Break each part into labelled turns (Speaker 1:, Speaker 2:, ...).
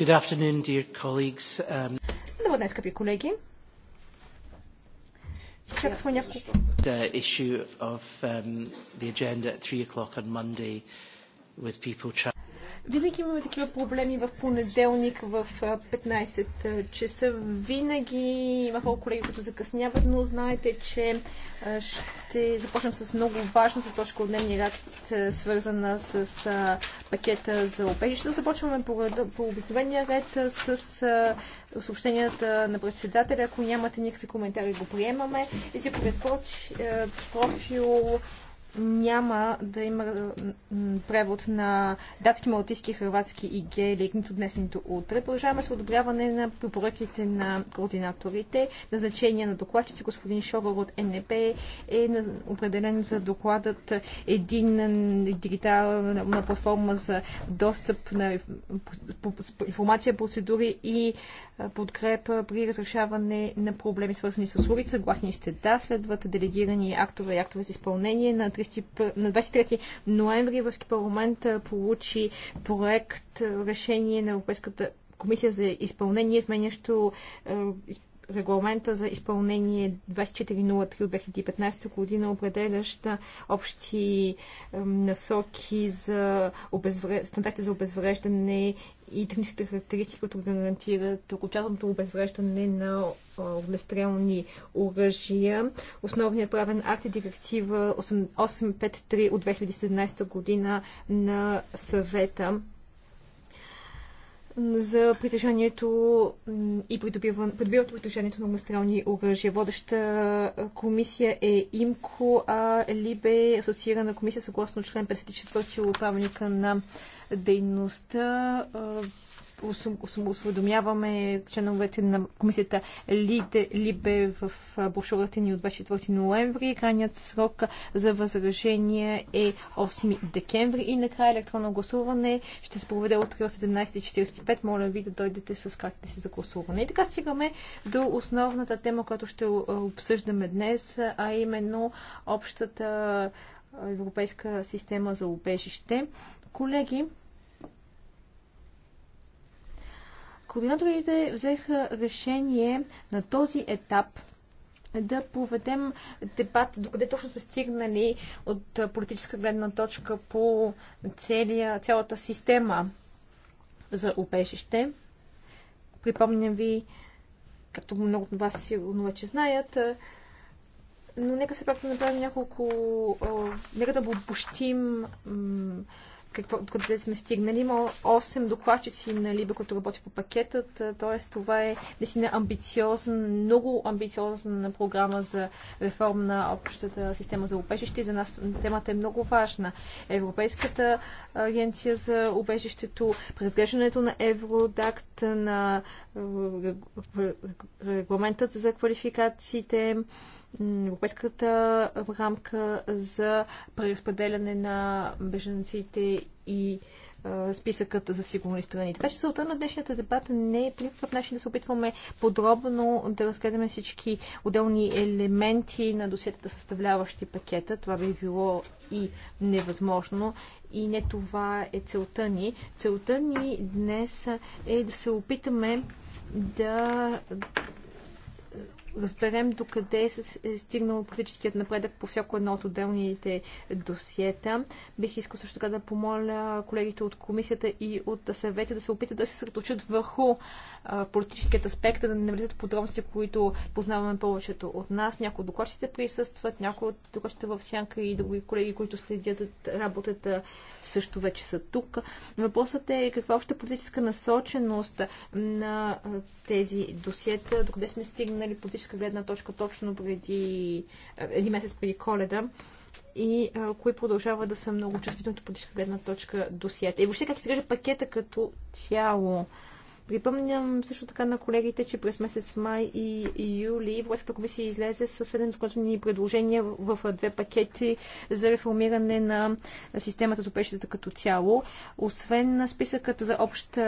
Speaker 1: Um...
Speaker 2: Добър ден, скъпи колеги. Чакахме няколко...
Speaker 1: issue of um, the agenda at 3 o'clock on Monday with people trying...
Speaker 2: Винаги имаме такива проблеми в понеделник в 15 часа. Винаги има много колеги, които закъсняват, но знаете, че ще започнем с много важната точка от дневния ред, свързана с пакета за обежище. Започваме по, обикновения ред с съобщенията на председателя. Ако нямате никакви коментари, го приемаме. Езиковият профил няма да има превод на датски, малтийски, хрватски и гелик, нито днес, нито утре. Продължаваме с одобряване на препоръките на координаторите. Назначение на докладчици господин Шогор от НП е определен за докладът един дигитална платформа за достъп на информация, процедури и подкрепа при разрешаване на проблеми, свързани с услугите. Съгласни сте да, следват делегирани актове и актове за изпълнение на на 23 ноември Европейски парламент получи проект решение на Европейската комисия за изпълнение, изменящо регламента за изпълнение 2403 от 2015 година, определяща общи насоки за обезвре... стандарти за обезвреждане и техническите характеристики, които гарантират окончателното обезвреждане на огнестрелни оръжия. Основният правен акт е директива 853 от 2017 година на съвета за притежанието и придобиването притежанието на магистрални оръжия. Водеща комисия е ИМКО, а Либе е асоциирана комисия съгласно член 54 от правилника на дейността осведомяваме членовете на комисията Лите Либе в брошурата ни от 24 ноември. Крайният срок за възражение е 8 декември и накрая електронно гласуване ще се проведе от 17.45. Моля ви да дойдете с картите си за гласуване. И така стигаме до основната тема, която ще обсъждаме днес, а именно общата европейска система за убежище. Колеги, Координаторите взеха решение на този етап да поведем дебат, докъде точно сме стигнали от политическа гледна точка по целия, цялата система за убежище. Припомням ви, както много от вас сигурно вече знаят, но нека се пак да направим няколко... Нека да обобщим какво, къде сме стигнали. Има 8 докладчици на Либе, които работи по пакетът, т.е. това е наистина амбициозна, много амбициозна програма за реформа на общата система за убежище. За нас темата е много важна. Европейската агенция за убежището, преразглеждането на Евродакт, на е, регламентът за квалификациите, европейската рамка за преразпределяне на беженците и списъкът за сигурни страни. Така че целта на днешната дебата не е по никакъв начин да се опитваме подробно да разгледаме всички отделни елементи на досиетата, съставляващи пакета. Това би било и невъзможно. И не това е целта ни. Целта ни днес е да се опитаме да разберем докъде е, е стигнал политическият напредък по всяко едно от отделните досиета. Бих искал също така да помоля колегите от комисията и от съвета да се опитат да се съсредоточат върху политическият аспект, да не влизат в подробности, които познаваме повечето от нас. Някои от докладчите присъстват, някои от докладчите в сянка и други колеги, които следят работата също вече са тук. Въпросът е каква е обща политическа насоченост на тези досиета, докъде сме стигнали политическа политическа гледна точка точно преди е, един месец преди коледа и а, кои продължават да са много чувствителни от политическа гледна точка досиета. И въобще как изглежда пакета като цяло. Припомням също така на колегите, че през месец май и, юли Европейската комисия излезе с 7 законодателни предложения в, две пакети за реформиране на системата за опечетата като цяло. Освен на списъкът за общ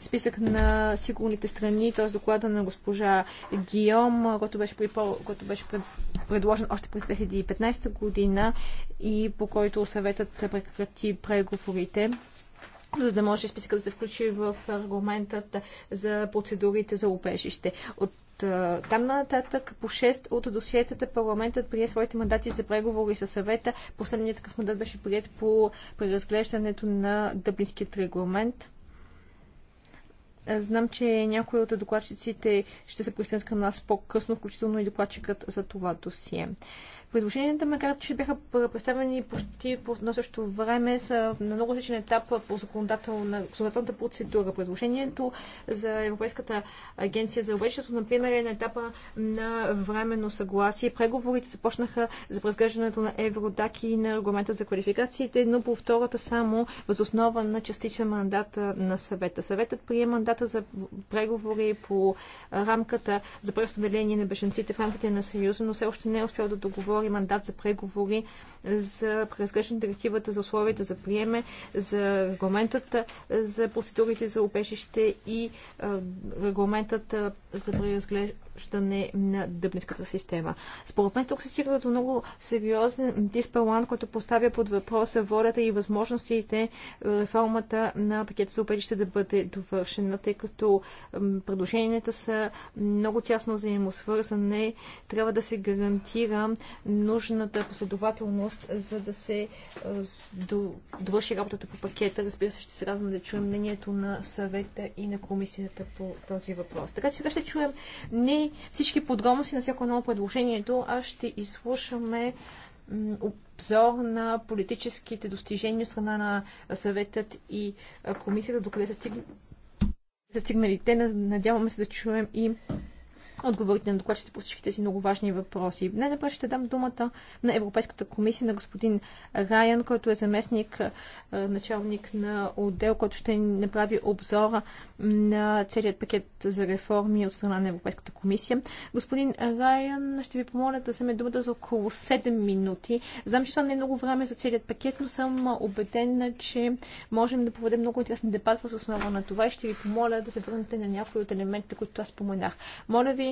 Speaker 2: списък на сигурните страни, т.е. доклада на госпожа Гиом, който беше, припол... който беше пред, предложен още през 2015 година и по който съветът прекрати преговорите за да може списъкът да се включи в аргументът за процедурите за убежище. От там нататък по 6 от досиетата парламентът прие своите мандати за преговори със съвета. Последният такъв мандат беше прият по преразглеждането на Дъблинският регламент. Знам, че някои от докладчиците ще се присъединят към нас по-късно, включително и докладчикът за това досие. Предложенията, макар че бяха представени почти по едно също време, са на много различен етап по законодателна, законодателната процедура. Предложението за Европейската агенция за обечето, например, е на етапа на временно съгласие. Преговорите започнаха за разглеждането на Евродак и на регламента за квалификациите, но по втората само възоснова на частичен мандат на съвета. Съветът прие мандата за преговори по рамката за преразпределение на беженците в рамките на Съюза, но все още не е успял да договори втори мандат за преговори за преразглеждане директивата за условията за приеме, за регламентът за процедурите за обежище и регламентът за преразглеждане въвеждане на дъбнинската система. Според мен тук се стига до много сериозен дисбаланс, който поставя под въпроса волята и възможностите е, реформата на пакета за обечище да бъде довършена, тъй като предложенията са много тясно взаимосвързани, Трябва да се гарантира нужната последователност, за да се е, довърши работата по пакета. Разбира се, ще се радвам да чуем мнението на съвета и на комисията по този въпрос. Така че сега ще чуем не всички подробности на всяко едно предложението, а ще изслушаме обзор на политическите достижения от страна на съветът и комисията, докъде са стигнали те. Надяваме се да чуем и отговорите на докладчите по всички тези много важни въпроси. Най-напред ще дам думата на Европейската комисия на господин Райан, който е заместник е, началник на отдел, който ще направи обзора на целият пакет за реформи от страна на Европейската комисия. Господин Райан, ще ви помоля да вземе думата за около 7 минути. Знам, че това не е много време за целият пакет, но съм убедена, че можем да проведем много интересен дебат в основа на това и ще ви помоля да се върнете на някои от елементите, които аз споменах. Моля ви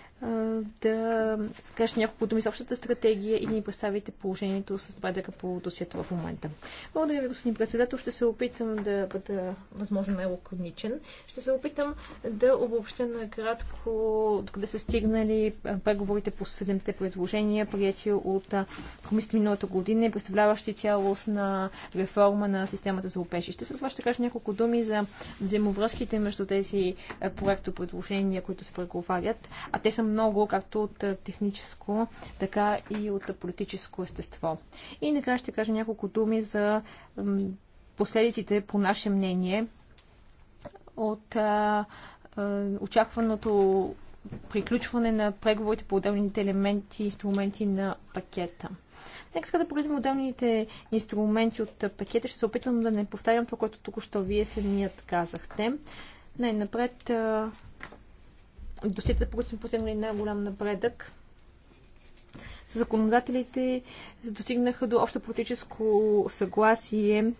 Speaker 2: да кажете няколко думи за общата стратегия и да ни представите положението с напредъка по досието в момента. Благодаря ви, господин председател. Ще се опитам да бъда възможно най-лаконичен. Ще се опитам да обобща накратко докъде са стигнали преговорите по седемте предложения, прияти от комисията миналата година и представляващи цялост на реформа на системата за опешище. След ще кажа няколко думи за взаимовръзките между тези проекто предложения, които се преговарят, а те са много, както от е, техническо, така и от е, политическо естество. И накрая ще кажа няколко думи за последиците, по наше мнение, от а, е, а, очакваното приключване на преговорите по отделните елементи и инструменти на пакета. Нека сега да погледнем отделните инструменти от пакета. Ще се опитвам да не повтарям това, което тук що вие самият казахте. Най-напред досетата, по които сме постигнали най-голям напредък, законодателите достигнаха до общо политическо съгласие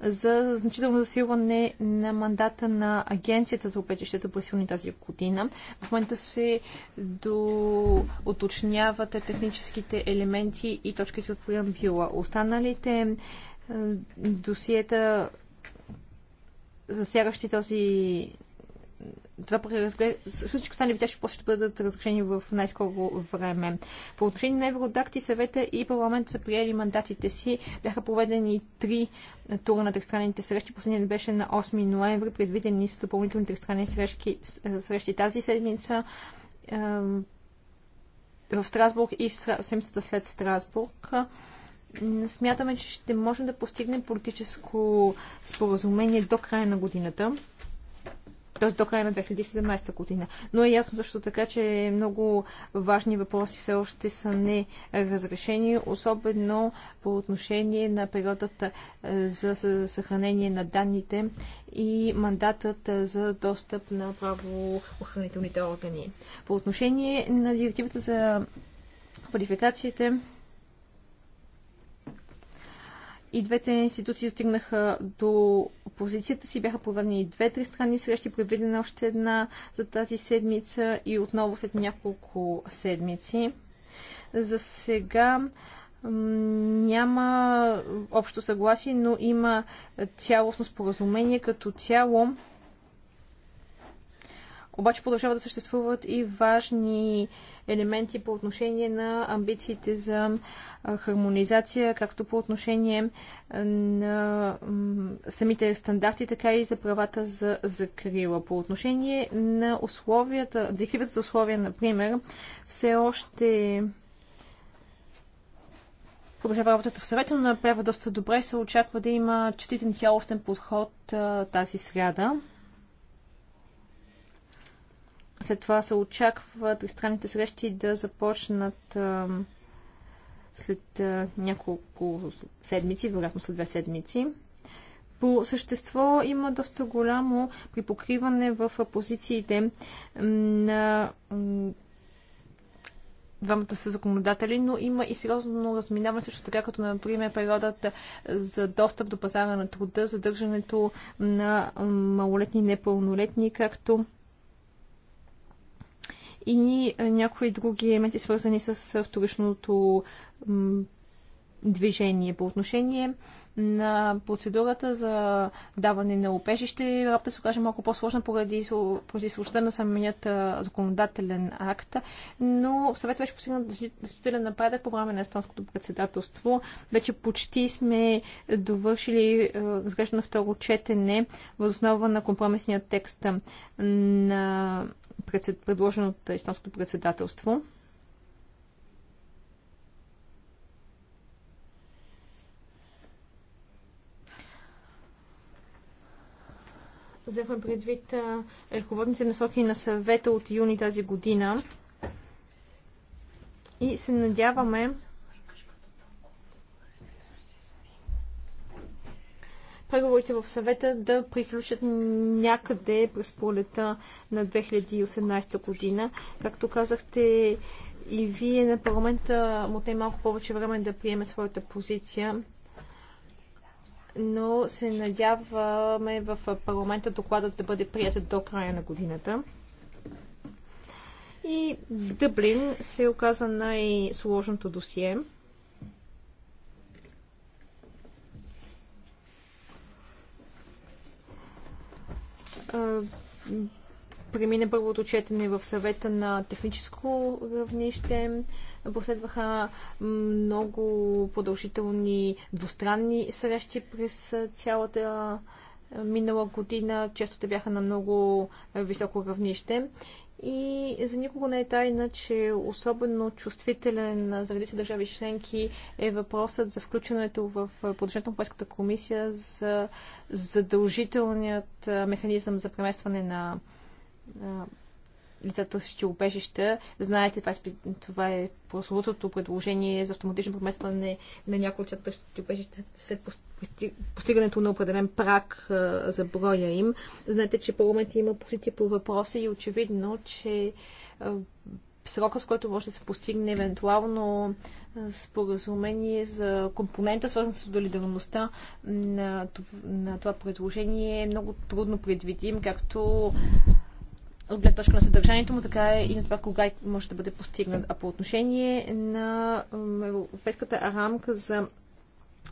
Speaker 2: за значително засилване на мандата на Агенцията за обечището по силни тази година. В момента се до... уточняват техническите елементи и точките от преамбюла. Останалите досиета засягащи този това преразглеждане, всички останали видящи после ще бъдат разрешени в най-скоро време. По отношение на Евродакти, съвета и парламент са приели мандатите си. Бяха проведени три тура на тристранните срещи. Последният беше на 8 ноември. Предвидени са допълнителни тристранни срещи, срещи тази седмица в Страсбург и в седмицата след Страсбург смятаме, че ще можем да постигнем политическо споразумение до края на годината т.е. до края на 2017 година. Но е ясно също така, че много важни въпроси все още са не разрешени, особено по отношение на периодата е, за съхранение на данните и мандатът е, за достъп на правоохранителните органи. По отношение на директивата за квалификациите, и двете институции достигнаха до позицията си. Бяха проведени две три страни срещи, предвидена още една за тази седмица и отново след няколко седмици. За сега няма общо съгласие, но има цялостно споразумение като цяло обаче продължава да съществуват и важни елементи по отношение на амбициите за хармонизация, както по отношение на самите стандарти, така и за правата за закрила. По отношение на условията, директивата за условия, например, все още продължава работата в съвета, но направя доста добре. Се очаква да има четитен цялостен подход тази сряда. След това се очаква тристранните срещи да започнат а, след а, няколко седмици, вероятно след две седмици. По същество има доста голямо припокриване в позициите на двамата са законодатели, но има и сериозно разминаване също така, като например периодът за достъп до пазара на труда, задържането на малолетни и непълнолетни, както и е, някои други елементи, свързани с е, вторичното движение. По отношение на процедурата за даване на опежище, работа се окаже малко по-сложна поради, поради сложността на самият е, законодателен акт, но съвет беше постигнат значителен напредък по време на естонското председателство. Вече почти сме довършили разглеждане на второ четене възоснова на компромисния текст на предложен от естонското председателство. Взехме предвид ръководните насоки на съвета от юни тази година и се надяваме преговорите в съвета да приключат някъде през полета на 2018 година. Както казахте, и вие на парламента му те малко повече време да приеме своята позиция но се надяваме в парламента докладът да бъде прият до края на годината. И Дъблин се оказа най-сложното досие. премина първото четене в съвета на техническо равнище. Последваха много продължителни двустранни срещи през цялата минала година. Често те бяха на много високо равнище. И за никого не е тайна, че особено чувствителен за редица държави членки е въпросът за включването в продължението на Европейската комисия за задължителният механизъм за преместване на лицата търсещи убежища. Знаете, това е, това е прословутото предложение за автоматично преместване на някои лица търсещи убежища след постигането на определен прак а, за броя им. Знаете, че парламент има позиция по въпроса и очевидно, че а, срока, с който може да се постигне евентуално споразумение за компонента, свързан с солидарността на, на това предложение, е много трудно предвидим, както от гледна точка на съдържанието му, така е и на това кога може да бъде постигнат. А по отношение на европейската рамка за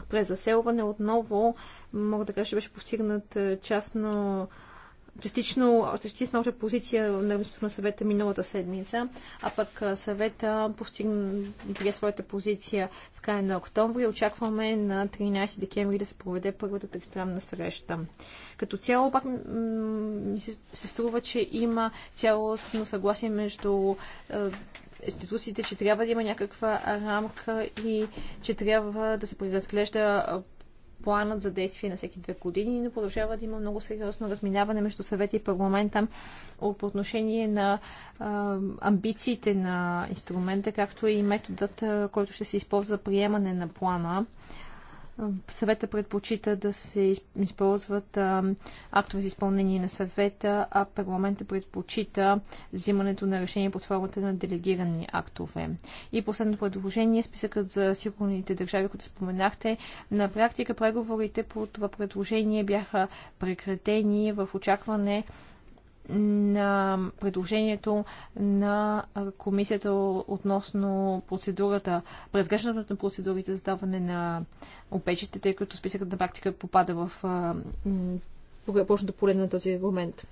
Speaker 2: презаселване отново, мога да кажа, че беше постигнат частно частично съществена обща позиция на на съвета миналата седмица, а пък съвета постигна своята позиция в края на октомври. Очакваме на 13 декември да се проведе първата тристранна среща. Като цяло пак ми се, се струва, че има цялостно съгласие между институциите, че трябва да има някаква рамка и че трябва да се преразглежда планът за действие на всеки две години, но продължава да има много сериозно разминаване между съвета и парламента по отношение на а, амбициите на инструмента, както и методът, който ще се използва за приемане на плана съвета предпочита да се използват актове за изпълнение на съвета, а парламента предпочита взимането на решение под формата на делегирани актове. И последно предложение, списъкът за сигурните държави, които споменахте. На практика преговорите по това предложение бяха прекратени в очакване на предложението на комисията относно процедурата, преразглеждането на процедурите за даване на опечите, тъй като списъкът на практика попада в почната поле на този момент.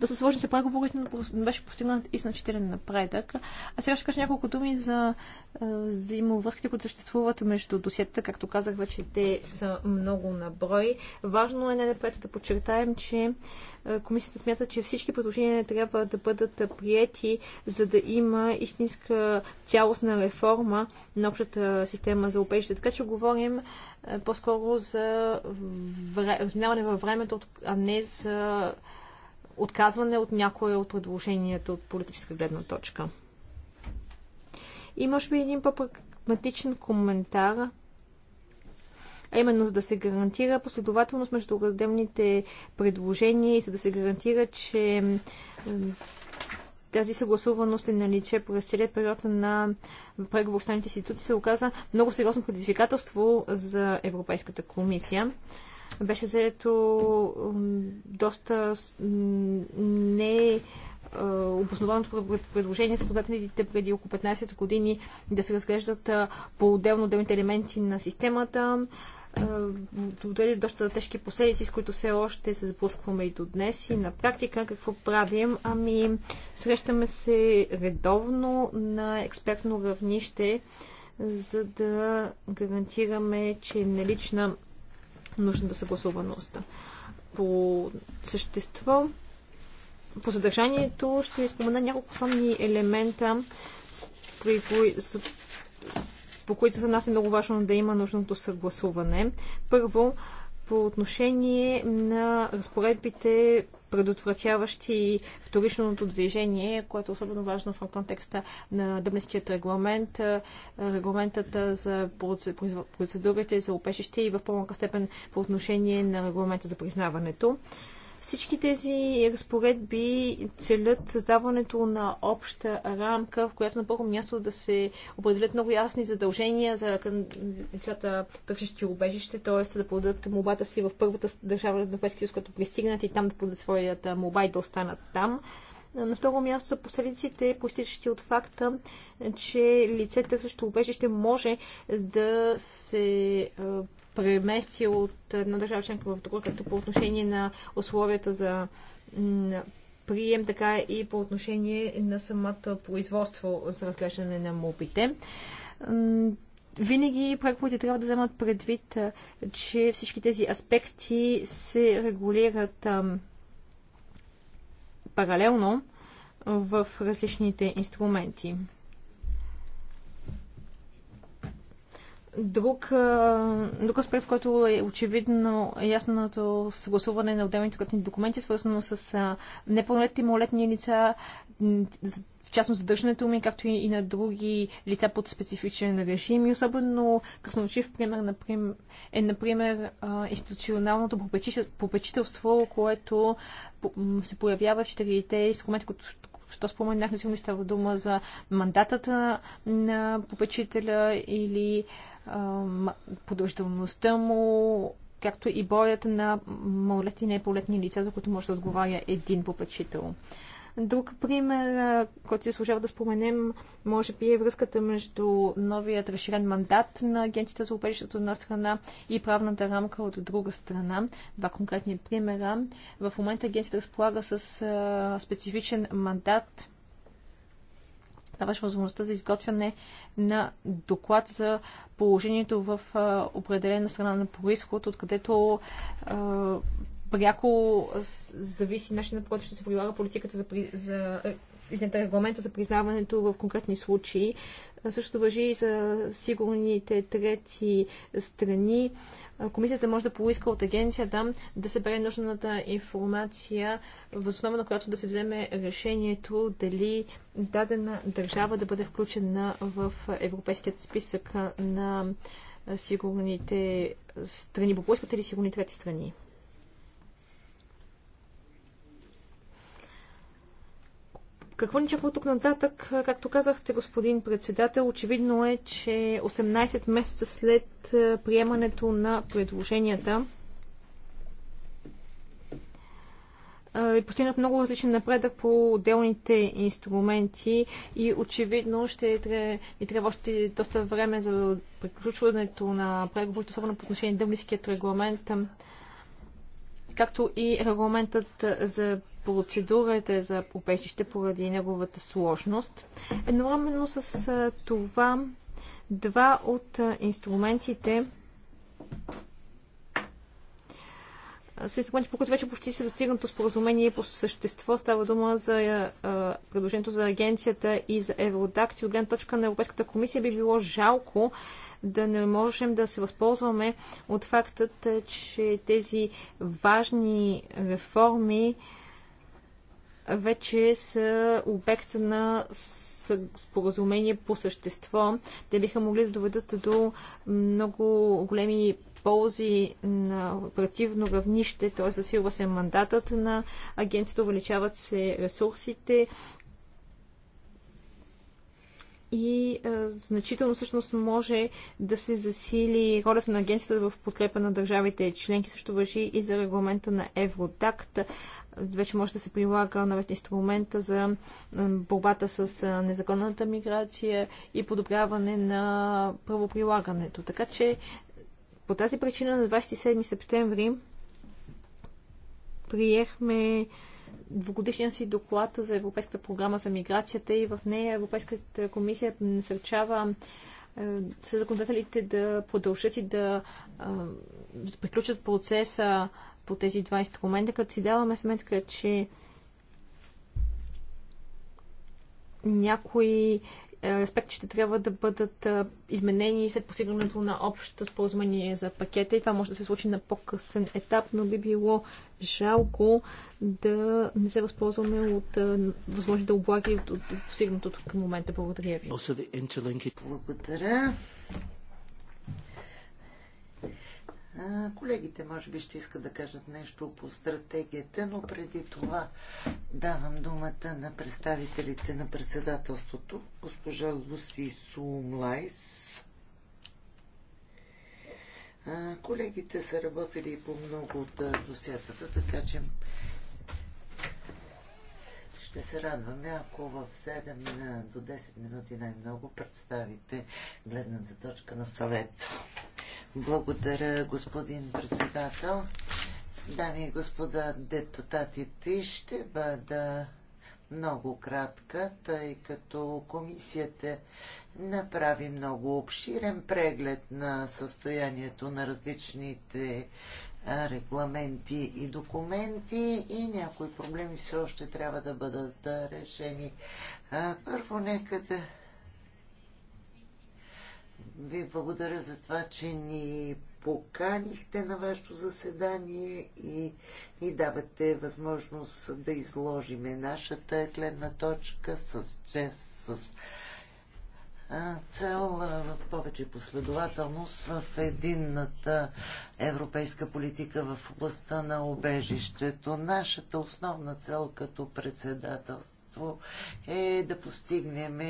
Speaker 2: Да се сложи се преговорите, но беше постигнат и значителен напредък. А сега ще кажа няколко думи за взаимовръзките, които съществуват между досиетата. Както казах вече, те са много на брой. Важно е най-напред да подчертаем, че е, комисията смята, че всички предложения трябва да бъдат приети, за да има истинска цялостна реформа на общата система за убежище. Така че говорим е, по-скоро за разминаване във времето, а не за отказване от някое от предложенията от политическа гледна точка. И може би един по-прагматичен коментар – а именно за да се гарантира последователност между разделните предложения и за да се гарантира, че тази съгласуваност е наличе през целият период на преговорстаните институции се оказа много сериозно предизвикателство за Европейската комисия беше заето доста не обоснованото предложение с подателите преди около 15 години да се разглеждат по-отделно отделните елементи на системата. Е, доведе доста тежки последици, с които все още се сблъскваме и до днес. И на практика какво правим? Ами, срещаме се редовно на експертно равнище, за да гарантираме, че е налична нужната съгласуваността. По същество, по съдържанието ще ви спомена няколко основни елемента, при кои, по които за нас е много важно да има нужното съгласуване. Първо, по отношение на разпоредбите, предотвратяващи вторичното движение, което е особено важно в контекста на Дъмнският регламент, регламентата за процедурите за опешище и в по-малка степен по отношение на регламента за признаването. Всички тези разпоредби целят създаването на обща рамка, в която на първо място да се определят много ясни задължения за лицата търсещи убежище, т.е. да подадат мобата си в първата държава на Европейския съюз, като пристигнат и там да подадат своята моба и да останат там. На второ място са последиците, проистичащи от факта, че лицето също убежище може да се премести от една държава членка в друга, като по отношение на условията за прием, така и по отношение на самата производство за разглеждане на мобите. Винаги проектите трябва да вземат предвид, че всички тези аспекти се регулират паралелно в различните инструменти. Друг, друг аспект, в който е очевидно ясното съгласуване на отделните скръпни документи, е свързано с непълнолетни и малолетни лица, в частност задържането ми, както и на други лица под специфичен режим. И особено красноречив пример е, например, институционалното попечителство, което се появява в четирите инструменти, които що споменах, не сигурно става дума за мандатата на попечителя или продължителността му, както и боят на малолетни и неполетни лица, за които може да отговаря един попечител. Друг пример, който се служава да споменем, може би е връзката между новият разширен мандат на Агенцията за убежището от една страна и правната рамка от друга страна. Два конкретни примера. В момента агенцията разполага с специфичен мандат даваш възможността за изготвяне на доклад за положението в определена страна на происход, откъдето пряко зависи начинът, по който ще се прилага политиката за, за изнета регламента за признаването в конкретни случаи. Също въжи и за сигурните трети страни. Комисията може да поиска от агенцията да събере нужната информация, в основа на която да се вземе решението дали дадена държава да бъде включена в европейският списък на сигурните страни. Поискате ли сигурни трети страни? Какво ни чаква тук нататък? Както казахте, господин председател, очевидно е, че 18 месеца след е, приемането на предложенията е постигнат много различен напредък по отделните инструменти и очевидно ще ни трябва още доста време за приключването на преговорите, особено по отношение на Дъблинският регламент, както и регламентът за процедурата за попечище поради неговата сложност. Едновременно с това два от инструментите с инструменти, по които вече почти се достигнато споразумение по същество. Става дума за предложението за агенцията и за Евродакт. И от гледна точка на Европейската комисия би било жалко да не можем да се възползваме от фактът, че тези важни реформи вече са обект на споразумение по същество. Те биха могли да доведат до много големи ползи на оперативно равнище, т.е. засилва се мандатът на агенцията, увеличават се ресурсите, и а, е, значително всъщност може да се засили ролята на агенцията в подкрепа на държавите членки. Също въжи и за регламента на Евродакт. Вече може да се прилага новият инструмент за борбата с е, незаконната миграция и подобряване на правоприлагането. Така че по тази причина на 27 септември приехме двогодишния си доклад за Европейската програма за миграцията и в нея Европейската комисия насърчава се законодателите да продължат и да, е, да приключат процеса по тези два инструмента, като си даваме сметка, че някои аспекти ще трябва да бъдат изменени след постигането на общото споразумение за пакета и това може да се случи на по-късен етап, но би било жалко да не се възползваме от възможните облаги от постигнатото към момента. Благодаря ви.
Speaker 3: Благодаря. Колегите може би ще искат да кажат нещо по стратегията, но преди това давам думата на представителите на председателството, госпожа Луси Сумлайс. Колегите са работили по много от досетата, така че ще се радваме, ако в 7 до 10 минути най-много представите гледната точка на съвета. Благодаря, господин председател. Дами и господа депутатите, ще бъда много кратка, тъй като комисията направи много обширен преглед на състоянието на различните регламенти и документи и някои проблеми все още трябва да бъдат решени. Първо, нека да ви благодаря за това, че ни поканихте на вашето заседание и ни давате възможност да изложиме нашата гледна точка с чест, с цел повече последователност в единната европейска политика в областта на обежището. Нашата основна цел като председателство е да постигнем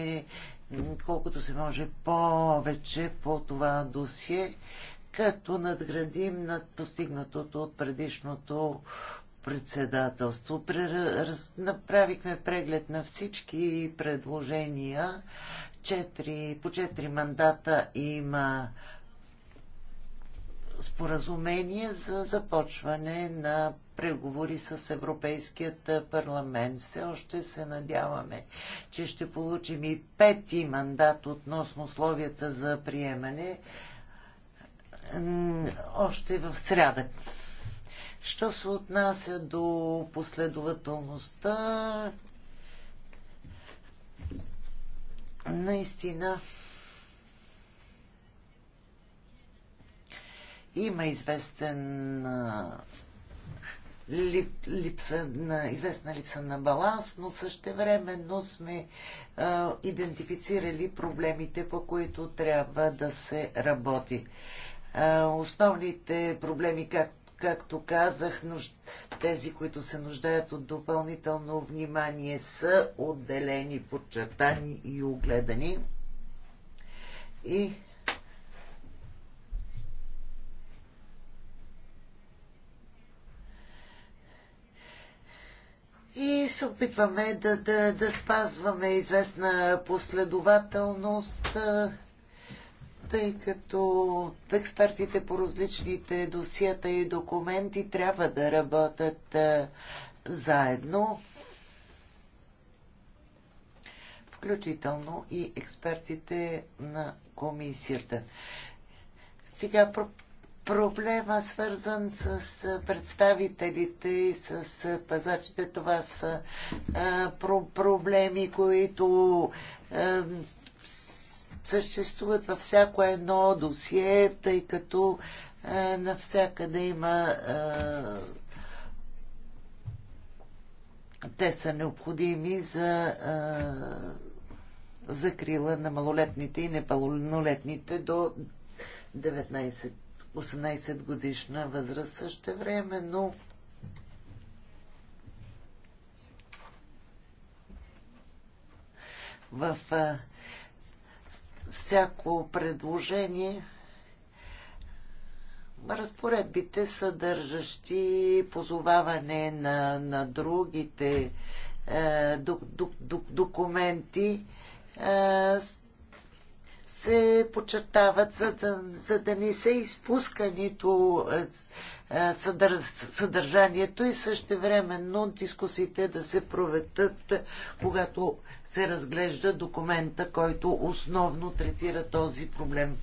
Speaker 3: колкото се може повече по това досие, като надградим над постигнатото от предишното председателство. Направихме преглед на всички предложения. Четири, по четири мандата има споразумение за започване на преговори с Европейският парламент. Все още се надяваме, че ще получим и пети мандат относно условията за приемане още в сряда. Що се отнася до последователността, наистина има известен лип, липса на, известна липса на баланс, но същевременно сме а, идентифицирали проблемите, по които трябва да се работи. А, основните проблеми, както както казах, тези, които се нуждаят от допълнително внимание, са отделени, подчертани и огледани. И и се опитваме да, да, да спазваме известна последователност, тъй като експертите по различните досията и документи трябва да работят заедно, включително и експертите на комисията. Сега проблема, свързан с представителите и с пазачите. Това са а, проблеми, които а, съществуват във всяко едно досие, тъй като а, навсякъде има. те са необходими за закрила на малолетните и непълнолетните до 19 18 годишна възраст също време, но в а, всяко предложение разпоредбите, съдържащи позоваване на, на другите е, док, док, док, документи, е, се подчертават, за да, за да не се изпуска нито е, е, съдър, съдържанието и същевременно дискусите да се проведат, когато се разглежда документа, който основно третира този проблем.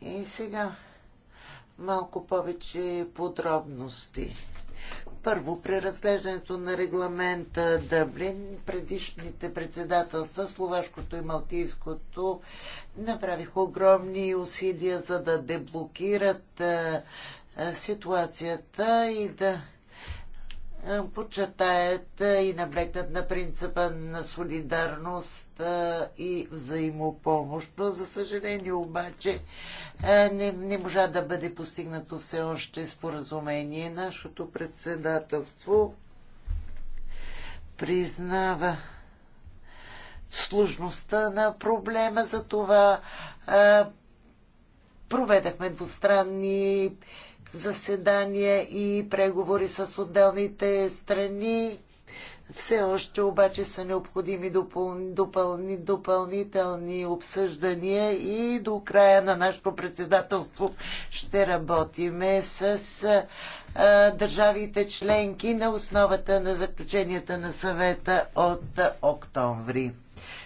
Speaker 3: И сега малко повече подробности. Първо, преразглеждането на регламента Дъблин, предишните председателства, словашкото и малтийското, направиха огромни усилия за да деблокират ситуацията и да е, Почетаят е, и наблегнат на принципа на солидарност е, и взаимопомощ. Но, за съжаление обаче, не, не можа да бъде постигнато все още споразумение. Нашето председателство признава сложността на проблема, за това проведахме двустранни заседания и преговори с отделните страни. Все още обаче са необходими допъл... Допълни... допълнителни обсъждания и до края на нашето председателство ще работиме с а, държавите членки на основата на заключенията на съвета от октомври.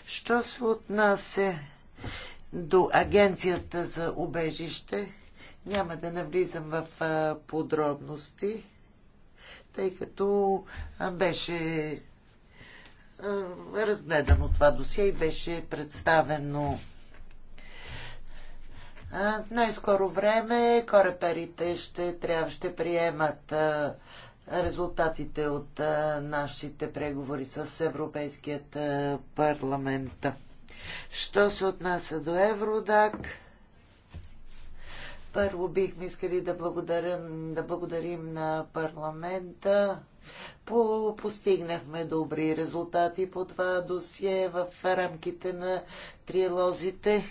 Speaker 3: Що се отнася до Агенцията за убежище? Няма да навлизам в подробности, тъй като беше разгледано това досие и беше представено в най-скоро време кореперите ще, трябва, ще приемат резултатите от нашите преговори с Европейският парламент. Що се отнася до Евродак, първо бихме искали да, благодарим, да благодарим на парламента. По, постигнахме добри резултати по това досие в рамките на трилозите.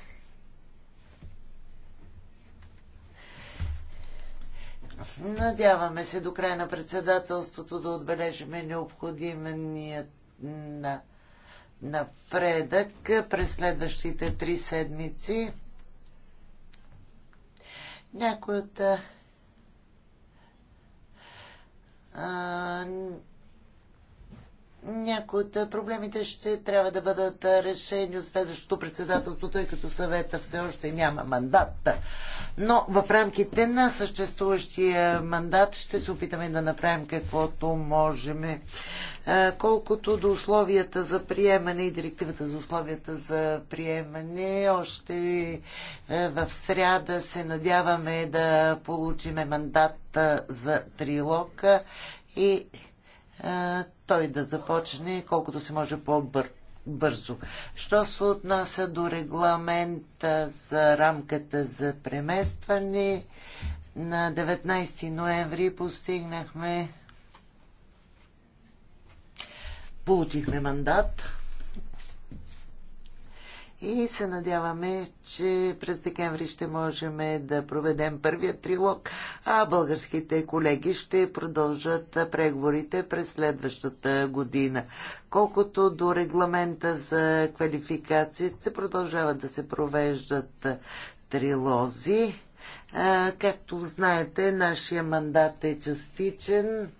Speaker 3: Надяваме се до края на председателството да отбележиме необходимият на, напредък през следващите три седмици някой от а, някои от проблемите ще трябва да бъдат решени от следващото председателство, тъй като съвета все още няма мандат. Но в рамките на съществуващия мандат ще се опитаме да направим каквото можем. Колкото до условията за приемане и директивата за условията за приемане, още в сряда се надяваме да получиме мандат за трилог и той да започне колкото се може по-бързо. Що се отнася до регламента за рамката за преместване, на 19 ноември постигнахме, получихме мандат и се надяваме, че през декември ще можем да проведем първия трилог, а българските колеги ще продължат преговорите през следващата година. Колкото до регламента за квалификациите, продължават да се провеждат трилози. Както знаете, нашия мандат е частичен.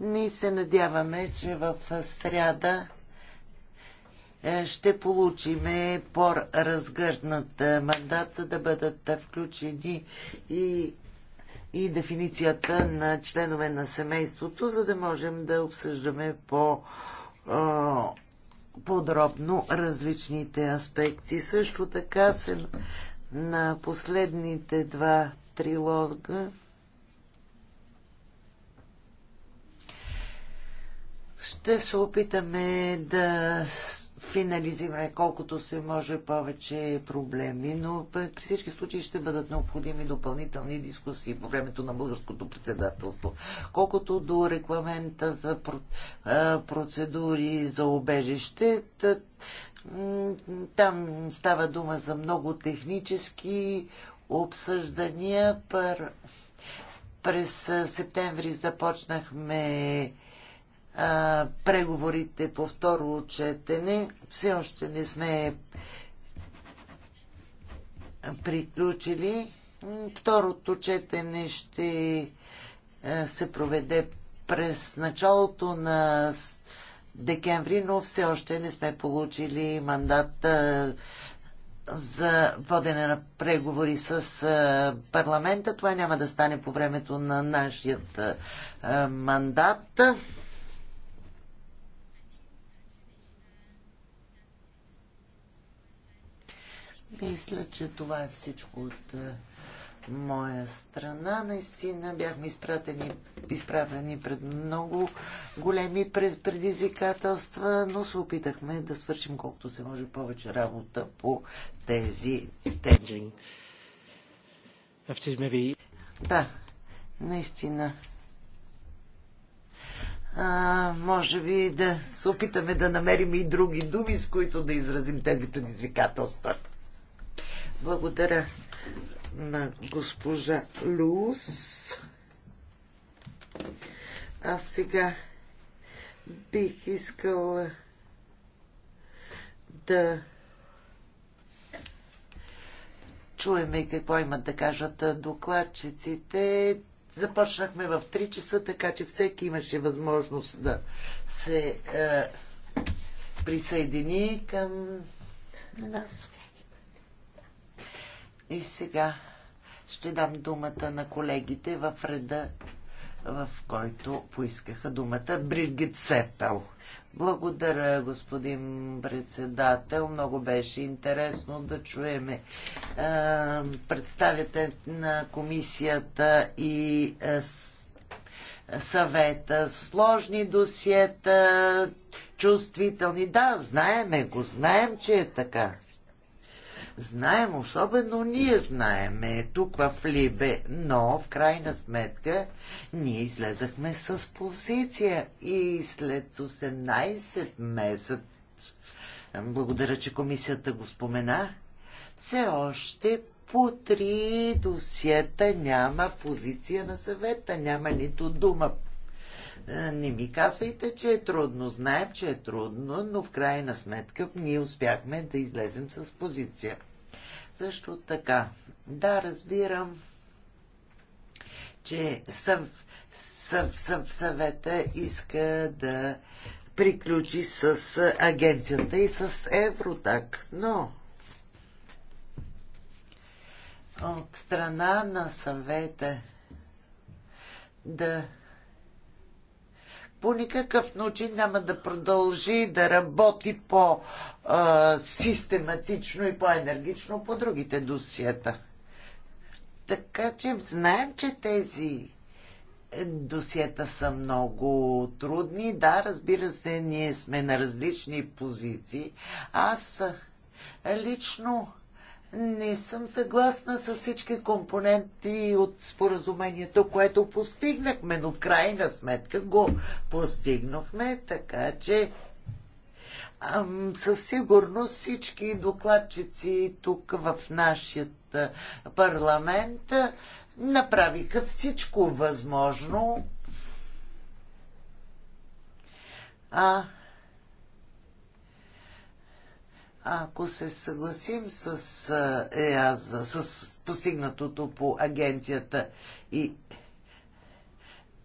Speaker 3: Ние се надяваме, че в сряда е, ще получиме по-разгърнат е, мандат, за да бъдат е, включени и, и дефиницията на членове на семейството, за да можем да обсъждаме по подробно различните аспекти. Също така се на последните два трилога ще се опитаме да финализираме колкото се може повече проблеми, но при всички случаи ще бъдат необходими допълнителни дискусии по времето на българското председателство. Колкото до рекламента за процедури за обежище, там става дума за много технически обсъждания. През септември започнахме а, преговорите по второ четене. Все още не сме приключили. Второто четене ще се проведе през началото на декември, но все още не сме получили мандат за водене на преговори с парламента. Това няма да стане по времето на нашия мандат. Мисля, че това е всичко от е, моя страна. Наистина бяхме изпратени, изправени пред много големи предизвикателства, но се опитахме да свършим колкото се може повече работа по тези теми. Да, наистина. А, може би да се опитаме да намерим и други думи, с които да изразим тези предизвикателства. Благодаря на госпожа Лус. А сега бих искал да чуеме какво имат да кажат докладчиците. Започнахме в 3 часа, така че всеки имаше възможност да се е, присъедини към нас. И сега ще дам думата на колегите в реда, в който поискаха думата Бригит Сепел. Благодаря, господин председател. Много беше интересно да чуеме представите на комисията и е, съвета. Сложни досиета, чувствителни. Да, знаеме го, знаем, че е така знаем, особено ние знаеме тук в Либе, но в крайна сметка ние излезахме с позиция и след 18 месец, благодаря, че комисията го спомена, все още по три досиета няма позиция на съвета, няма нито дума не ми казвайте, че е трудно. Знаем, че е трудно, но в крайна сметка ние успяхме да излезем с позиция. Също така, да, разбирам, че съв, съв, съв, съвета иска да приключи с агенцията и с Евротак, но от страна на съвета да по никакъв начин няма да продължи да работи по-систематично и по-енергично по другите досиета. Така че знаем, че тези досиета са много трудни. Да, разбира се, ние сме на различни позиции. Аз лично не съм съгласна с всички компоненти от споразумението, което постигнахме, но в крайна сметка го постигнахме, така че ам, със сигурност всички докладчици тук в нашия парламент направиха всичко възможно. А, ако се съгласим с, ЕАЗа, с постигнатото по агенцията и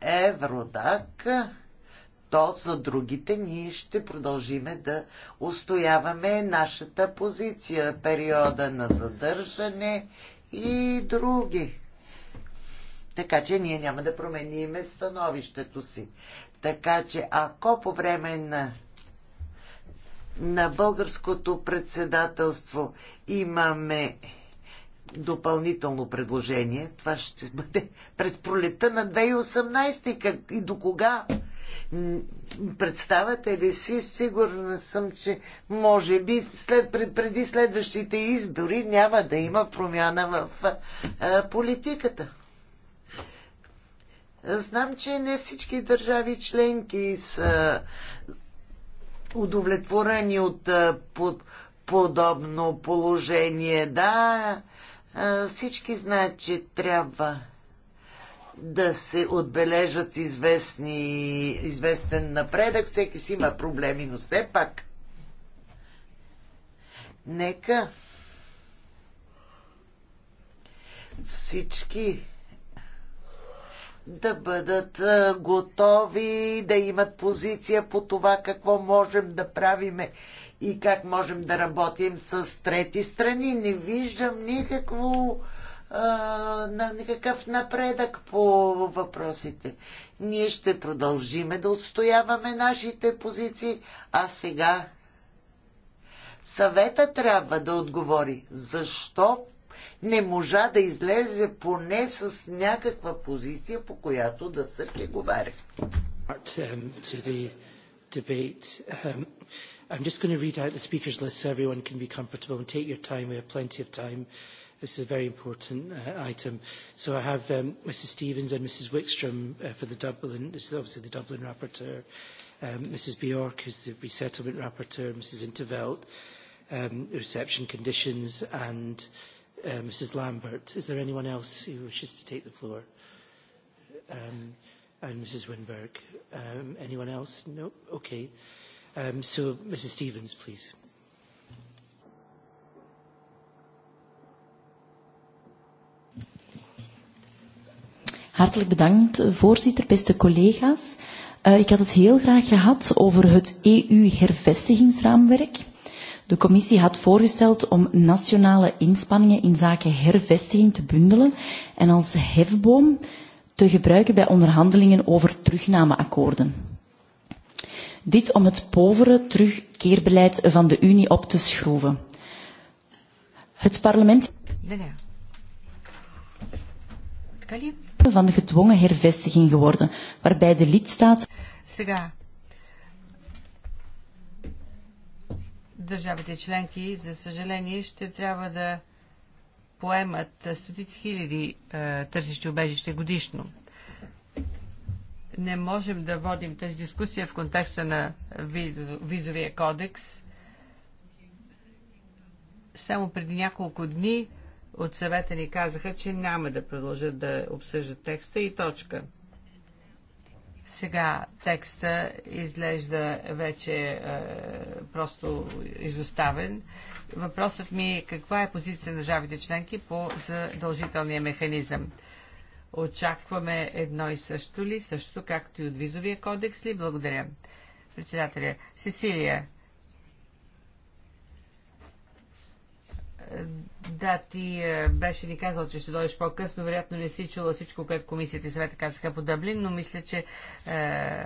Speaker 3: Евродак, то за другите ние ще продължиме да устояваме нашата позиция, периода на задържане и други. Така че ние няма да промениме становището си. Така че ако по време на на българското председателство имаме допълнително предложение. Това ще бъде през пролета на 2018 и, как, и до кога? Представате ли си? Сигурна съм, че може би след, преди следващите избори няма да има промяна в а, политиката. Знам, че не всички държави членки са удовлетворени от под, подобно положение. Да, всички знаят, че трябва да се отбележат известни, известен напредък. Всеки си има проблеми, но все пак. Нека всички да бъдат готови, да имат позиция по това какво можем да правиме и как можем да работим с трети страни. Не виждам никакво а, никакъв напредък по въпросите. Ние ще продължиме да отстояваме нашите позиции, а сега съвета трябва да отговори защо не можа да излезе поне с някаква позиция, по която да се преговаря. I'm just
Speaker 1: going to read out the speakers list so everyone can be comfortable and take your time. We have plenty of time. This is a very important uh, item. So I have um, Mrs Stevens and Mrs Wickstrom uh, for the Dublin, this is obviously the Dublin rapporteur, um, Mrs Bjork, is the resettlement rapporteur, Mrs Intervelt, um, reception conditions and uh, Mrs. Lambert. Is there anyone else who wishes to take the floor? Um, and Mrs. Winberg. Um, anyone else? No? Okay. Um, so, Mrs. Stevens, please.
Speaker 4: Hartelijk bedankt, voorzitter, beste
Speaker 2: collega's. Uh, ik had het heel graag gehad over het EU-hervestigingsraamwerk. De commissie had voorgesteld om nationale inspanningen in zaken hervestiging te bundelen en als hefboom te gebruiken bij onderhandelingen over terugnameakkoorden. Dit om het povere terugkeerbeleid van de Unie op te schroeven. Het parlement
Speaker 3: van gedwongen hervestiging geworden, waarbij de lidstaat.
Speaker 5: държавите членки, за съжаление, ще трябва да поемат стотици хиляди е, търсещи убежище годишно. Не можем да водим тази дискусия в контекста на визовия кодекс. Само преди няколко дни от съвета ни казаха, че няма да продължат да обсъждат текста и точка – сега текста изглежда вече е, просто изоставен. Въпросът ми е каква е позиция на държавите членки по задължителния механизъм. Очакваме едно и също ли, също както и от визовия кодекс ли? Благодаря. Председателя Сесилия, Да, ти е, беше ни казал, че ще дойдеш по-късно. Вероятно не си чула всичко, което комисията и съвета казаха по Дъблин, но мисля, че е,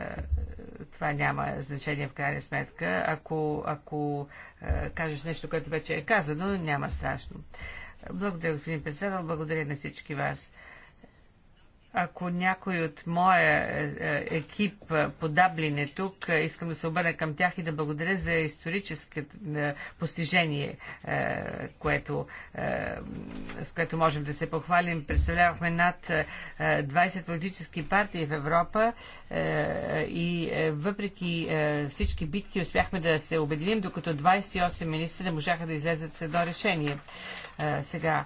Speaker 5: това няма значение в крайна сметка. Ако, ако е, кажеш нещо, което вече е казано, няма страшно. Благодаря, господин председател. Благодаря на всички вас. Ако някой от моя е, е, екип е, по Даблин е тук, искам да се обърна към тях и да благодаря за историческото постижение, което, с което можем да се похвалим. Представлявахме над 20 политически партии в Европа и въпреки всички битки успяхме да се обединим, докато 28 министри не можаха да излезат с едно решение. Сега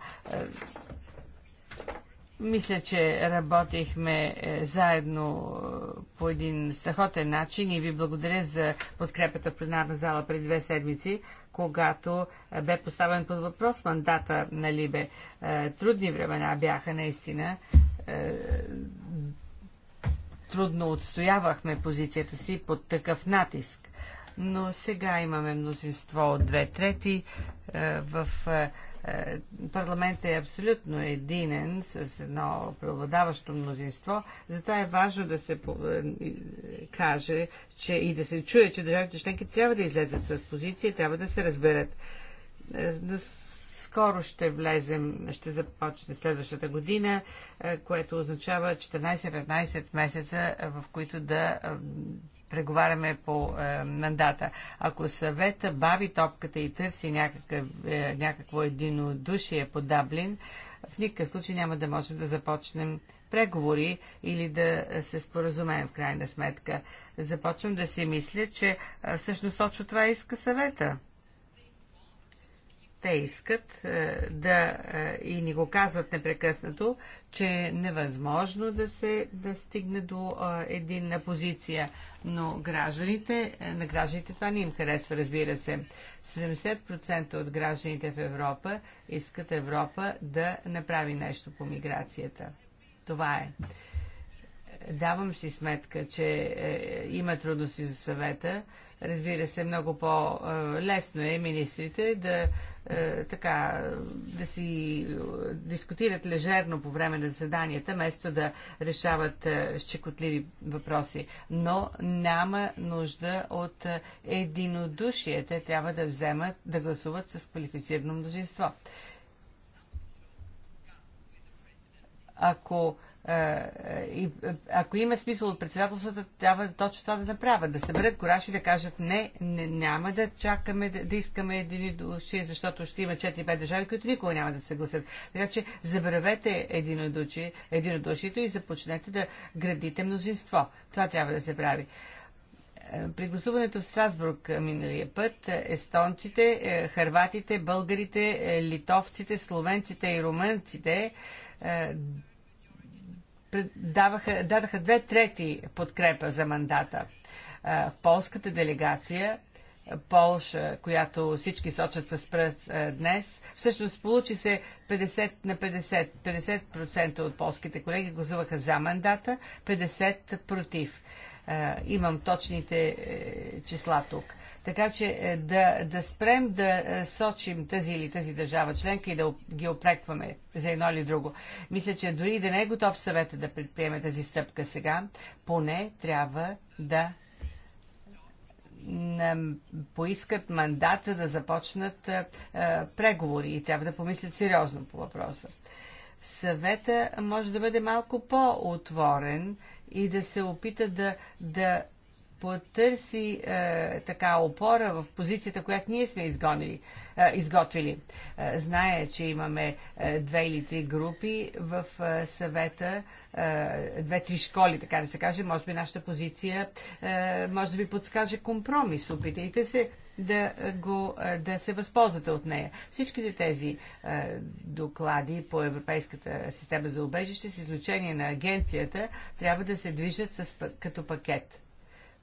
Speaker 5: мисля, че работихме е, заедно е, по един страхотен начин и ви благодаря за подкрепата в пленарна зала преди две седмици, когато е, бе поставен под въпрос мандата на Либе. Трудни времена бяха наистина. Трудно отстоявахме позицията си под такъв натиск. Но сега имаме мнозинство от две трети в е, Парламентът е абсолютно единен с едно преобладаващо мнозинство. Затова е важно да се е, каже че и да се чуе, че държавите членки трябва да излезат с позиция, трябва да се разберат. Е, скоро ще влезем, ще започне следващата година, което означава 14-15 месеца, в които да преговаряме по е, мандата. Ако съвета бави топката и търси някакъв, е, някакво единодушие по Даблин, в никакъв случай няма да можем да започнем преговори или да се споразумеем в крайна сметка. Започвам да си мисля, че е, всъщност точно това иска съвета те искат е, да е, и ни го казват непрекъснато, че е невъзможно да се да стигне до е, единна позиция. Но гражданите, на гражданите това не им харесва, разбира се. 70% от гражданите в Европа искат Европа да направи нещо по миграцията. Това е. Давам си сметка, че има трудности за съвета, Разбира се, много по-лесно е министрите да е, така, да си е, дискутират лежерно по време на заданията, вместо да решават е, щекотливи въпроси. Но няма нужда от единодушие. Те трябва да вземат, да гласуват с квалифицирано мнозинство. Ако и, ако има смисъл от председателствата, трябва точно това да направят. Да съберат кораж и да кажат не, не няма да чакаме да, да искаме единодушие, защото ще има 4-5 държави, които никога няма да се съгласят. Така че забравете единодушие, единодушието и започнете да градите мнозинство. Това трябва да се прави. При гласуването в Страсбург миналия път естонците, харватите, българите, литовците, словенците и румънците даваха, дадаха две трети подкрепа за мандата. В полската делегация Полша, която всички сочат с пръст днес, всъщност получи се 50 на 50. 50% от полските колеги гласуваха за мандата, 50% против. Имам точните е, числа тук. Така че е, да, да спрем да е, сочим тази или тази държава членка и да ги опрекваме за едно или друго. Мисля, че дори да не е готов съвета да предприеме тази стъпка сега, поне трябва да поискат мандат, за да започнат е, преговори и трябва да помислят сериозно по въпроса. Съвета може да бъде малко по-отворен и да се опита да, да потърси е, така опора в позицията, която ние сме изгонили, е, изготвили. Е, зная, че имаме е, две или три групи в е, съвета, е, две-три школи, така да се каже. Може би нашата позиция е, може да ви подскаже компромис. Опитайте се да, го, е, да се възползвате от нея. Всичките тези е, доклади по Европейската система за убежище, с изключение на агенцията, трябва да се движат с, като пакет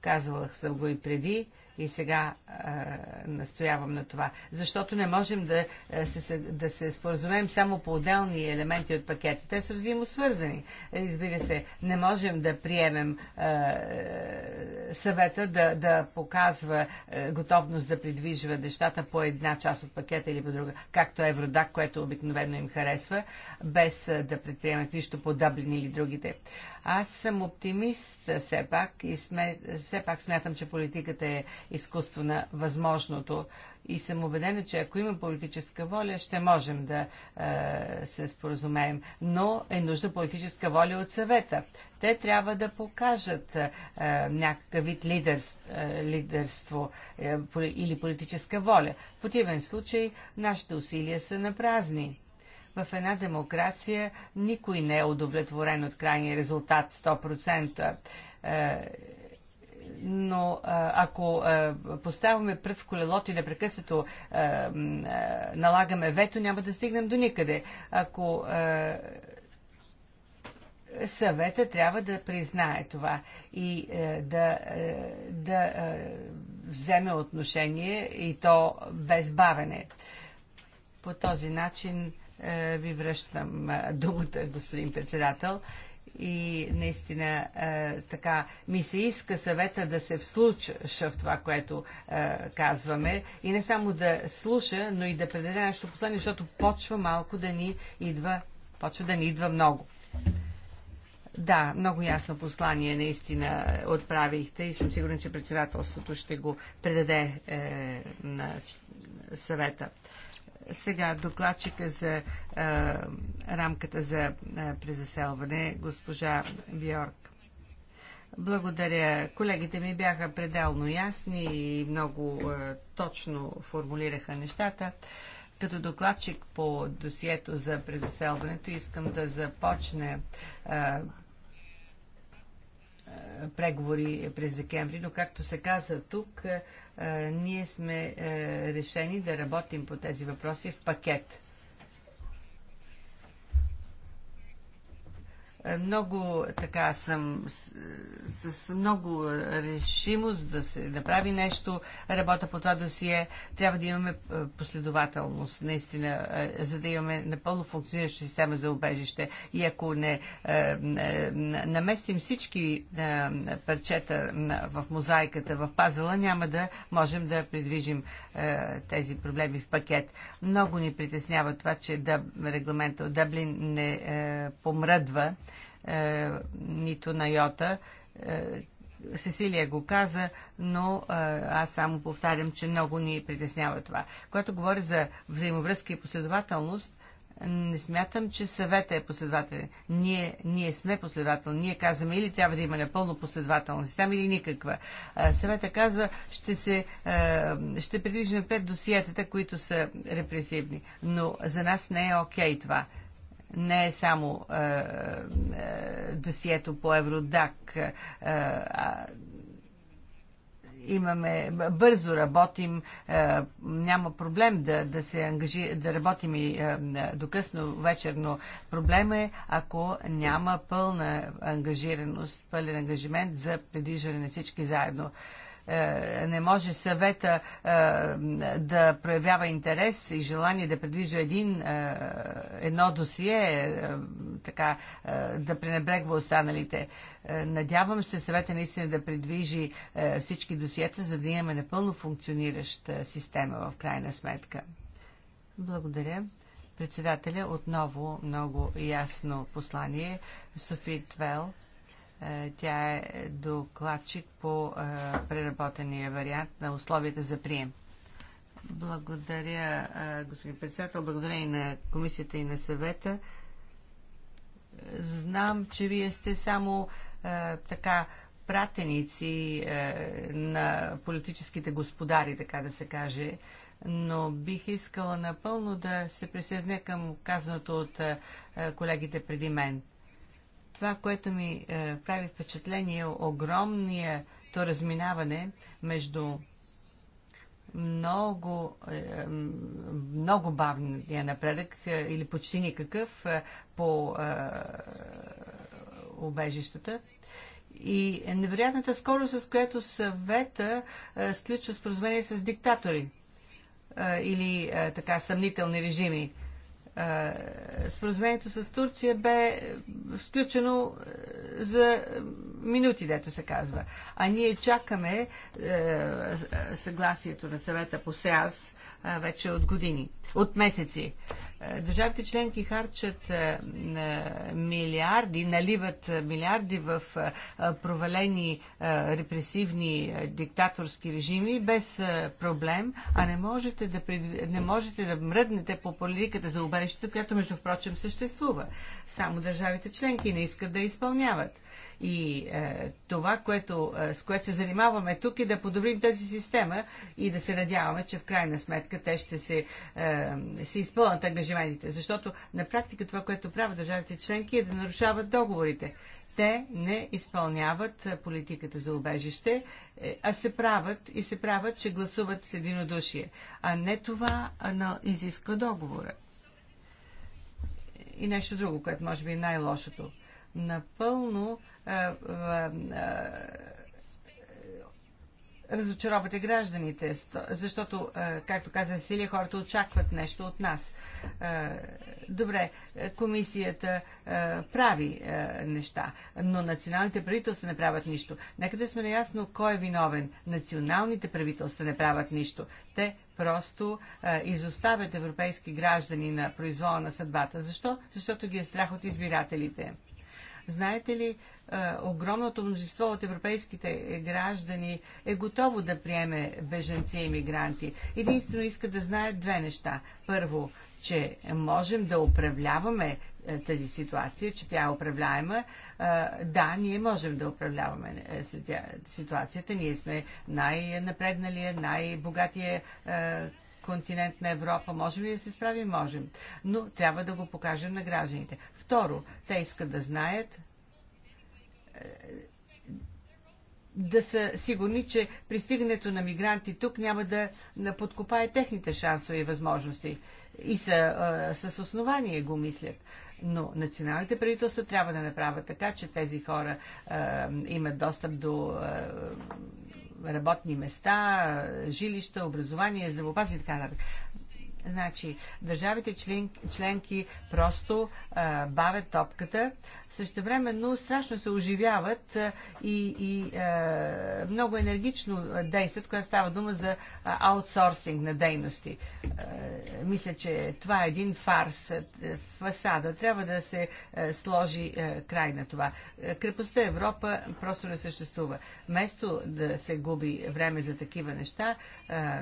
Speaker 5: Казвах съм го и преди и сега а, настоявам на това. Защото не можем да, а, се, да се споразумеем само по отделни елементи от пакета. Те са взаимосвързани. Разбира се, не можем да приемем а, съвета да, да показва а, готовност да придвижва нещата по една част от пакета или по друга, както Евродак, което обикновено им харесва, без а, да предприемат нищо по Дъблин или другите. А, аз съм оптимист все пак и сме, все пак смятам, че политиката е изкуство на възможното и съм убедена, че ако има политическа воля, ще можем да е, се споразумеем. Но е нужна политическа воля от съвета. Те трябва да покажат е, някакъв вид лидерство, е, лидерство е, или политическа воля. В противен случай нашите усилия са напразни. В една демокрация никой не е удовлетворен от крайния резултат 100% е, но е, ако е, поставяме пръв в колелото и непрекъснато налагаме вето, няма да стигнем до никъде. Ако съвета трябва да признае това и да, да вземе отношение и то без бавене. По този начин е, ви връщам е, думата, господин председател. И наистина е, така ми се иска съвета да се вслуша в това, което казваме. И не само да слуша, но и да предаде нашето послание, защото почва малко да ни идва, почва да ни идва много. Да, много ясно послание наистина отправихте и съм сигурен, че председателството ще го предаде е, на съвета. Сега докладчика за е, рамката за е, презаселване, госпожа Бьорк. Благодаря. Колегите ми бяха пределно ясни и много е, точно формулираха нещата. Като докладчик по досието за презаселването искам да започне преговори през декември, но както се каза тук, е, ние сме е, решени да работим по тези въпроси в пакет. Много така съм с, с много решимост да се направи нещо. Работа по това досие. Трябва да имаме последователност, наистина, за да имаме напълно функционираща система за убежище. И ако не наместим всички парчета в мозайката, в пазала, няма да можем да придвижим тези проблеми в пакет. Много ни притеснява това, че регламента от Дъблин не помръдва е, нито на йота. Е, Сесилия го каза, но е, аз само повтарям, че много ни притеснява това. Когато говори за взаимовръзка и последователност, не смятам, че съветът е последователен. Ние, ние сме последователни. Ние казваме или трябва да има напълно последователна система, или никаква. Е, съветът казва, ще, се, е, ще придвижи пред досиетата, които са репресивни. Но за нас не е окей okay това не е само е, е, досието по Евродак. Е, а, имаме, бързо работим, няма проблем да, да се ангажи, да работим и до късно но Проблема е, ако няма пълна ангажираност, пълен ангажимент за предвижване на всички заедно. Е, не може съвета е, да проявява интерес и желание да предвижда един, е, едно досие, така, да пренебрегва останалите. Надявам се съвета наистина да предвижи всички досиета, за да имаме напълно функционираща система в крайна сметка. Благодаря. Председателя отново много ясно послание. Софи Твел е, тя е докладчик по е, преработения вариант на условията за прием. Благодаря, е, господин председател. Благодаря и на комисията и на съвета. Знам, че вие сте само така пратеници на политическите господари, така да се каже, но бих искала напълно да се присъединя към казаното от колегите преди мен. Това, което ми е, прави впечатление е огромния то разминаване между много, е, много бавния напредък е, или почти никакъв е, по убежищата и невероятната скорост, с която съвета сключва споразумение с диктатори или така съмнителни режими. Споразумението с Турция бе включено за минути, дето се казва. А ние чакаме съгласието на съвета по СЕАС вече от години, от месеци. Е, държавите членки харчат е, е, милиарди, наливат милиарди в провалени репресивни диктаторски режими без проблем, а не можете да, пред... не можете да мръднете по политиката за убежището, която между впрочем съществува. Само държавите членки не искат да изпълняват. И е, това, което, е, с което се занимаваме тук е да подобрим тази система и да се надяваме, че в крайна сметка те ще се, е, се изпълнат ангажиментите. Защото на практика това, което правят държавите членки е да нарушават договорите те не изпълняват политиката за убежище, е, а се правят и се правят, че гласуват с единодушие. А не това но изисква договора. И нещо друго, което може би е най-лошото – напълно разочаровате гражданите, защото, както каза Силия, хората очакват нещо от нас. Добре, комисията прави неща, но националните правителства не правят нищо. Нека да сме наясно кой е виновен. Националните правителства не правят нищо. Те просто изоставят европейски граждани на произвола на съдбата. Защо? Защото ги е страх от избирателите. Знаете ли, огромното множество от европейските граждани е готово да приеме беженци и мигранти. Единствено иска да знаят две неща. Първо, че можем да управляваме тази ситуация, че тя е управляема. Да, ние можем да управляваме ситуацията. Ние сме най-напредналия, най-богатия континент на Европа. Можем ли да се справим? Можем. Но трябва да го покажем на гражданите. Второ, те искат да знаят е, да са сигурни, че пристигането на мигранти тук няма да подкопае техните шансове и възможности. И са, а, е, с основание го мислят. Но националните правителства трябва да направят така, че тези хора а, е, имат достъп до а, работни места, жилища, образование, здравеопазване и така нататък. Значи, държавите член, членки просто а, бавят топката, същевременно страшно се оживяват и, и а, много енергично действат, когато става дума за аутсорсинг на дейности. А, мисля, че това е един фарс, фасада. Трябва да се сложи а, край на това. Крепостта Европа просто не съществува. Место да се губи време за такива неща, е,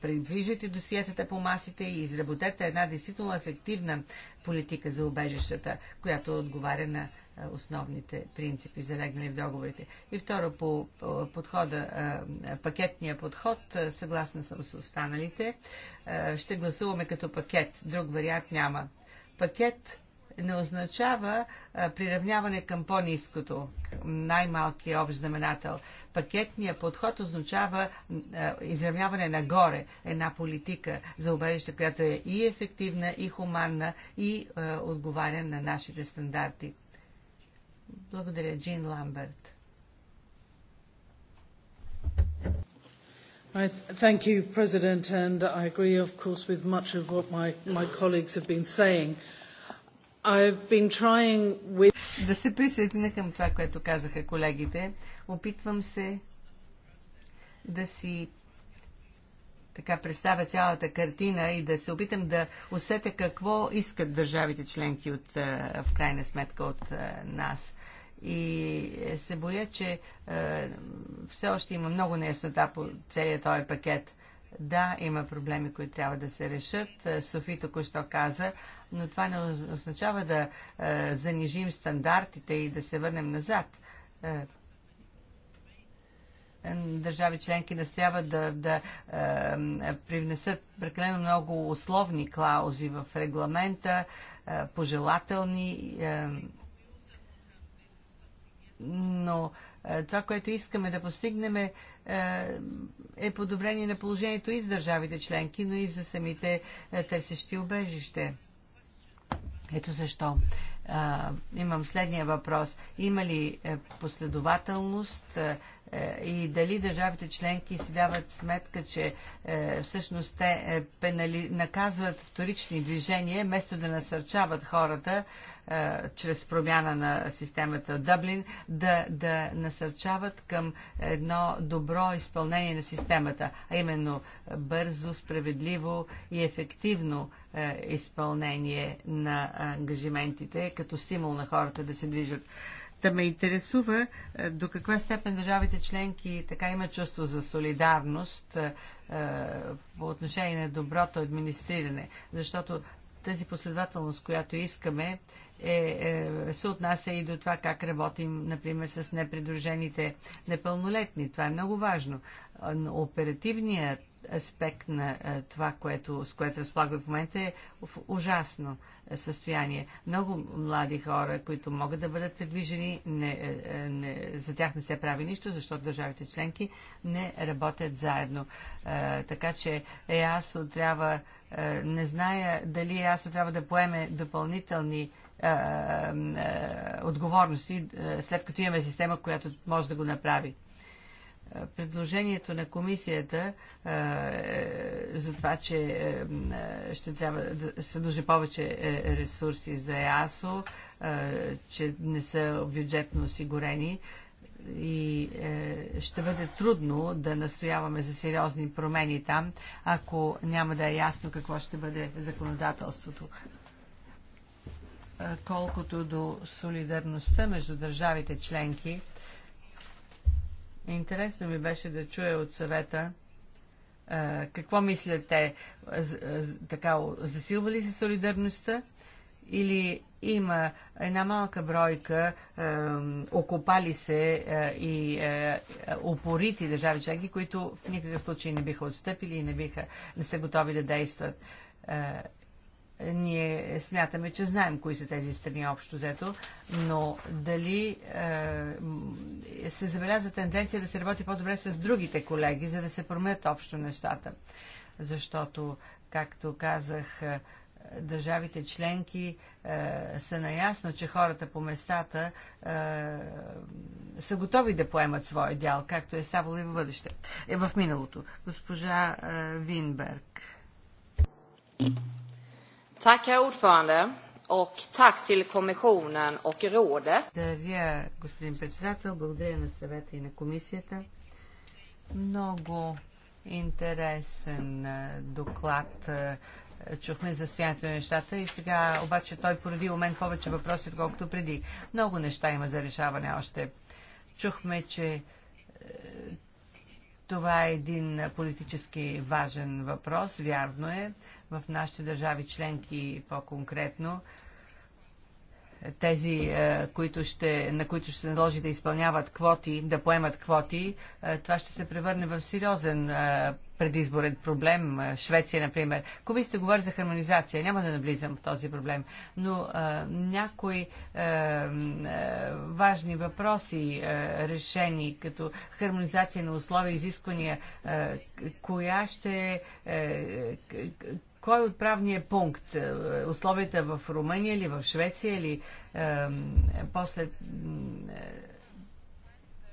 Speaker 5: придвижете досиетата по масите и изработете една действително ефективна политика за убежищата, която отговаря на основните принципи, залегнали в договорите. И второ, по подхода, пакетния подход, съгласна съм с останалите. Ще гласуваме като пакет. Друг вариант няма. Пакет не означава а, приравняване към по-низкото, най малкият общ знаменател. Пакетният подход означава а, изравняване нагоре, една политика за убежище, която е и ефективна, и хуманна, и а, отговаря на нашите
Speaker 1: стандарти.
Speaker 5: Благодаря, Джин Ламберт.
Speaker 1: Thank you, President, and I agree, of course, with much of what my, my colleagues have been saying.
Speaker 5: With... Да се присъединя към това, което казаха колегите. Опитвам се да си така представя цялата картина и да се опитам да усетя какво искат държавите членки от, е, в крайна сметка от е, нас. И е, се боя, че все още има много неяснота по целият този пакет да, има проблеми, които трябва да се решат. Е, Софи току-що каза, но това не означава да е, занижим стандартите и да се върнем назад. Е, е, държави членки настояват да, да е, привнесат прекалено много условни клаузи в регламента, е, пожелателни, е, но е, това, което искаме да постигнем е е, е подобрение на положението и за държавите членки, но и за самите е, търсещи убежище. Ето защо а, е, имам следния въпрос. Има ли последователност е, и дали държавите членки си дават сметка, че е, всъщност те е, пенали... наказват вторични движения, вместо да насърчават хората чрез промяна на системата Дъблин, да, да насърчават към едно добро изпълнение на системата, а именно бързо, справедливо и ефективно изпълнение на ангажиментите, като стимул на хората да се движат. Та ме интересува е, до каква степен държавите членки така имат чувство за солидарност е, по отношение на доброто администриране, защото тази последователност, която искаме, е, е, се отнася и до това как работим, например, с непридружените непълнолетни. Това е много важно. Е, оперативният аспект на това, което, с което разполагаме в момента, е в ужасно състояние. Много млади хора, които могат да бъдат предвижени, не, не, за тях не се прави нищо, защото държавите членки не работят заедно. така че ЕАСО трябва, не зная дали ЕАСО трябва да поеме допълнителни отговорности, след като имаме система, която може да го направи предложението на комисията е, за това, че е, е, ще трябва да се дължи повече ресурси за ЕАСО, че не са бюджетно осигурени и ще бъде трудно да настояваме за сериозни промени там, ако няма да е ясно какво ще бъде законодателството колкото до солидарността между държавите членки, Интересно ми беше да чуя от съвета какво мислят те? Така, засилва ли се солидарността? Или има една малка бройка е, окопали се е, и е, опорити държави членки, които в никакъв случай не биха отстъпили и не, биха, не са готови да действат. Ние смятаме, че знаем кои са тези страни общо взето, но дали е, се забелязва тенденция да се работи по-добре с другите колеги, за да се променят общо нещата. Защото, както казах, е, държавите членки е, са наясно, че хората по местата е, са готови да поемат своя дял, както е ставало и в бъдеще. Е в миналото. Госпожа е, Винберг. Herr ordförande och tack till kommissionen och rådet. Благодаря, господин председател. Благодаря на съвета и на комисията. Много интересен доклад чухме за състоянието на нещата и сега обаче той поради у мен повече въпроси, отколкото преди. Много неща има за решаване още. Чухме, че това е един политически важен въпрос, вярно е. В нашите държави членки по-конкретно тези, е, които ще, на които ще се наложи да изпълняват квоти, да поемат квоти, е, това ще се превърне в сериозен е, предизборен проблем. Швеция, например. Комисията говори за хармонизация. Няма да наблизам в този проблем. Но а, някои а, а, важни въпроси, а, решени, като хармонизация на условия, изисквания, а, коя ще. А, кой е отправният пункт? Е, условията в Румъния или в Швеция или е, после е,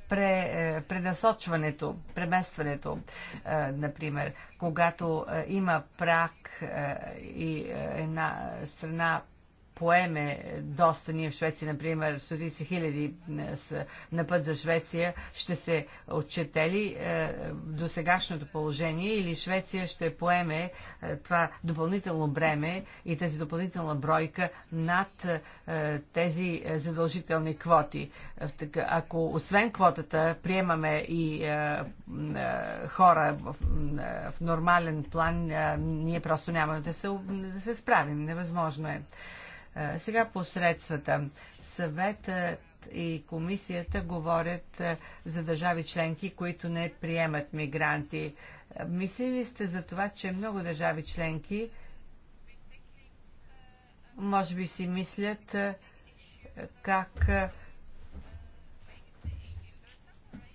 Speaker 5: пре, е, пренасочването, преместването, е, например, когато е, има прак е, и е, една страна поеме доста. Ние в Швеция, например, стотици хиляди е, на път за Швеция. Ще се отчете ли е, до сегашното положение или Швеция ще поеме е, това допълнително бреме и тази допълнителна бройка над тези задължителни квоти? Ако освен квотата приемаме и хора в, нормален план, ние просто няма да се, да се справим. Невъзможно е. Е, сега посредствата. Съветът и комисията говорят е, за държави членки, които не приемат мигранти. Е, мислили сте за това, че много държави членки може би си мислят как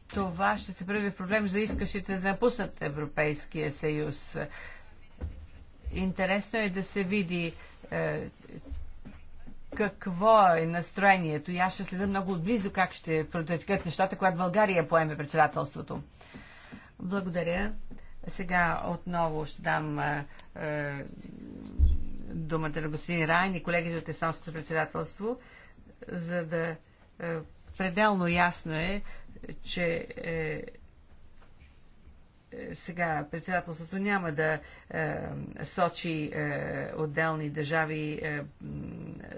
Speaker 5: това ще се превърне в проблем за искащите да напуснат Европейския съюз. Интересно е да се види какво е настроението. И аз ще следя много отблизо как ще протекат нещата, когато България поеме председателството. Благодаря. Сега отново ще дам е, е, думата на господин Райн и колегите от Естонското председателство, за да е, пределно ясно е, че е, сега председателството няма да е, сочи е, отделни държави е,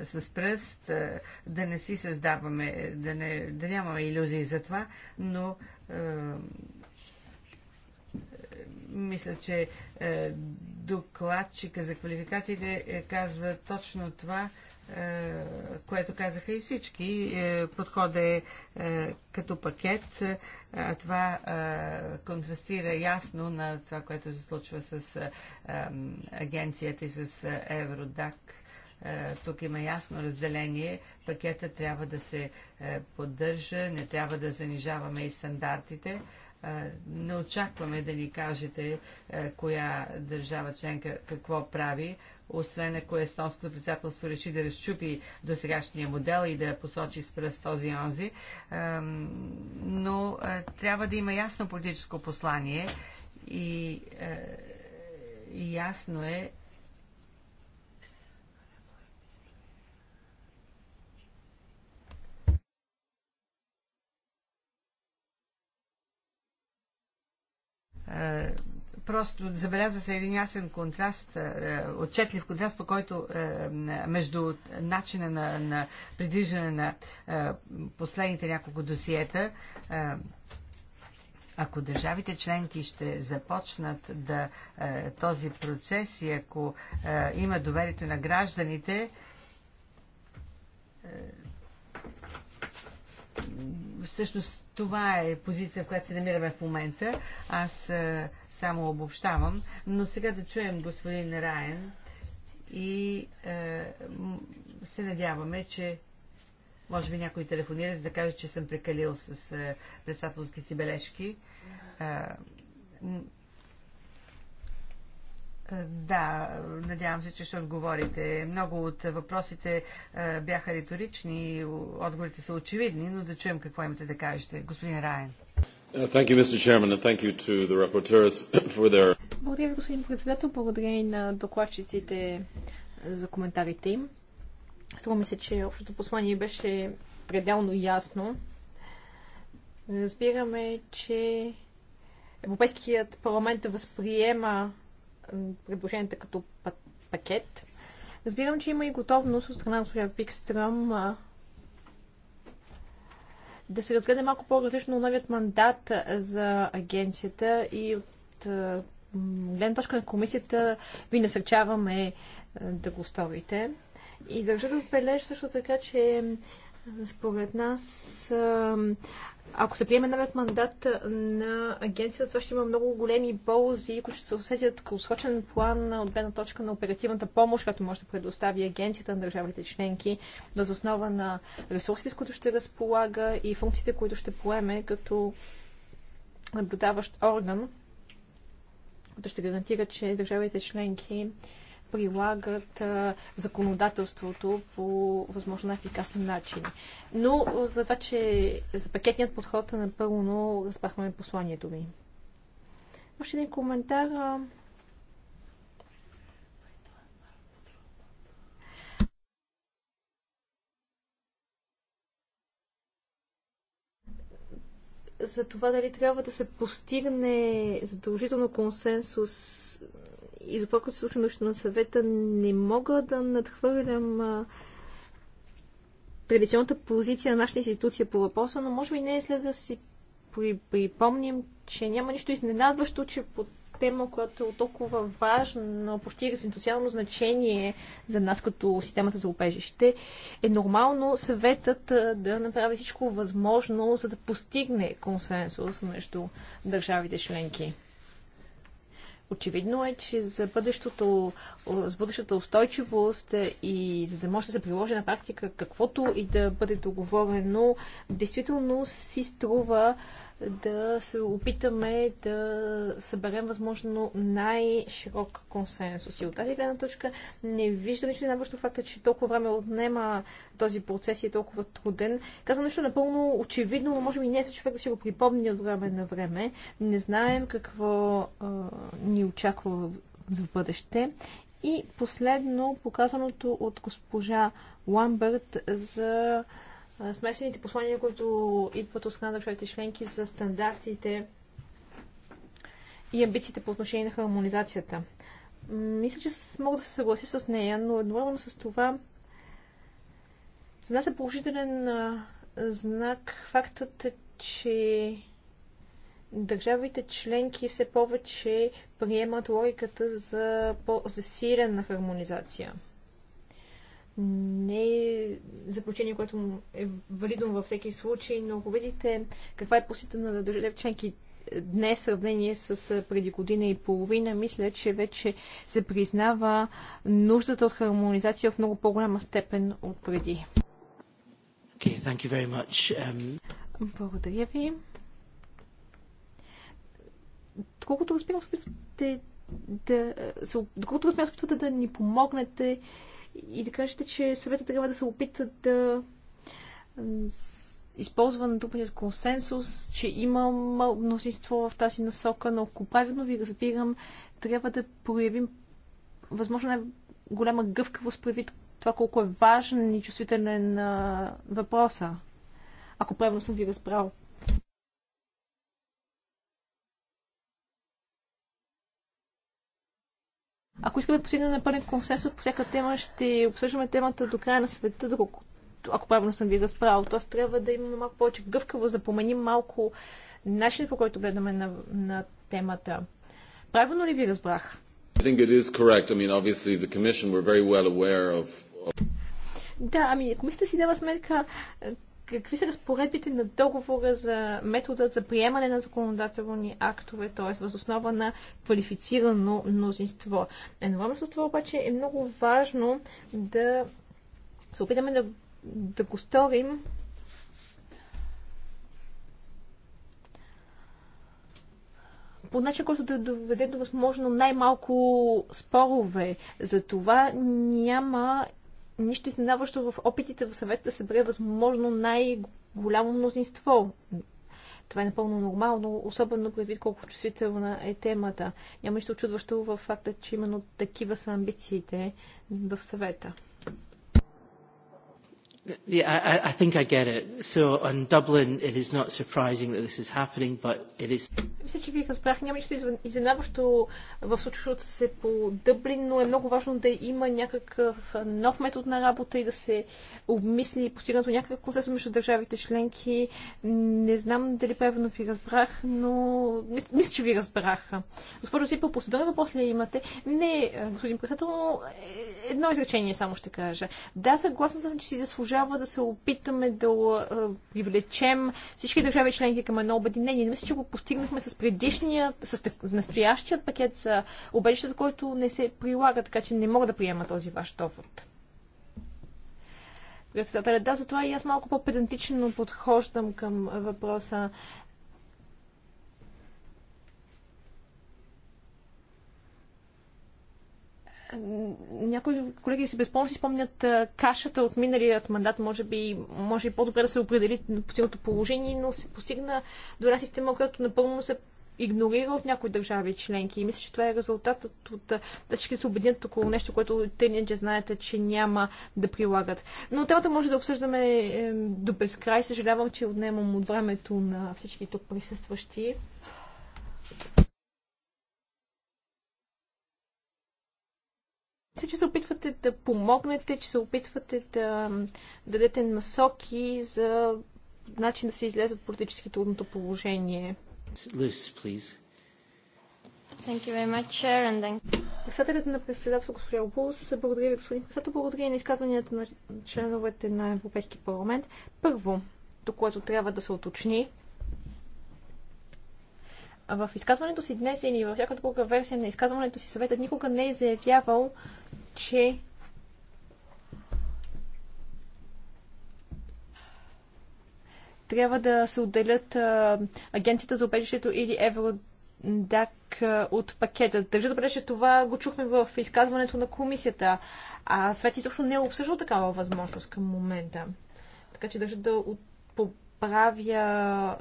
Speaker 5: с пръст, е, да не си създаваме, да, не, да нямаме иллюзии за това, но е, мисля, че е, докладчика за квалификациите е, казва точно това, е, е, което казаха и всички. Е, подходът е, е като пакет, а това контрастира ясно на това, което се случва с агенцията и с Евродак. Тук има ясно разделение. Пакета трябва да се поддържа, не трябва да занижаваме и стандартите. Не очакваме да ни кажете коя държава членка какво прави освен ако естонското председателство реши да разчупи досегашния модел и да посочи с пръст този онзи. Но трябва да има ясно политическо послание и ясно е, просто забеляза се един ясен контраст, е, отчетлив контраст, по който е, между начина на, на придвижване на е, последните няколко досиета ако държавите членки ще започнат да този процес и ако има доверието на гражданите, всъщност това е позиция, в която се намираме в момента. Аз само обобщавам, но сега да чуем господин Раен и е, се надяваме, че може би някой телефонира, за да каже, че съм прекалил с е, председателски си бележки. Е, е да, надявам се, че ще отговорите. Много от въпросите е, бяха риторични, отговорите са очевидни, но да чуем какво имате да кажете. Господин Раен. Благодаря господин председател. Благодаря
Speaker 2: и на докладчиците за коментарите им. Струва ми се, че общото послание беше пределно ясно. Разбираме, че Европейският парламент възприема предложенията като пакет. Разбирам, че има и готовност от страна на Викстръм да се разгледа малко по-различно новият мандат за агенцията и от гледна точка на комисията ви насърчаваме да го оставите. И държа да отбележа също така, че според нас ако се приеме новият мандат на агенцията, това ще има много големи ползи, които ще се усетят краткосрочен план от гледна точка на оперативната помощ, която може да предостави агенцията на държавите членки, въз основа на ресурсите, с които ще разполага и функциите, които ще поеме като наблюдаващ орган, който ще гарантира, че държавите членки прилагат законодателството по възможно ефикасен начин. Но за това, че за пакетният подход е напълно разпахваме посланието ми. Още един коментар. за това дали трябва да се постигне задължително консенсус и за това, което се случва на, на съвета, не мога да надхвърлям а, традиционната позиция на нашата институция по въпроса, но може би не е след да си при, припомним, че няма нищо изненадващо, че по тема, която е толкова важна, почти екзистенциално значение за нас като системата за убежище, е нормално съветът да направи всичко възможно, за да постигне консенсус между държавите членки. Очевидно е, че за бъдещото, за бъдещата устойчивост е, и за да може да се приложи на практика каквото и да бъде договорено, действително си струва да се опитаме да съберем възможно най-широк консенсус. И от тази гледна точка не виждам нищо изненадващо факта, че толкова време отнема този процес и е толкова труден. Казвам нещо напълно очевидно, но може би не е човек да си го припомни от време на време. Не знаем какво а, ни очаква за бъдеще. И последно, показаното от госпожа Ламберт за а, смесените послания, които идват от страна държавите членки за стандартите и амбициите по отношение на хармонизацията. Мисля, че мога да се съглася с нея, но едновременно с това за нас е положителен знак фактът, че държавите членки все повече приемат логиката за по-засилена хармонизация – не е заключение, което е валидно във всеки случай, но ако видите каква е посита на държавите членки днес в сравнение с преди година и половина, мисля, че вече се признава нуждата от хармонизация в много по-голяма степен от преди.
Speaker 1: Okay, thank you very much. Um...
Speaker 2: Благодаря ви. Колкото разбирам, опитвате да, доколкото да ни помогнете и да кажете, че съвета трябва да се опита да използва натрупаният консенсус, че има мнозинство в тази насока, но ако правилно ви разбирам, трябва да проявим възможно най-голяма гъвкавост предвид това колко е важен и чувствителен въпроса. Ако правилно съм ви разбрал. Ако искаме да постигнем на пълен консенсус по всяка тема, ще обсъждаме темата до края на света, доколкото ако правилно съм ви разбрал, т.е. трябва да имаме малко повече гъвкаво, да поменим малко начинът по който гледаме на, на темата. Правилно ли ви разбрах?
Speaker 3: I think it is correct. I mean, obviously the Commission were very well aware of...
Speaker 2: Да, ами комисията си дава сметка, какви са разпоредбите на договора за методът за приемане на законодателни актове, т.е. възоснова на квалифицирано мнозинство. Едновременно с това обаче е много важно да се опитаме да, да го сторим по начин, който да доведе до възможно най-малко спорове. За това няма нищо изненаващо в опитите в съвета да събере възможно най-голямо мнозинство. Това е напълно нормално, особено предвид колко чувствителна е темата. Няма нищо очудващо в факта, че именно такива са амбициите в съвета.
Speaker 1: Yeah, I, I think I get it. So on Dublin, it is not surprising that this is happening, but it is...
Speaker 2: Мисля, че ви разбрах. Няма нищо изненадващо в случващото се по Дъблин, но е много важно да има някакъв нов метод на работа и да се обмисли постигнато някакъв консенсус между държавите членки. Не знам дали правилно ви разбрах, но мисля, мисля че ви разбрах. Госпожо Сипа, последен въпрос ли имате? Не, господин председател, е, едно изречение само ще кажа. Да, съгласна съм, че си заслужава трябва да се опитаме да привлечем всички държави членки към едно обединение. Не мисля, че го постигнахме с предишния, с настоящият пакет за обежището, който не се прилага, така че не мога да приема този ваш довод. Председателя, да, затова и аз малко по-педантично подхождам към въпроса някои колеги си безпомощно си спомнят кашата от миналият мандат. Може би, може и по-добре да се определи на постигнато положение, но се постигна до една система, която напълно се игнорира от някои държави членки. И мисля, че това е резултатът от да всички се обединят около нещо, което те иначе знаете, че няма да прилагат. Но темата може да обсъждаме до безкрай. Съжалявам, че отнемам от времето на всички тук присъстващи. се, че се опитвате да помогнете, че се опитвате да дадете насоки за начин да се излезе от политически трудното положение.
Speaker 1: Loose,
Speaker 2: Председателят на председателство госпожа Обулс, благодаря ви, господин председател, благодаря и на изказванията на членовете на Европейски парламент. Първо, до което трябва да се уточни, в изказването си днес или във всяка друга версия на изказването си съветът никога не е заявявал, че трябва да се отделят а, агенцията за обежището или Евродак а, от пакета. Държа да бъде, че това го чухме в изказването на комисията, а Свет изобщо не е обсъждал такава възможност към момента. Така че държа да от, поправя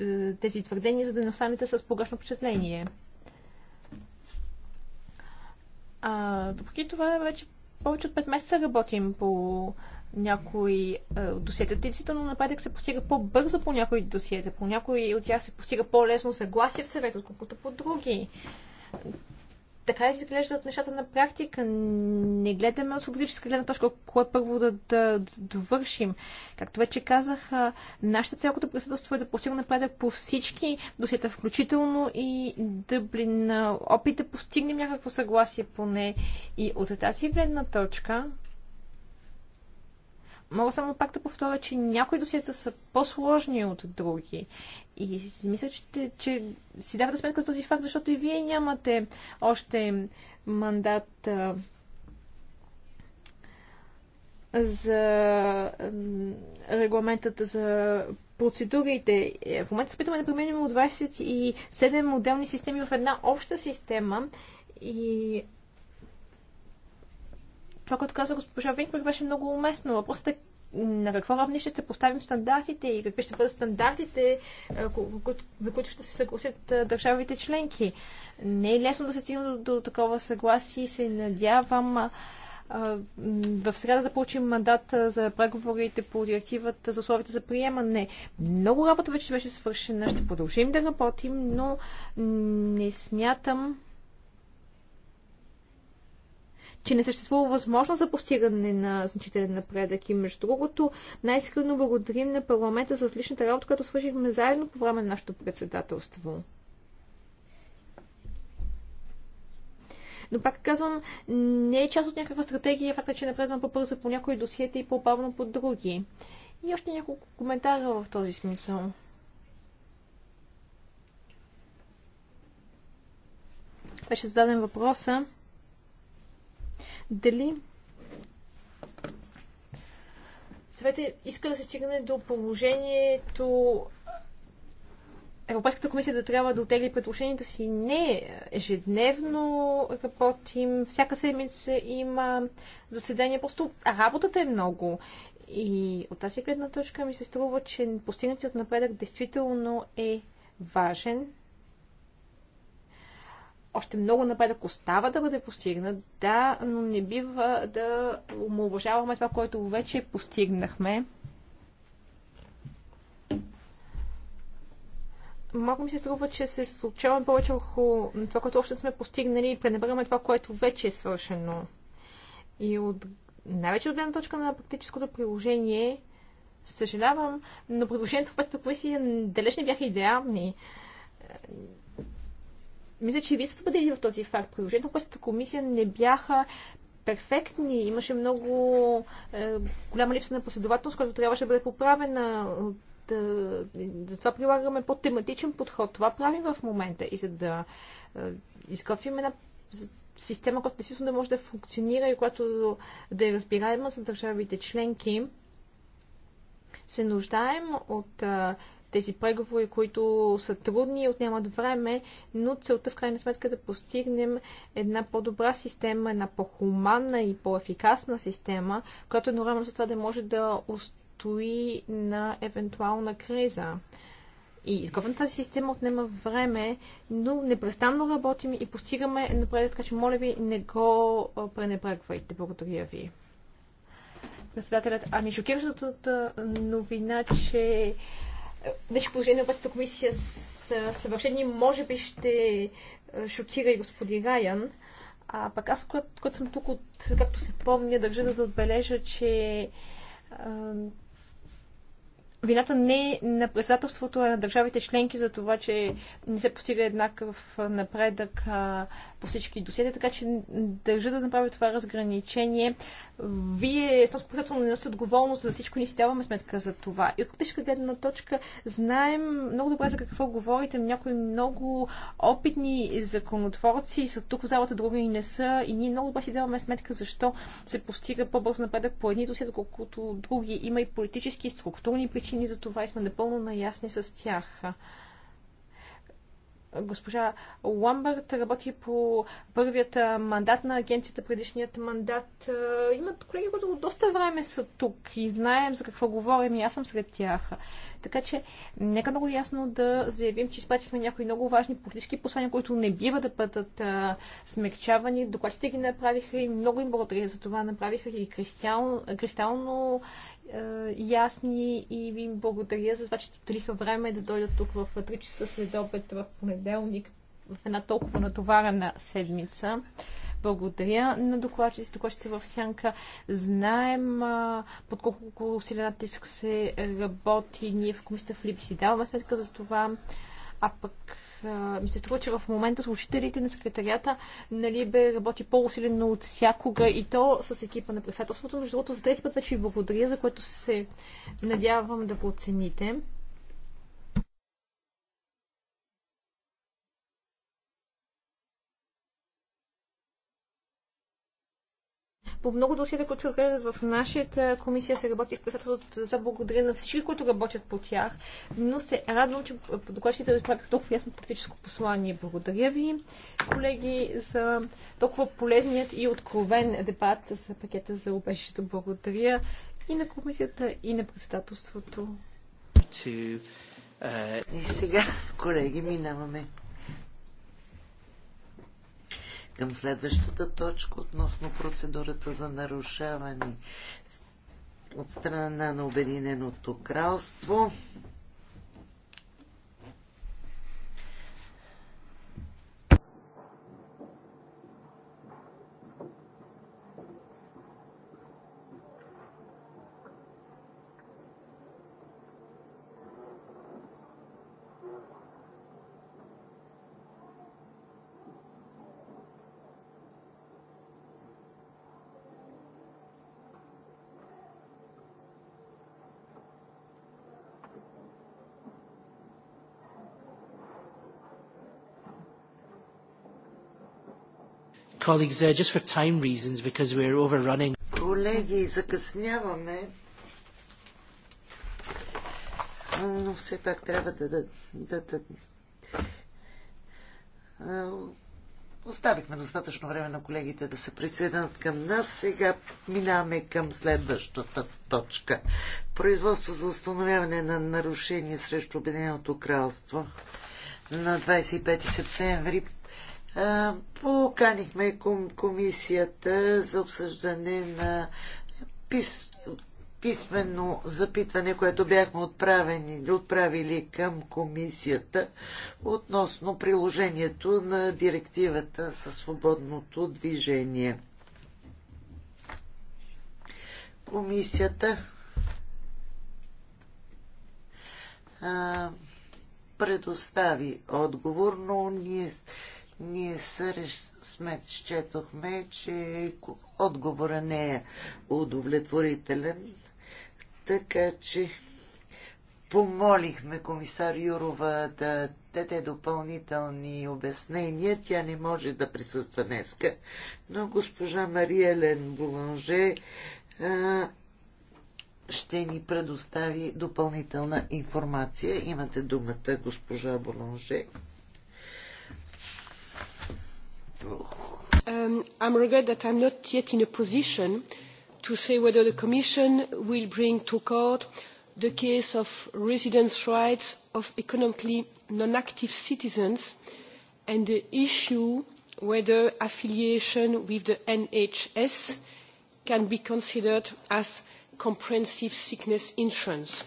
Speaker 2: е, тези твърдения, за да не останете с погрешно впечатление. А, въпреки това, вече повече от 5 месеца работим по някои е, от досиетата, Действително напредък се постига по-бързо по някои досиета. По някои от тях се постига по-лесно съгласие в съвет, отколкото по други така изглеждат нещата на практика. Не гледаме от стратегическа гледна точка, кое първо да, да, да довършим. Както вече казах, нашата цел като председателство е да постигне напредък по всички досиета, включително и да на Опит да постигнем някакво съгласие поне и от тази гледна точка Мога само пак да повторя, че някои досиета са по-сложни от други. И мисля, че, че си давате сметка с този факт, защото и вие нямате още мандат а, за регламентата за процедурите. Е, в момента се опитваме да променим от 27 отделни системи в една обща система и това, което каза госпожа Винкберг, беше много уместно. Въпросът е на какво равнище ще поставим стандартите и какви ще бъдат стандартите, е, за които ще се съгласят е, държавите членки. Не е лесно да се стигне до, до такова съгласие и се надявам е, в среда да получим мандат за преговорите по директивата за условията за приемане. Много работа вече беше свършена, ще продължим да работим, но не смятам, че не съществува възможност за постигане на значителен напредък. И между другото, най скрено благодарим на парламента за отличната работа, която свършихме заедно по време на нашето председателство. Но пак казвам, не е част от някаква стратегия факта, че напредвам по-бързо по някои досиета и по-бавно по други. И още няколко коментара в този смисъл. Беше зададен въпроса дали съвете иска да се стигне до положението Европейската комисия да трябва да отегли предложенията си. Не, ежедневно работим, всяка седмица има заседания, просто работата е много. И от тази гледна точка ми се струва, че постигнатият напредък действително е важен още много напредък остава да бъде постигнат, да, но не бива да омалуважаваме това, което вече постигнахме. малко ми се струва, че се случаваме повече върху това, което още сме постигнали и пренебрегваме това, което вече е свършено. И от, най-вече от гледна точка на практическото приложение, съжалявам, но предложението в пътната комисия далеч не бяха идеални мисля, че и вие сте убедили в този факт. Предложението на комисия не бяха перфектни, имаше много е, голяма липса на последователност, която трябваше да бъде поправена. Да, е, затова прилагаме по-тематичен подход. Това правим в момента. И за да е, изготвим една система, която действително да може да функционира и която да е разбираема за държавите членки, се нуждаем от е, тези преговори, които са трудни и отнемат време, но целта в крайна сметка е да постигнем една по-добра система, една по-хуманна и по-ефикасна система, която едновременно с това да може да устои на евентуална криза. И тази система отнема време, но непрестанно работим и постигаме напред, така че моля ви, не го пренебрегвайте. Благодаря ви. Председателят, ами шокиращата новина, че беше положение обаче, комисия с съвършени, може би ще е, шокира и господин Райан. А пък аз, когато съм тук, от, както се помня, държа да отбележа, че е, вината не е на председателството, а на държавите членки за това, че не се постига еднакъв напредък а, по всички досиета, така че държа да направя това разграничение. Вие, собствено председател, не носите отговорност за всичко, ни си даваме сметка за това. И от тежка гледна точка знаем много добре за какво говорите. Някои много опитни законотворци са тук в залата, други не са. И ние много добре си даваме сметка защо се постига по-бърз напредък по едни досиета, колкото други. Има и политически и структурни причини причини за това и сме напълно наясни с тях. Госпожа Ламбърт работи по първият мандат на агенцията, предишният мандат. Имат колеги, които доста време са тук и знаем за какво говорим и аз съм сред тях. Така че, нека много ясно да заявим, че изпратихме някои много важни политически послания, които не бива да бъдат а, смягчавани. Докладчите ги направиха и много им благодаря за това. Направиха ги кристал, кристално е, ясни и ви им благодаря за това, че отриха време да дойдат тук в 3 часа след обед в понеделник в една толкова натоварена седмица. Благодаря на докладчиците, ще в Сянка. Знаем а, под колко силен натиск се работи. Ние в комисията в Либи си даваме сметка за това. А пък ми се струва, че в момента служителите на секретарията нали, бе работи по-усилено от всякога и то с екипа на председателството. Между другото, за трети път вече ви благодаря, за което се надявам да го оцените. По много досиета, които се разглеждат в нашата комисия, се работи в председателството. това благодаря на всички, които работят по тях. Но се радвам, че докладчите разправиха толкова ясно политическо послание. Благодаря ви, колеги, за толкова полезният и откровен дебат за пакета за убежището. Благодаря и на комисията, и на председателството.
Speaker 1: Uh, и сега,
Speaker 3: колеги, минаваме към следващата точка относно процедурата за нарушаване от страна на Обединеното кралство.
Speaker 1: colleagues, uh, just for time reasons, because we're overrunning.
Speaker 3: Колеги, закъсняваме, но все пак трябва да, да, да, да Оставихме достатъчно време на колегите да се присъединят към нас. Сега минаваме към следващата точка. Производство за установяване на нарушения срещу Обединеното кралство на 25 септември Поканихме комисията за обсъждане на пис, писменно запитване, което бяхме отправени, отправили към комисията относно приложението на директивата за свободното движение. Комисията а, предостави отговор, но ние ние сме счетохме, че отговора не е удовлетворителен, така че помолихме комисар Юрова да даде допълнителни обяснения. Тя не може да присъства днеска, но госпожа Мария Елен Буланже ще ни предостави допълнителна информация. Имате думата, госпожа Болонже.
Speaker 4: I am regret that I am not yet in a position to say whether the Commission will bring to court the case of residence rights of economically non-active citizens and the issue whether affiliation with the NHS can be considered as comprehensive sickness insurance.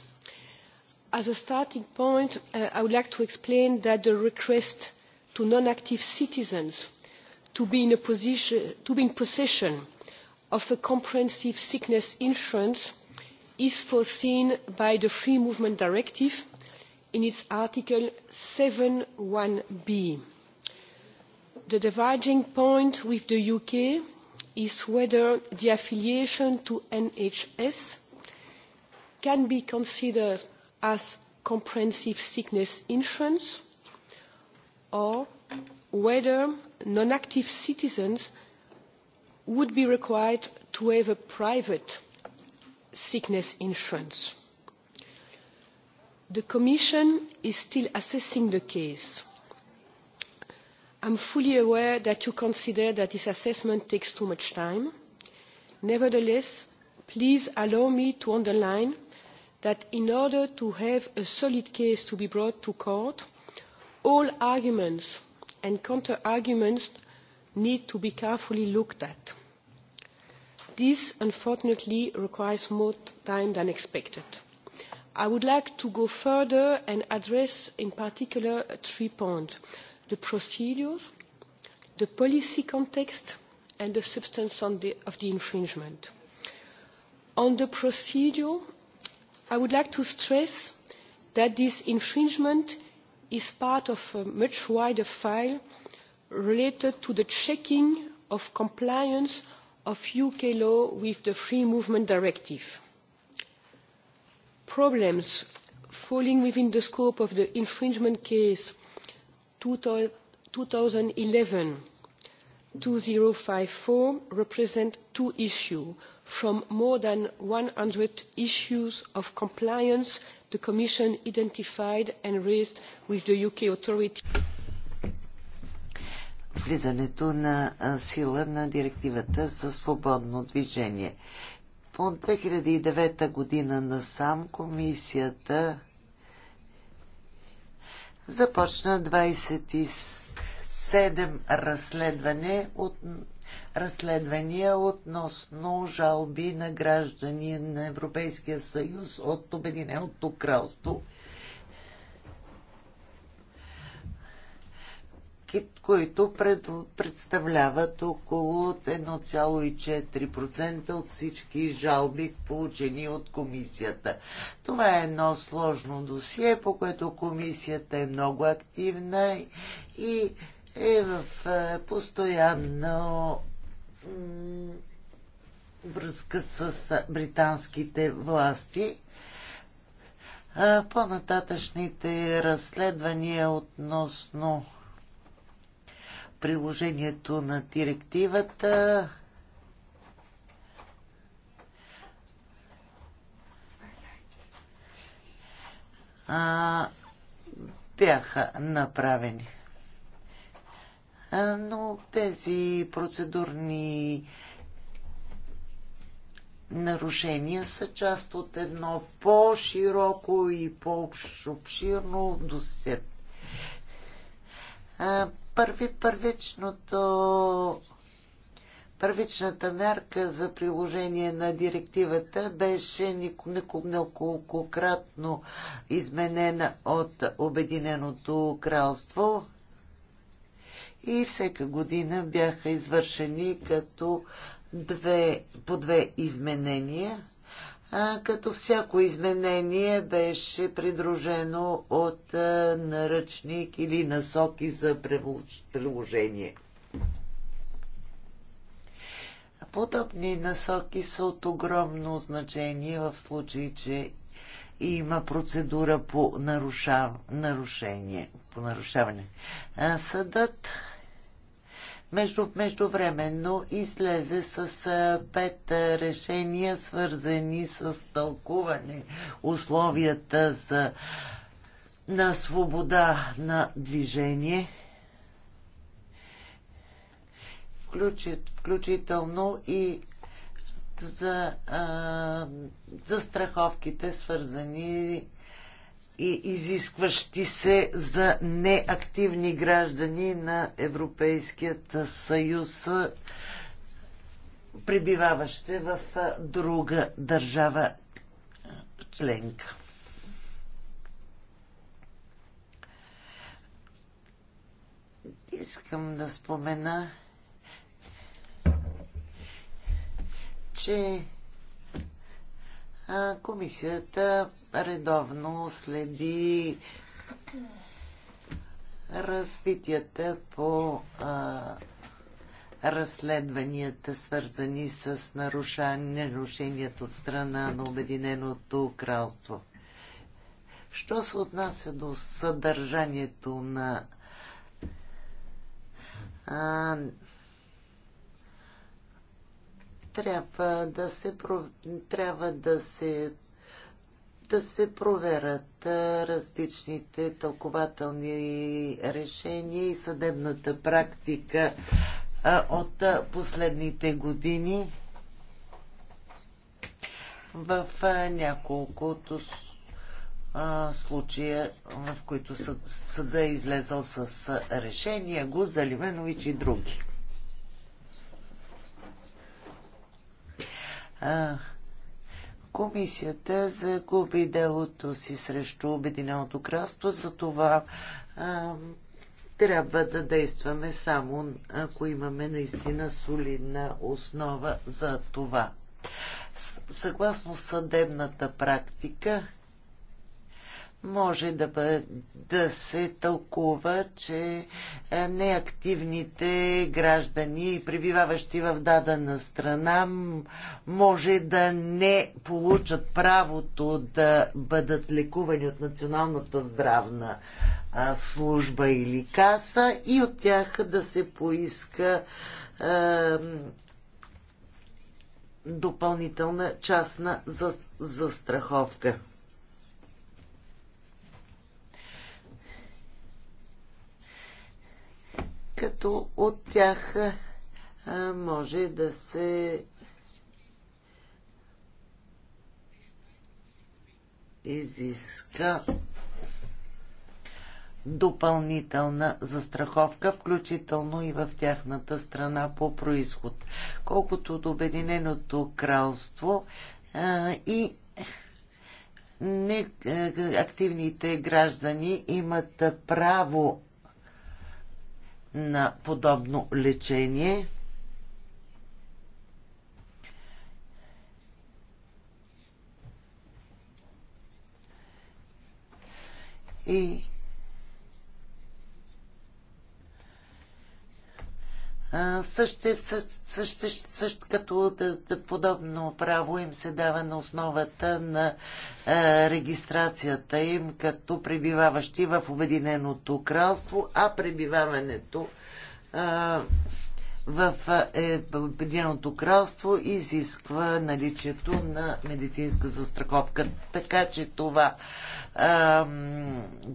Speaker 4: As a starting point, I would like to explain that the request to non-active citizens to be in possession of a comprehensive sickness insurance is foreseen by the free movement directive in its article seven b. the dividing point with the uk is whether the affiliation to nhs can be considered as comprehensive sickness insurance or whether non-active citizens would be required to have a private sickness insurance. The Commission is still assessing the case. I am fully aware that you consider that this assessment takes too much time. Nevertheless, please allow me to underline that in order to have a solid case to be brought to court, all arguments and counter-arguments need to be carefully looked at. This, unfortunately, requires more time than expected. I would like to go further and address in particular three points. The procedures, the policy context, and the substance of the infringement. On the procedure, I would like to stress that this infringement is part of a much wider file related to the checking of compliance of uk law with the free movement directive. problems falling within the scope of the infringement case two thousand and eleven two zero and fifty four represent two issues from more than one hundred issues of compliance the Commission identified and raised with the UK authorities.
Speaker 3: Влизането на сила на директивата за свободно движение. По 2009 година насам комисията започна 27 разследване от разследвания относно жалби на граждани на Европейския съюз от Обединеното кралство, които представляват около 1,4% от всички жалби, получени от комисията. Това е едно сложно досие, по което комисията е много активна и е в е, постоянно връзка с британските власти. По-нататъчните разследвания относно приложението на директивата бяха направени но тези процедурни нарушения са част от едно по-широко и по-обширно досед. Първи, първичното Първичната мярка за приложение на директивата беше неколкократно изменена от Обединеното кралство и всека година бяха извършени като две, по две изменения, а, като всяко изменение беше придружено от а, наръчник или насоки за приложение. Подобни насоки са от огромно значение в случай, че има процедура по нарушав... нарушение. По нарушаване. А съдът между, междувременно излезе с пет решения, свързани с тълкуване условията за, на свобода на движение включително и за, а, за страховките, свързани и изискващи се за неактивни граждани на Европейският съюз, пребиваващи в друга държава членка. Искам да спомена, че комисията редовно следи развитията по а, разследванията, свързани с нарушението от страна на Обединеното кралство. Що се отнася до съдържанието на а, трябва да се трябва да се да се проверят различните тълкователни решения и съдебната практика от последните години в няколко случая, в които съда е излезъл с решения го Заливенович и други. Комисията загуби делото си срещу Обединеното кралство, за това трябва да действаме само ако имаме наистина солидна основа за това. Съгласно съдебната практика, може да, бъ... да се тълкува, че е, неактивните граждани, пребиваващи в дадена страна, може да не получат правото да бъдат лекувани от Националната здравна служба или каса и от тях да се поиска е, допълнителна частна застраховка. За като от тях може да се изиска допълнителна застраховка, включително и в тяхната страна по происход. Колкото до Обединеното кралство а, и не, активните граждани имат право на подобно лечение. И Също също, също като да, да, подобно право им се дава на основата на а, регистрацията им като пребиваващи в Обединеното кралство, а пребиваването е, в е, Обединеното кралство изисква наличието на медицинска застраховка. Така че това а,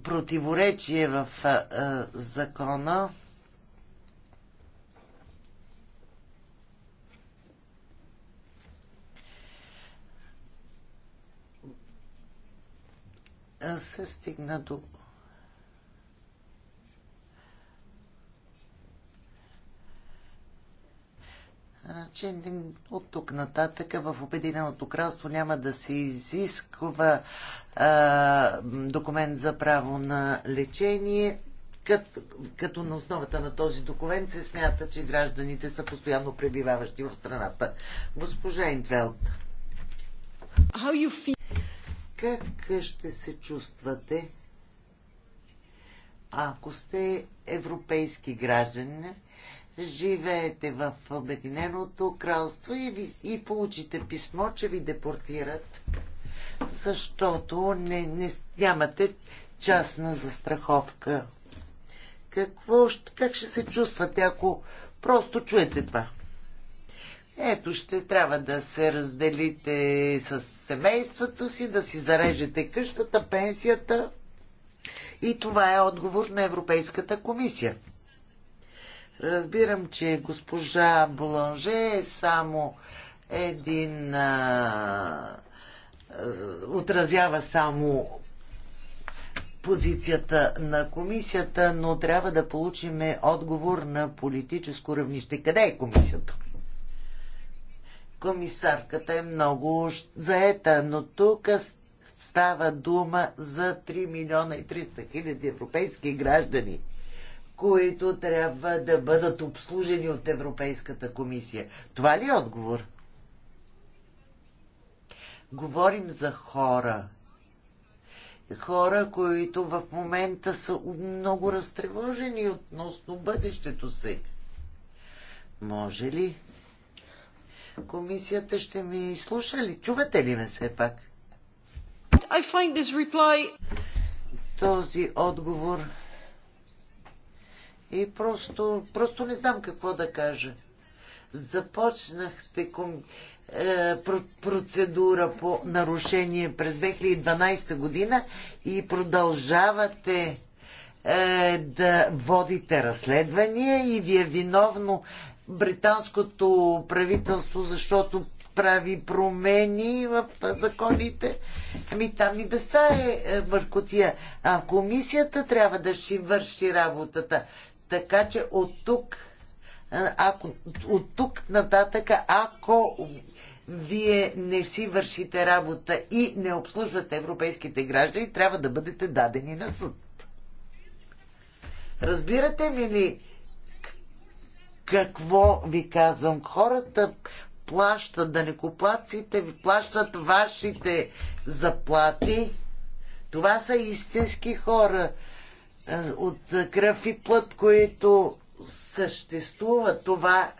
Speaker 3: противоречие в а, закона се стигна до че от тук нататък в Обединеното кралство няма да се изисква а, документ за право на лечение, като, като на основата на този документ се смята, че гражданите са постоянно пребиваващи в страната. Госпожа Интвелт как ще се чувствате, ако сте европейски граждани, живеете в Обединеното кралство и, ви, и получите писмо, че ви депортират, защото не, не, нямате частна застраховка. Какво, как ще се чувствате, ако просто чуете това? Ето, ще трябва да се разделите с семейството си, да си зарежете къщата, пенсията. И това е отговор на Европейската комисия. Разбирам, че госпожа Боланже е само един. А, а, отразява само позицията на комисията, но трябва да получиме отговор на политическо равнище. Къде е комисията? комисарката е много заета, но тук става дума за 3 милиона и 300 хиляди европейски граждани, които трябва да бъдат обслужени от Европейската комисия. Това ли е отговор? Говорим за хора. Хора, които в момента са много разтревожени относно бъдещето си. Може ли Комисията ще ми слуша ли? Чувате ли ме все пак? I find this reply... Този отговор и е просто, просто не знам какво да кажа. Започнахте ком, е, процедура по нарушение през 2012 година и продължавате е, да водите разследвания и ви е виновно британското правителство, защото прави промени в законите. Ами там и без това е бъркотия. Е, а комисията трябва да си върши работата. Така че от тук, е, ако, от тук нататъка, ако вие не си вършите работа и не обслужвате европейските граждани, трябва да бъдете дадени на съд. Разбирате ми ли какво ви казвам. Хората плащат, да не данекоплаците ви плащат вашите заплати. Това са истински хора от кръв и плът, които съществуват. Това,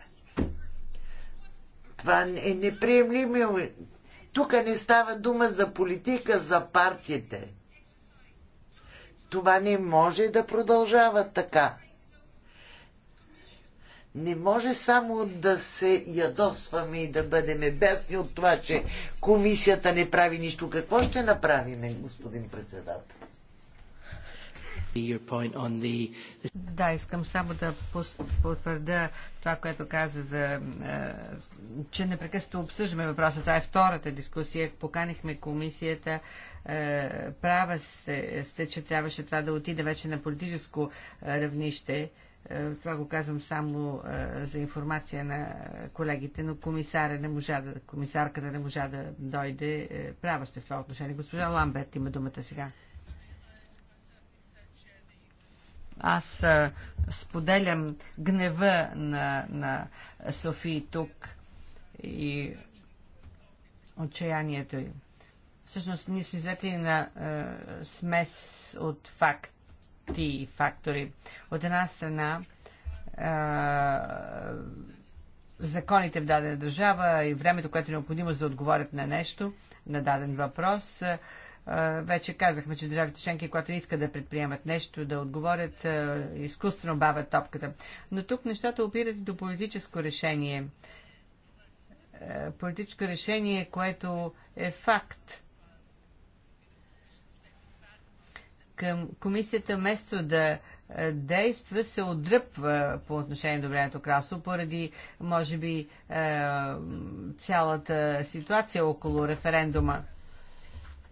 Speaker 3: това е неприемлимо. Тук не става дума за политика, за партиите. Това не може да продължава така не може само да се ядосваме и да бъдем бесни от това, че комисията не прави нищо. Какво ще направим, господин председател?
Speaker 5: Да, искам само да потвърда това, което каза за... Е, че непрекъснато обсъждаме въпроса. Това е втората дискусия. Поканихме комисията. Е, права сте, че трябваше това да отиде вече на политическо е, равнище е, това го казвам само е, за информация на колегите, но комисаря не можа да, комисарката не можа да дойде. Е, права сте в това отношение. Госпожа Ламберт има думата сега. Аз споделям гнева на, на Софи тук и отчаянието й. Всъщност ние сме взети на смес от факт ти фактори. От една страна, а, законите в дадена държава и времето, което е необходимо за да отговорят на нещо, на даден въпрос. Вече казахме, че държавите членки, които не искат да предприемат нещо, да отговорят, изкуствено бавят топката. Но тук нещата опират и до политическо решение. Политическо решение, което е факт към комисията вместо да е, действа, се отдръпва по отношение на Добрението кралство, поради, може би, е, цялата ситуация около референдума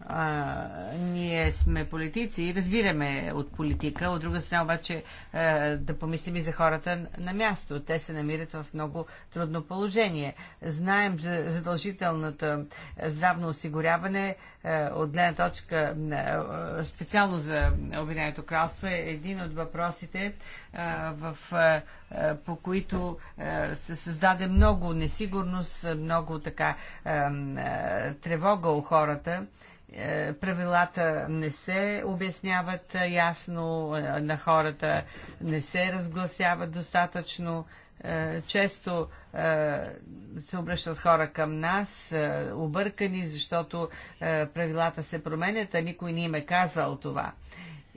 Speaker 5: а, ние сме политици и разбираме от политика, от друга страна обаче а, е, да помислим и за хората на място. Те се намират в много трудно положение. Знаем за задължителната здравно осигуряване а, е, от гледна точка а, е, специално за Обединеното кралство е един от въпросите, а, в, а, по които а, се създаде много несигурност, много така а, а, тревога у хората. Е, правилата не се обясняват е, ясно е, на хората, не се разгласяват достатъчно. Често се обръщат хора към нас, объркани, защото правилата се променят, а никой не им е казал това.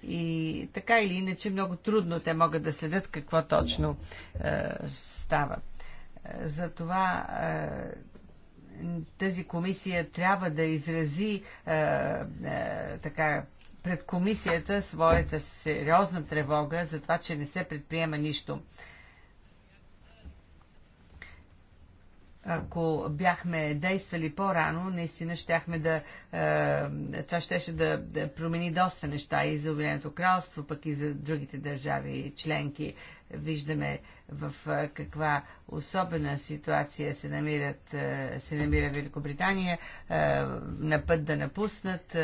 Speaker 5: И така или иначе много трудно те могат да следят какво точно става. Затова тази комисия трябва да изрази е, е, така пред комисията своята сериозна тревога за това, че не се предприема нищо. ако бяхме действали по-рано, наистина щяхме да... Е, това щеше да, да промени доста неща и за Обединеното кралство, пък и за другите държави членки. Виждаме в каква особена ситуация се, намират, се намира Великобритания, на път да напуснат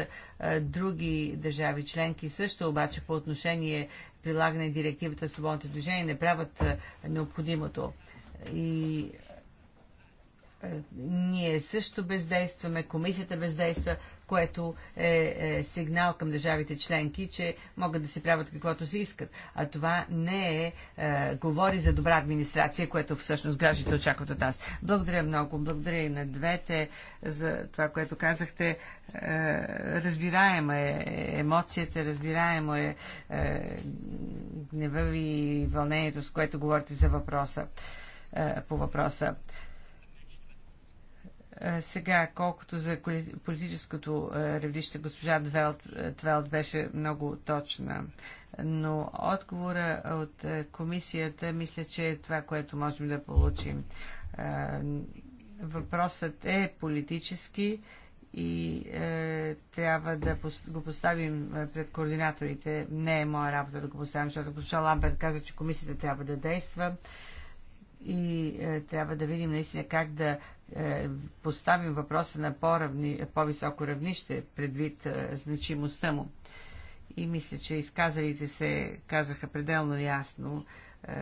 Speaker 5: други държави членки също, обаче по отношение прилагане директивата свободното движение не правят необходимото. И ние също бездействаме, комисията бездейства, което е, е сигнал към държавите членки, че могат да се правят каквото си искат. А това не е, е говори за добра администрация, което всъщност гражданите очакват от нас. Благодаря много. Благодаря и на двете за това, което казахте. Е, разбираема е емоцията, разбираемо е, е гнева ви и вълнението, с което говорите за въпроса е, по въпроса. Е, сега, колкото за политическото е, равнище, госпожа Твелт, е, Твелт беше много точна, но отговора от комисията мисля, че е това, което можем да получим. Въпросът е политически и трябва да го поставим пред координаторите. Не е моя работа да го поставим, защото госпожа Ламберт каза, че комисията трябва да действа и е, трябва да видим наистина как да е, поставим въпроса на по-равни, по-високо равнище предвид е, значимостта му. И мисля, че изказалите се казаха пределно ясно е,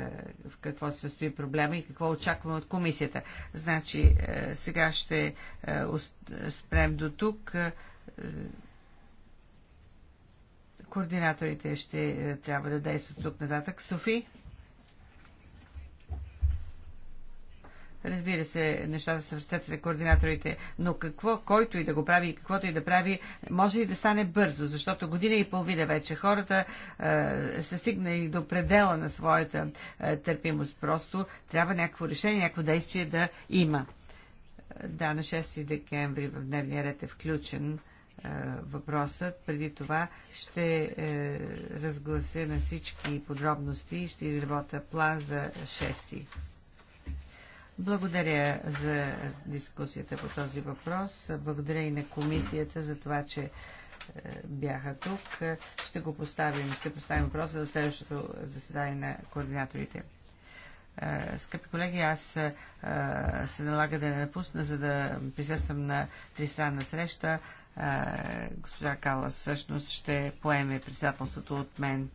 Speaker 5: в какво се състои проблема и какво очакваме от комисията. Значи, е, сега ще е, спрем до тук. Координаторите ще трябва да действат тук нататък. Софи? Разбира се, нещата са в ръцете на координаторите, но какво, който и да го прави и каквото и да прави, може и да стане бързо, защото година и половина вече хората е, са стигнали до предела на своята е, търпимост. Просто трябва някакво решение, някакво действие да има. Да, на 6 декември в дневния ред е включен въпросът. Преди това ще е, разглася на всички подробности и ще изработя план за 6. Благодаря за дискусията по този въпрос. Благодаря и на комисията за това, че е, бяха тук. Ще го поставим, ще поставим въпроса за следващото заседание на координаторите. Е, скъпи колеги, аз е, се налага да не напусна, за да присъствам на тристранна среща. Госпожа Калас всъщност ще поеме председателството от мен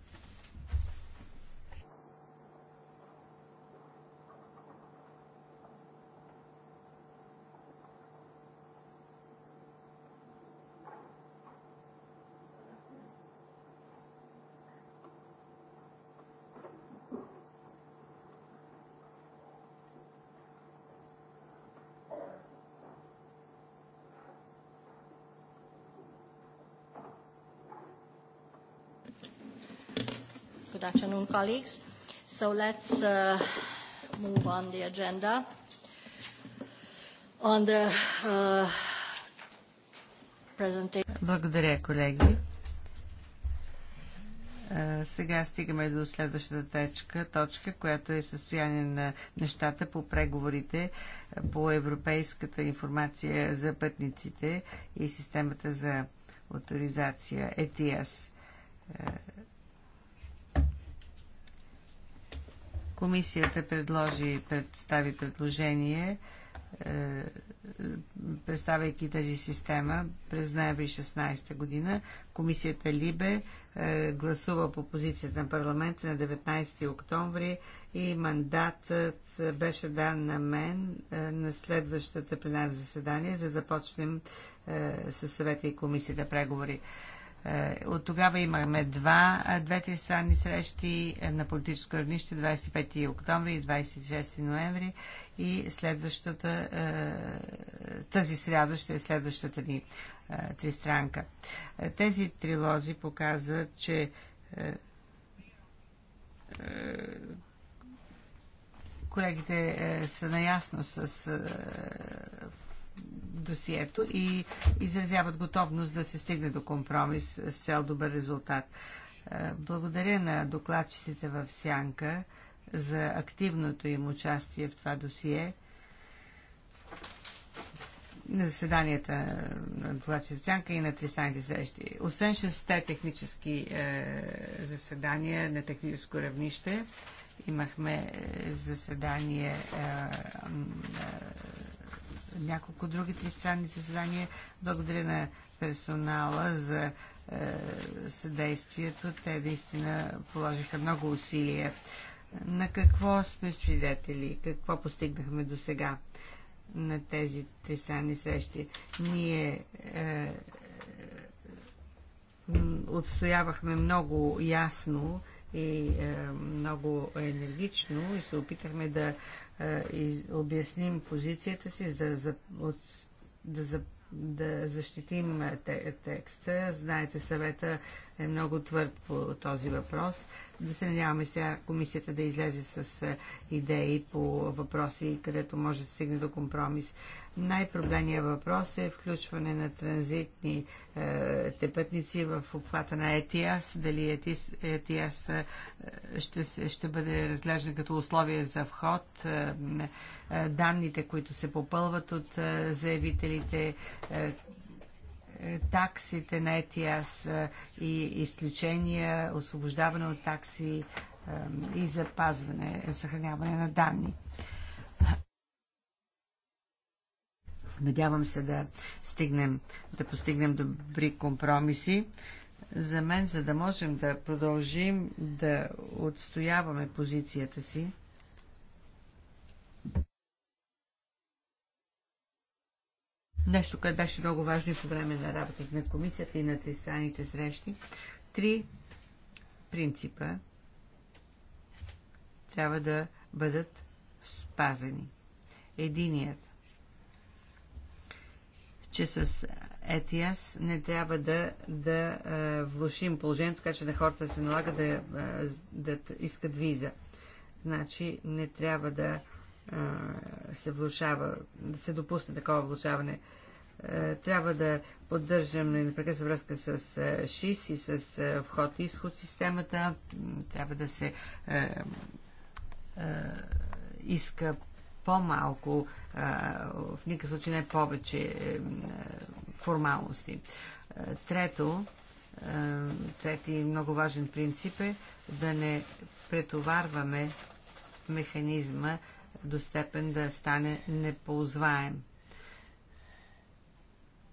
Speaker 5: afternoon, colleagues. So let's uh, move on the agenda. On the uh, presentation. Благодаря, колеги. Е, сега стигаме до следващата точка, точка, която е състояние на нещата по преговорите е, по европейската информация за пътниците и системата за авторизация ETS. Комисията предложи, представи предложение, е, представяйки тази система през ноември 16 година. Комисията Либе е, гласува по позицията на парламента на 19 октомври и мандатът беше дан на мен е, на следващата пленарна заседание, за да почнем с съвета и комисията преговори. Е, от тогава имаме два, е, две тристранни срещи е, на политическо равнище 25 октомври и 26 ноември и следващата, тази сряда ще е следващата ни тристранка. Тези трилози показват, че колегите са наясно с досието и изразяват готовност да се стигне до компромис с цел добър резултат. Е, благодаря на докладчиците в Сянка за активното им участие в това досие. На заседанията на докладчиците в Сянка и на тристранните срещи. Освен шестте технически е, заседания на техническо равнище, имахме е, заседание няколко други тристранни заседания. Благодаря на персонала за е, съдействието. Те наистина положиха много усилия. На какво сме свидетели? Какво постигнахме до сега на тези тристранни срещи? Ние е, отстоявахме много ясно и е, много енергично и се опитахме да е, обясним позицията си, за, за, от, да, за, да защитим е, те, текста. Знаете, съвета е много твърд по този въпрос. Да се надяваме сега комисията да излезе с е, идеи по въпроси, където може да стигне до компромис. Най-проблемният въпрос е включване на транзитни е, пътници в обхвата на ЕТИАС. Дали ЕТИАС, ЕТИАС ще, ще бъде разглеждан като условие за вход. Е, е, данните, които се попълват от е, заявителите, е, е таксите на ЕТИАС е, и изключения, освобождаване от такси е, и запазване, съхраняване на данни. Надявам се да стигнем, да постигнем добри компромиси. За мен, за да можем да продължим да отстояваме позицията си, нещо, което беше много важно и по време на работата на комисията и на тристранните срещи. Три принципа трябва да бъдат спазени. Единият че с ETS не трябва да, да а, влушим положението, така че на хората се налага да, а, да искат виза. Значи не трябва да а, се влушава, да се допусне такова влушаване. А, трябва да поддържаме непрекъсна връзка с ШИС и с вход и изход системата. Трябва да се а, а, иска по-малко, в никакъв случай не повече е, формалности. Трето, трети много важен принцип е да не претоварваме механизма до степен да стане неползваем.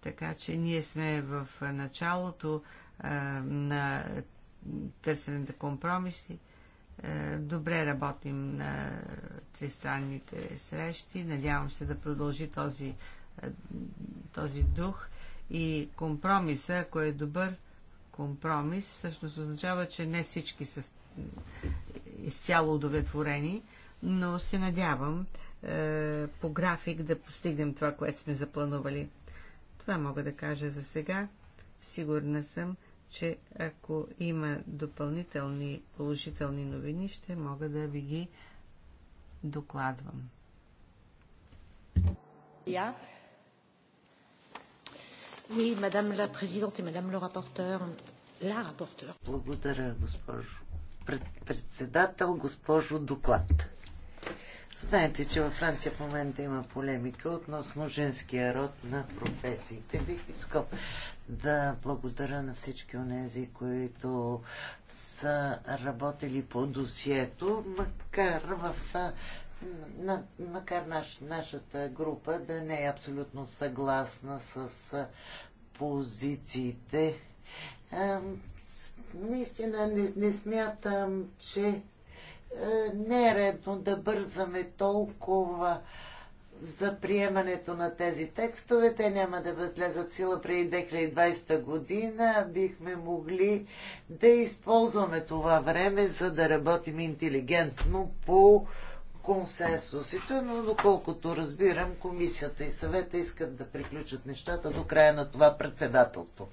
Speaker 5: Така че ние сме в началото на търсене на компромиси. Е, добре работим на тристранните срещи. Надявам се да продължи този, е, този дух. И компромиса, ако е добър компромис, всъщност означава, че не всички са изцяло удовлетворени, но се надявам е, по график да постигнем това, което сме запланували. Това мога да кажа за сега. Сигурна съм, че ако има допълнителни положителни новини, ще мога да ви ги докладвам. Я? Oui, madame la présidente
Speaker 2: et
Speaker 3: madame le rapporteur, la rapporteur. Благодаря, госпожо председател, госпожо доклад. Знаете, че във Франция в момента има полемика относно женския род на професиите. Бих искал да благодаря на всички онези, които са работили по досието, макар в на, макар наш, нашата група да не е абсолютно съгласна с позициите. А, наистина не, не смятам, че е, не е редно да бързаме толкова за приемането на тези текстове. Те няма да влезат сила преди 2020 година. Бихме могли да използваме това време, за да работим интелигентно по консенсусите, но доколкото разбирам, комисията и съвета искат да приключат нещата до края на това председателство.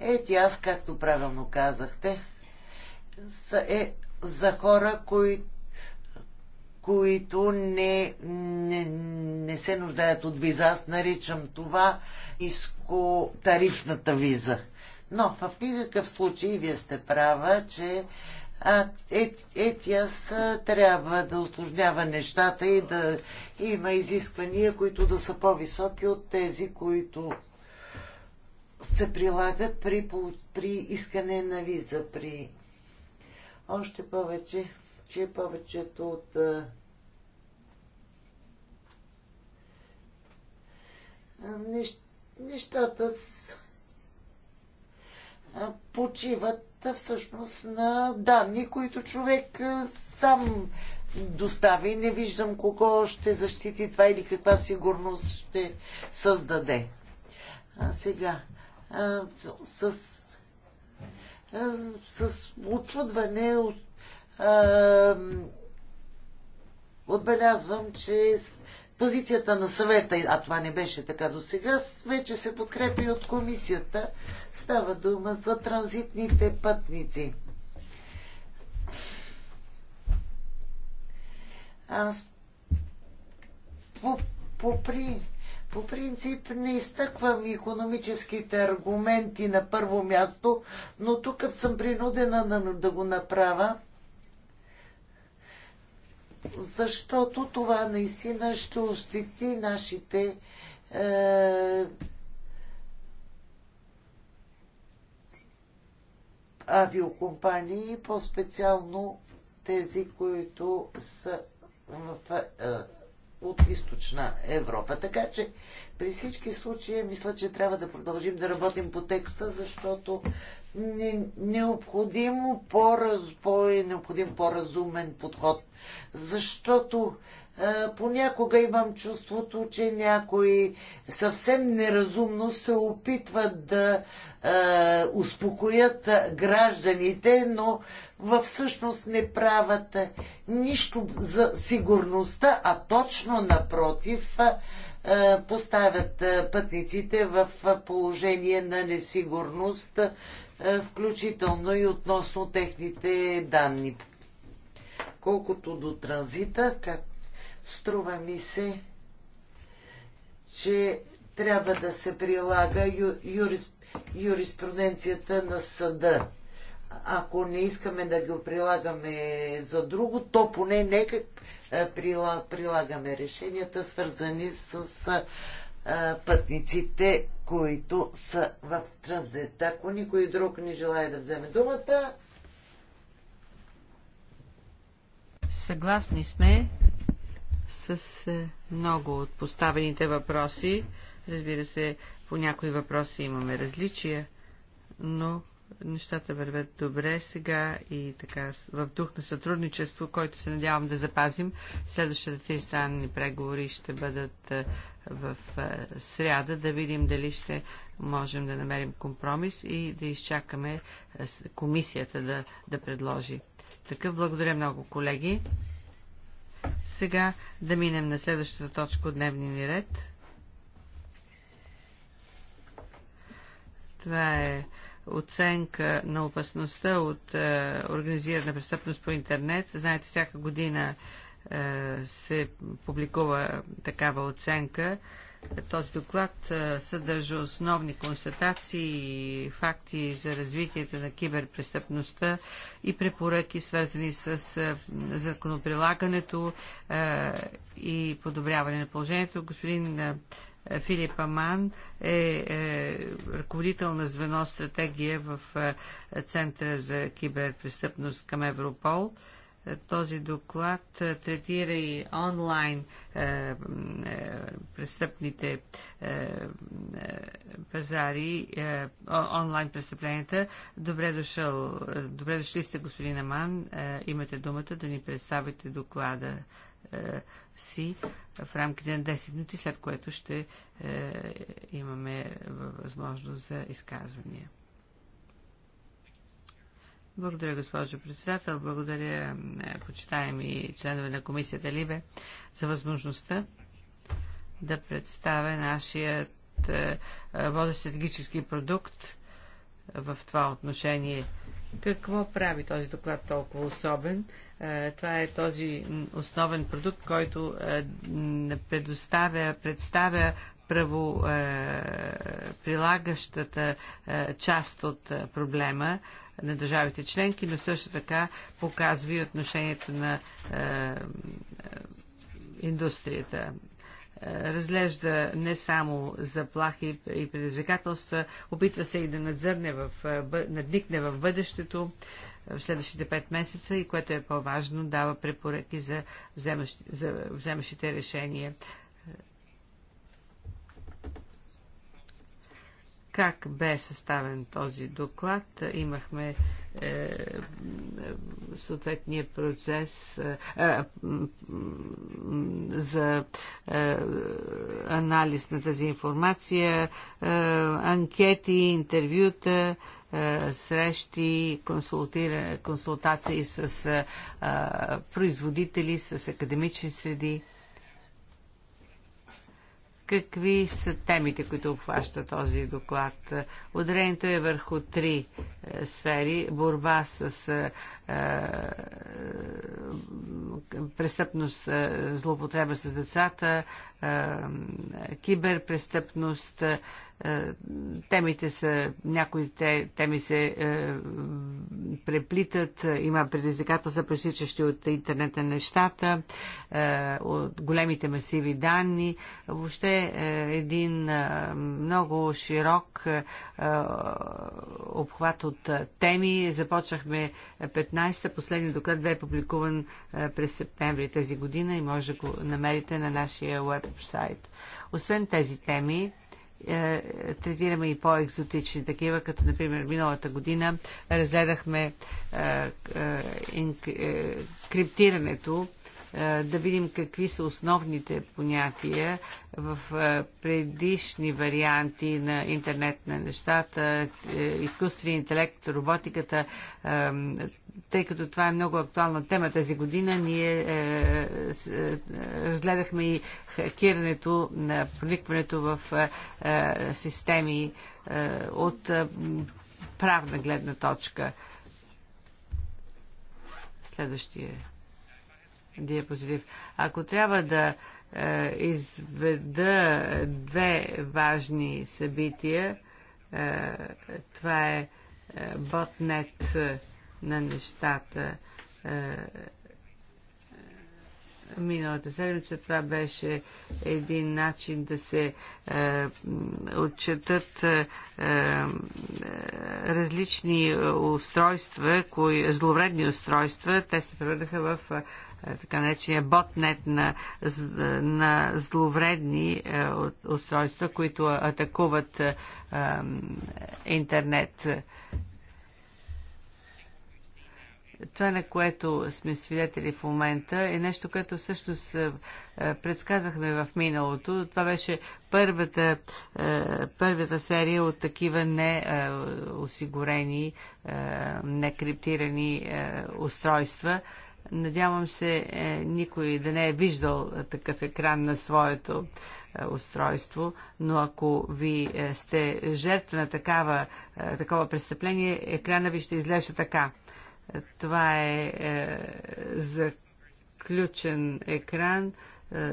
Speaker 3: Ети аз, както правилно казахте, е за хора, кои, които не, не, не се нуждаят от виза. Аз наричам това иско тарифната виза. Но в никакъв случай вие сте права, че е, ЕТИАС трябва да осложнява нещата и да има изисквания, които да са по-високи от тези, които се прилагат при, при искане на виза, при още повече, че повечето от нещ, нещата с, почиват всъщност на данни, които човек сам достави. Не виждам кого ще защити това или каква сигурност ще създаде. А сега, а, с с отчудване отбелязвам, че позицията на съвета, а това не беше така до сега, вече се подкрепи от комисията. Става дума за транзитните пътници. Аз по, по, при, по принцип не изтъквам економическите аргументи на първо място, но тук съм принудена да, го направя, защото това наистина ще ощети нашите е, авиокомпании, по-специално тези, които са в е, от източна Европа. Така че при всички случаи мисля, че трябва да продължим да работим по текста, защото не, необходимо по, по, необходим по-разумен подход. Защото понякога имам чувството, че някои съвсем неразумно се опитват да успокоят гражданите, но в всъщност не правят нищо за сигурността, а точно напротив поставят пътниците в положение на несигурност, включително и относно техните данни. Колкото до транзита, как Струва ми се, че трябва да се прилага юрис, юриспруденцията на съда. Ако не искаме да го прилагаме за друго, то поне нека е, прилагаме решенията, свързани с е, е, пътниците, които са в транзит. Ако никой друг не желая да вземе думата.
Speaker 5: Съгласни сме с е, много от поставените въпроси. Разбира се, по някои въпроси имаме различия, но нещата вървят добре сега и така в дух на сътрудничество, който се надявам да запазим. Следващите три странни преговори ще бъдат е, в е, сряда, да видим дали ще можем да намерим компромис и да изчакаме комисията да, да предложи. Такъв благодаря много, колеги. Сега да минем на следващата точка от дневния ни ред. Това е оценка на опасността от е, организирана престъпност по интернет. Знаете, всяка година е, се публикува такава оценка. Е, този доклад съдържа основни констатации и факти за развитието на киберпрестъпността и препоръки, свързани с законоприлагането и подобряване на положението. Господин Филип Аман е, е, ръководител на звено стратегия в Центъра за киберпрестъпност към Европол. Този доклад третира и онлайн престъпните пазари, онлайн престъпленията. Добре, дошъл, добре дошли сте, господин Аман. Имате думата да ни представите доклада си в рамките на 10 минути, след което ще имаме възможност за изказвания. Благодаря, госпожо председател. Благодаря, е, почитаеми членове на комисията Либе, за възможността да представя нашият е, е, водещ стратегически продукт в това отношение. Какво прави този доклад толкова особен? Това е този основен продукт, който предоставя, представя прилагащата част от проблема, на държавите членки, но също така показва и отношението на е, е индустрията. Е, разглежда не само заплахи и предизвикателства, опитва се и да надзърне в, е, надникне в бъдещето в следващите 5 месеца и което е по-важно, дава препоръки за вземащите, за вземащите решения как бе съставен този доклад. Имахме е, е, съответния процес е, е, за е, анализ на тази информация, е, анкети, интервюта, е, срещи, консултации с е, е, производители, с академични среди какви са темите, които обхваща този доклад. Ударението е върху три е, сфери. Борба с е, е, престъпност, е, злоупотреба с децата, е, киберпрестъпност, е, е, темите са, някои теми се е, преплитат, има предизвикателства, пресичащи от интернета нещата, е, от големите масиви данни. Въобще е, един е, много широк е, обхват от теми. Започнахме 15-та, последният доклад бе е публикуван през септември тази година и може да го намерите на нашия веб-сайт. Освен тези теми, е, третираме и по-екзотични такива, като например миналата година разгледахме е, е, криптирането, да видим какви са основните понятия в предишни варианти на интернет на нещата, изкуствения интелект, роботиката, тъй като това е много актуална тема тази година, ние е, е, разгледахме и хакирането, на проникването в е, е, системи е, от е, правна гледна точка. Следващия диапозитив. Ако трябва да е, изведа две важни събития, е, това е, е ботнет. Е, на нещата. Е, е, миналата седмица това беше един начин да се е, отчетат е, е, различни устройства, кои, зловредни устройства. Те се превърнаха в е, така наречения ботнет на, на зловредни е, устройства, които атакуват е, интернет това, на което сме свидетели в момента, е нещо, което всъщност е, предсказахме в миналото. Това беше първата, е, първата серия от такива неосигурени, е, некриптирани устройства. Надявам се никой да не е виждал такъв екран на своето устройство, но ако ви сте жертва на такава, такова престъпление, екрана ви ще изглежда така. Това е, е заключен екран. Е,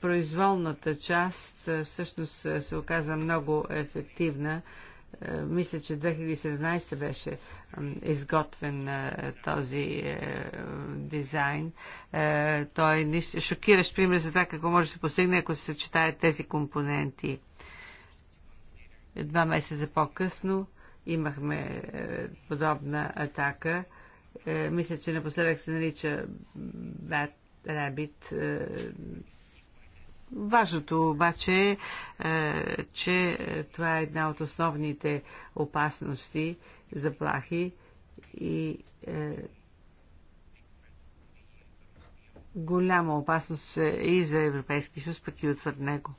Speaker 5: произволната част е, всъщност е, се оказа много ефективна. Е, мисля, че 2017 беше е, изготвен е, този е, дизайн. Е, той е шокиращ пример за това какво може да се постигне, ако се съчетаят тези компоненти. Два месеца по-късно имахме е, подобна атака. Е, мисля, че напоследък се нарича Bad Rabbit. Е, важното обаче е, че това е една от основните опасности, заплахи и е, голяма опасност е и за Европейски съюз, пък и отвъд него.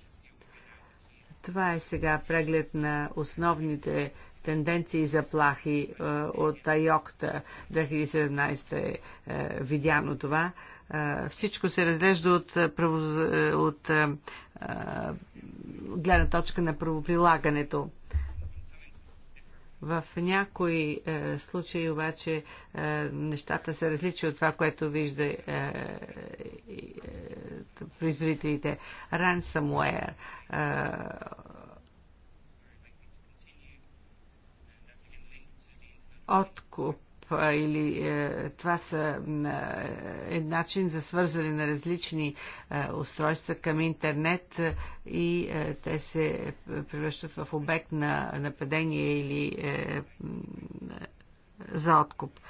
Speaker 5: Това е сега преглед на основните тенденции и заплахи е, от Айокта 2017 е, е видяно това. Е, всичко се разглежда от, от гледна точка на правоприлагането. В някои е, случаи обаче е, нещата са различни от това, което вижда е, е, производителите. Ransomware, е, откуп или е, това са е, е начин за свързване на различни е, устройства към интернет е, и е, те се превръщат в обект на нападение или е, е за откуп. Е,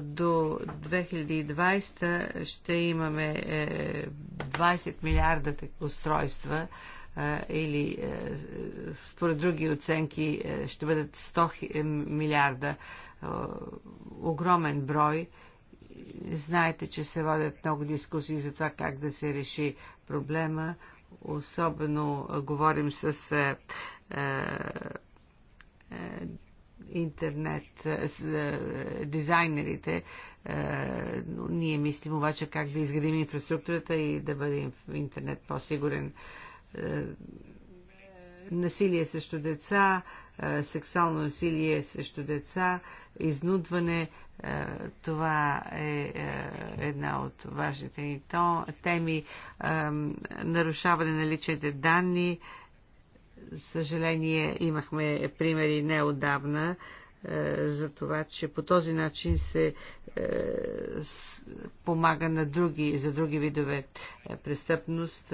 Speaker 5: до 2020 ще имаме 20 е, милиарда устройства или е, според други оценки е, ще бъдат 100 милиарда. Огромен брой. Знаете, че се водят много дискусии за това как да се реши проблема. Особено говорим с интернет, е, е, дизайнерите. Е, ние мислим обаче как да изградим инфраструктурата и да бъде интернет по-сигурен. Насилие срещу деца, сексуално насилие срещу деца, изнудване, това е една от важните ни теми. Нарушаване на личните данни, съжаление, имахме примери неодавна е, за това, че по този начин се е, помага на други, за други видове е, престъпност.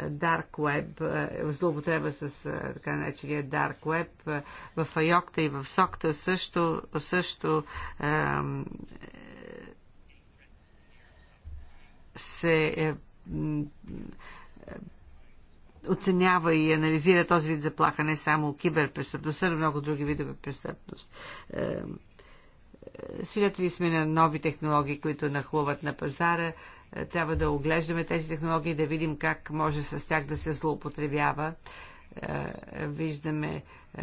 Speaker 5: Dark Web, злоупотреба с така наречения Dark Web, в Айокта и в Сокта също, също се оценява и анализира този вид заплаха, не само киберпрестъпността, но много други видове престъпност. Е, е, свидетели сме на нови технологии, които нахлуват на пазара. Е, трябва да оглеждаме тези технологии, да видим как може с тях да се злоупотребява. Е, виждаме е,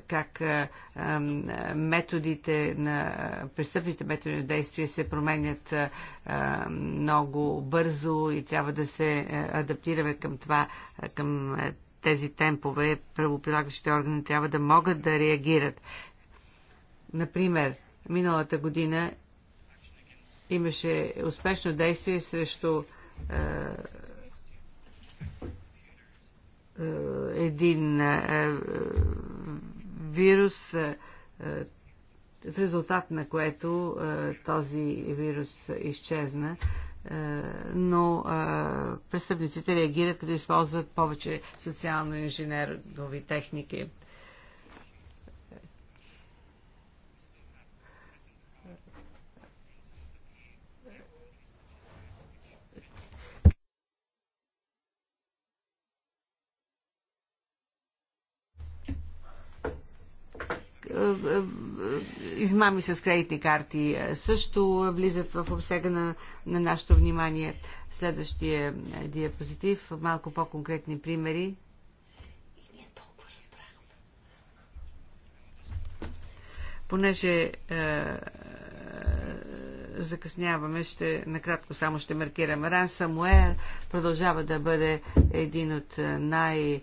Speaker 5: как е, методите на престъпните методи на действие се променят много бързо и трябва да се адаптираме към това, към тези темпове. Правоприлагащите органи трябва да могат да реагират. Например, миналата година имаше успешно действие срещу е, един е, е, вирус, в резултат на което този вирус изчезна но престъпниците реагират, като използват повече социално инженерови техники. измами с кредитни карти е, също влизат в обсега на, на нашето внимание. Следващия е, диапозитив, малко по-конкретни примери. Понеже е, закъсняваме, ще, накратко само ще маркираме. Рансамуер продължава да бъде един от е, най-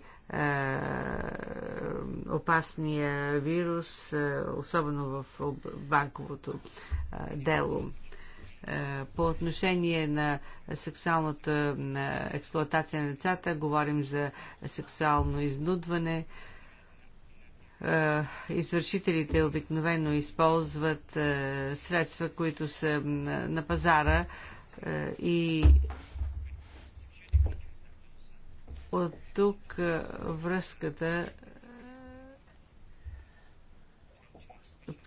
Speaker 5: опасния вирус, особено в банковото дело. По отношение на сексуалната експлоатация на децата, говорим за сексуално изнудване. Извършителите обикновено използват средства, които са на пазара и от тук е, връзката е,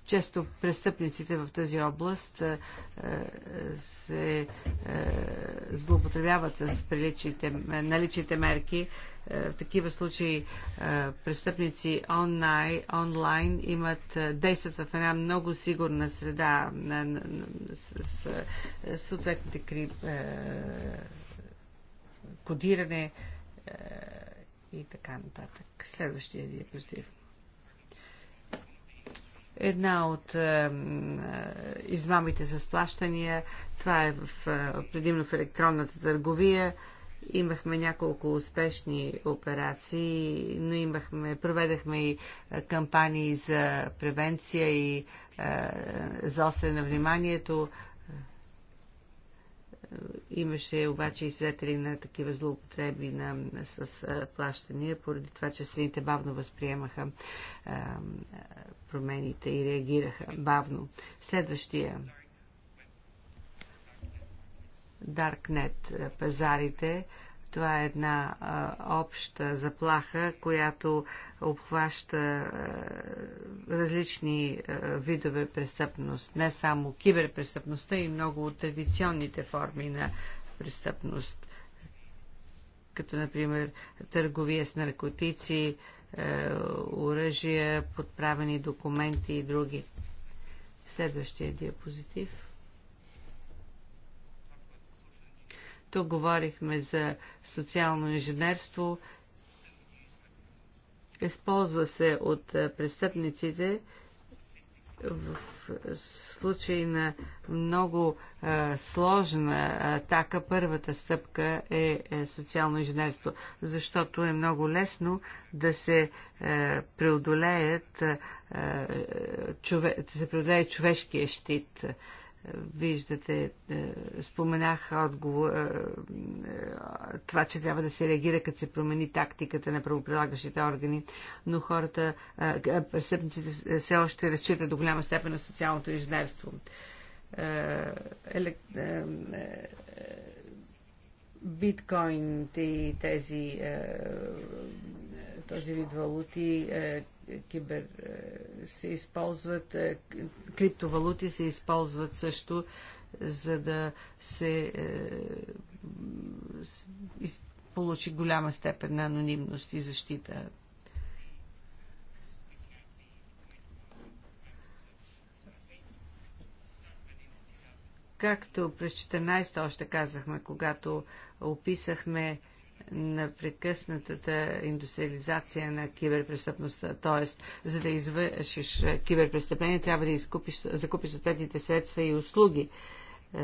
Speaker 5: често престъпниците в тази област е, се злоупотребяват с наличните мерки. В такива случаи престъпници онлайн, онлайн имат действат в една много сигурна среда с съответните кри, кодиране, и така нататък. Следващия диапозитив една от е, е, измамите с плащания. Това е в, е, предимно в електронната търговия. Имахме няколко успешни операции, но имахме, проведахме и е, кампании за превенция и е, заостряне на вниманието. Е, Имаше обаче и свидетели на такива злоупотреби на, с а, плащания, поради това, че страните бавно възприемаха а, промените и реагираха бавно. Следващия. Даркнет, пазарите това е една а, обща заплаха, която обхваща а, различни а, видове престъпност, не само киберпрестъпността и много от традиционните форми на престъпност, като например търговия с наркотици, е, оръжия, подправени документи и други. Следващия диапозитив. Тук говорихме за социално инженерство. Използва се от престъпниците в случай на много а, сложна атака, първата стъпка е, е социално инженерство, защото е много лесно да се е, преодолеят е, чове, да се преодолее човешкия щит. Виждате, е, споменах отговор, е, е, това, че трябва да се реагира, като се промени тактиката на правоприлагащите органи, но хората, престъпниците все още разчитат до голяма степен на социалното инженерство. Биткоин и тези, този вид валути кибер, е, се използват, е, криптовалути се използват също, за да се е, получи голяма степен на анонимност и защита. Както през 14 още казахме, когато описахме на прекъснатата индустриализация на киберпрестъпността. Тоест, за да извършиш е, киберпрестъпление, трябва да изкупиш, закупиш съответните средства и услуги. Е,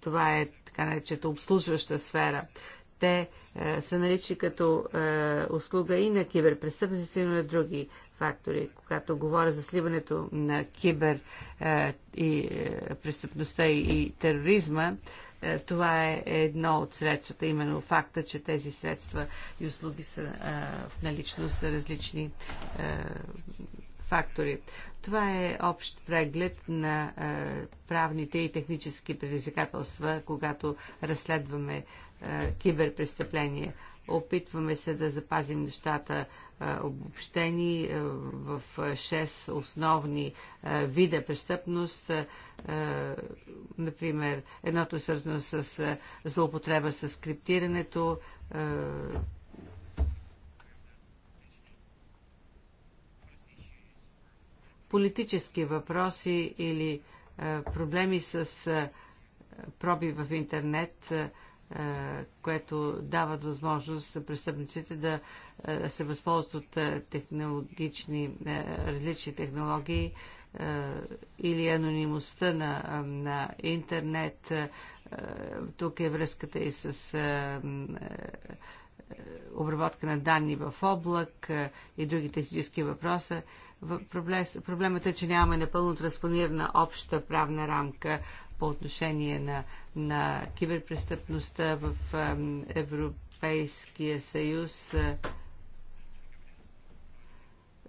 Speaker 5: това е така наречената обслужваща сфера. Те е, са налични като услуга и на киберпрестъпност, и на други фактори. Когато говоря за сливането на кибер и престъпността и тероризма, е, това е едно от средствата, именно факта, че тези средства и услуги са е, в наличност за различни е, фактори. Това е общ преглед на правните и технически предизвикателства, когато разследваме киберпрестъпление. Опитваме се да запазим нещата е, обобщени е, в 6 е, основни вида престъпност. Например, едното е свързано с злоупотреба с криптирането, политически въпроси или проблеми с проби в интернет – което дават възможност престъпниците да се възползват от технологични, различни технологии или анонимността на, на интернет. Тук е връзката и с обработка на данни в облак и други технически въпроса. Проблемът е, че нямаме напълно транспонирана обща правна рамка по отношение на на киберпрестъпността в Европейския съюз.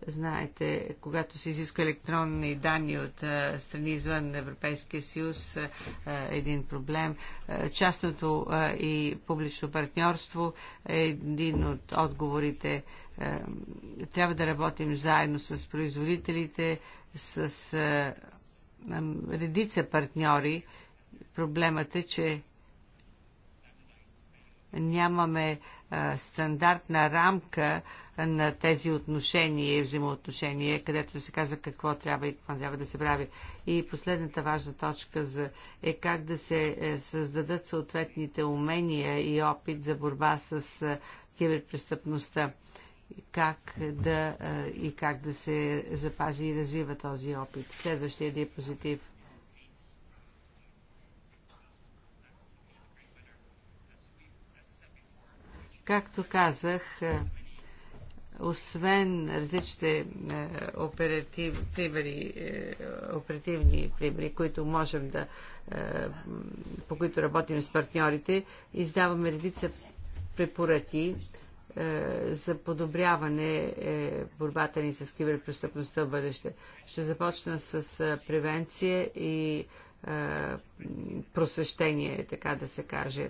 Speaker 5: Знаете, когато се изисква електронни данни от страни извън Европейския съюз, един проблем. Частното и публично партньорство е един от отговорите. Трябва да работим заедно с производителите, с редица партньори, Проблемът е, че нямаме а, стандартна рамка на тези отношения и взаимоотношения, където се казва какво трябва и какво трябва да се прави. И последната важна точка за, е как да се е, създадат съответните умения и опит за борба с киберпрестъпността. Как да, и как да се запази и развива този опит. Следващия диапозитив. Както казах, е, освен различните е, оператив, примери, е, оперативни примери, които можем да, по които работим с партньорите, издаваме редица препоръки за подобряване борбата ни с киберпрестъпността в бъдеще. Ще започна с превенция и просвещение, така да се каже.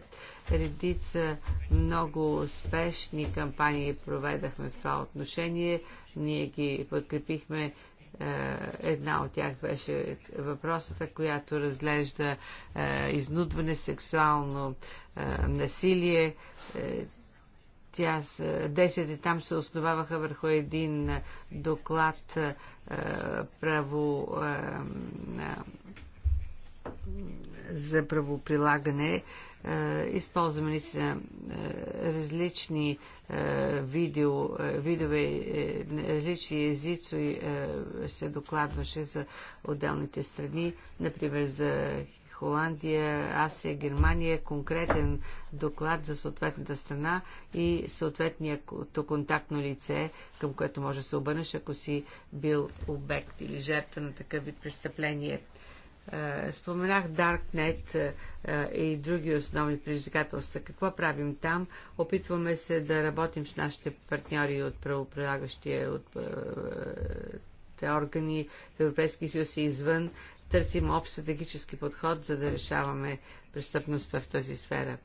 Speaker 5: Редица много успешни кампании проведахме в това отношение. Ние ги подкрепихме. Една от тях беше въпросата, която разглежда изнудване, сексуално насилие. Е, тя, действията там се основаваха върху един доклад право за правоприлагане. Е, използваме наистина е, различни е, видео, видове, различни езици се докладваше за отделните страни, например за Холандия, Австрия, Германия, конкретен доклад за съответната страна и съответното контактно лице, към което може да се обърнеш, ако си бил обект или жертва на такъв вид престъпление. Е, споменах Darknet е, е, и други основни предизвикателства. Какво правим там? Опитваме се да работим с нашите партньори от правоприлагащия от те органи в Европейския съюз и извън. Търсим общ стратегически подход, за да решаваме престъпността в тази сфера.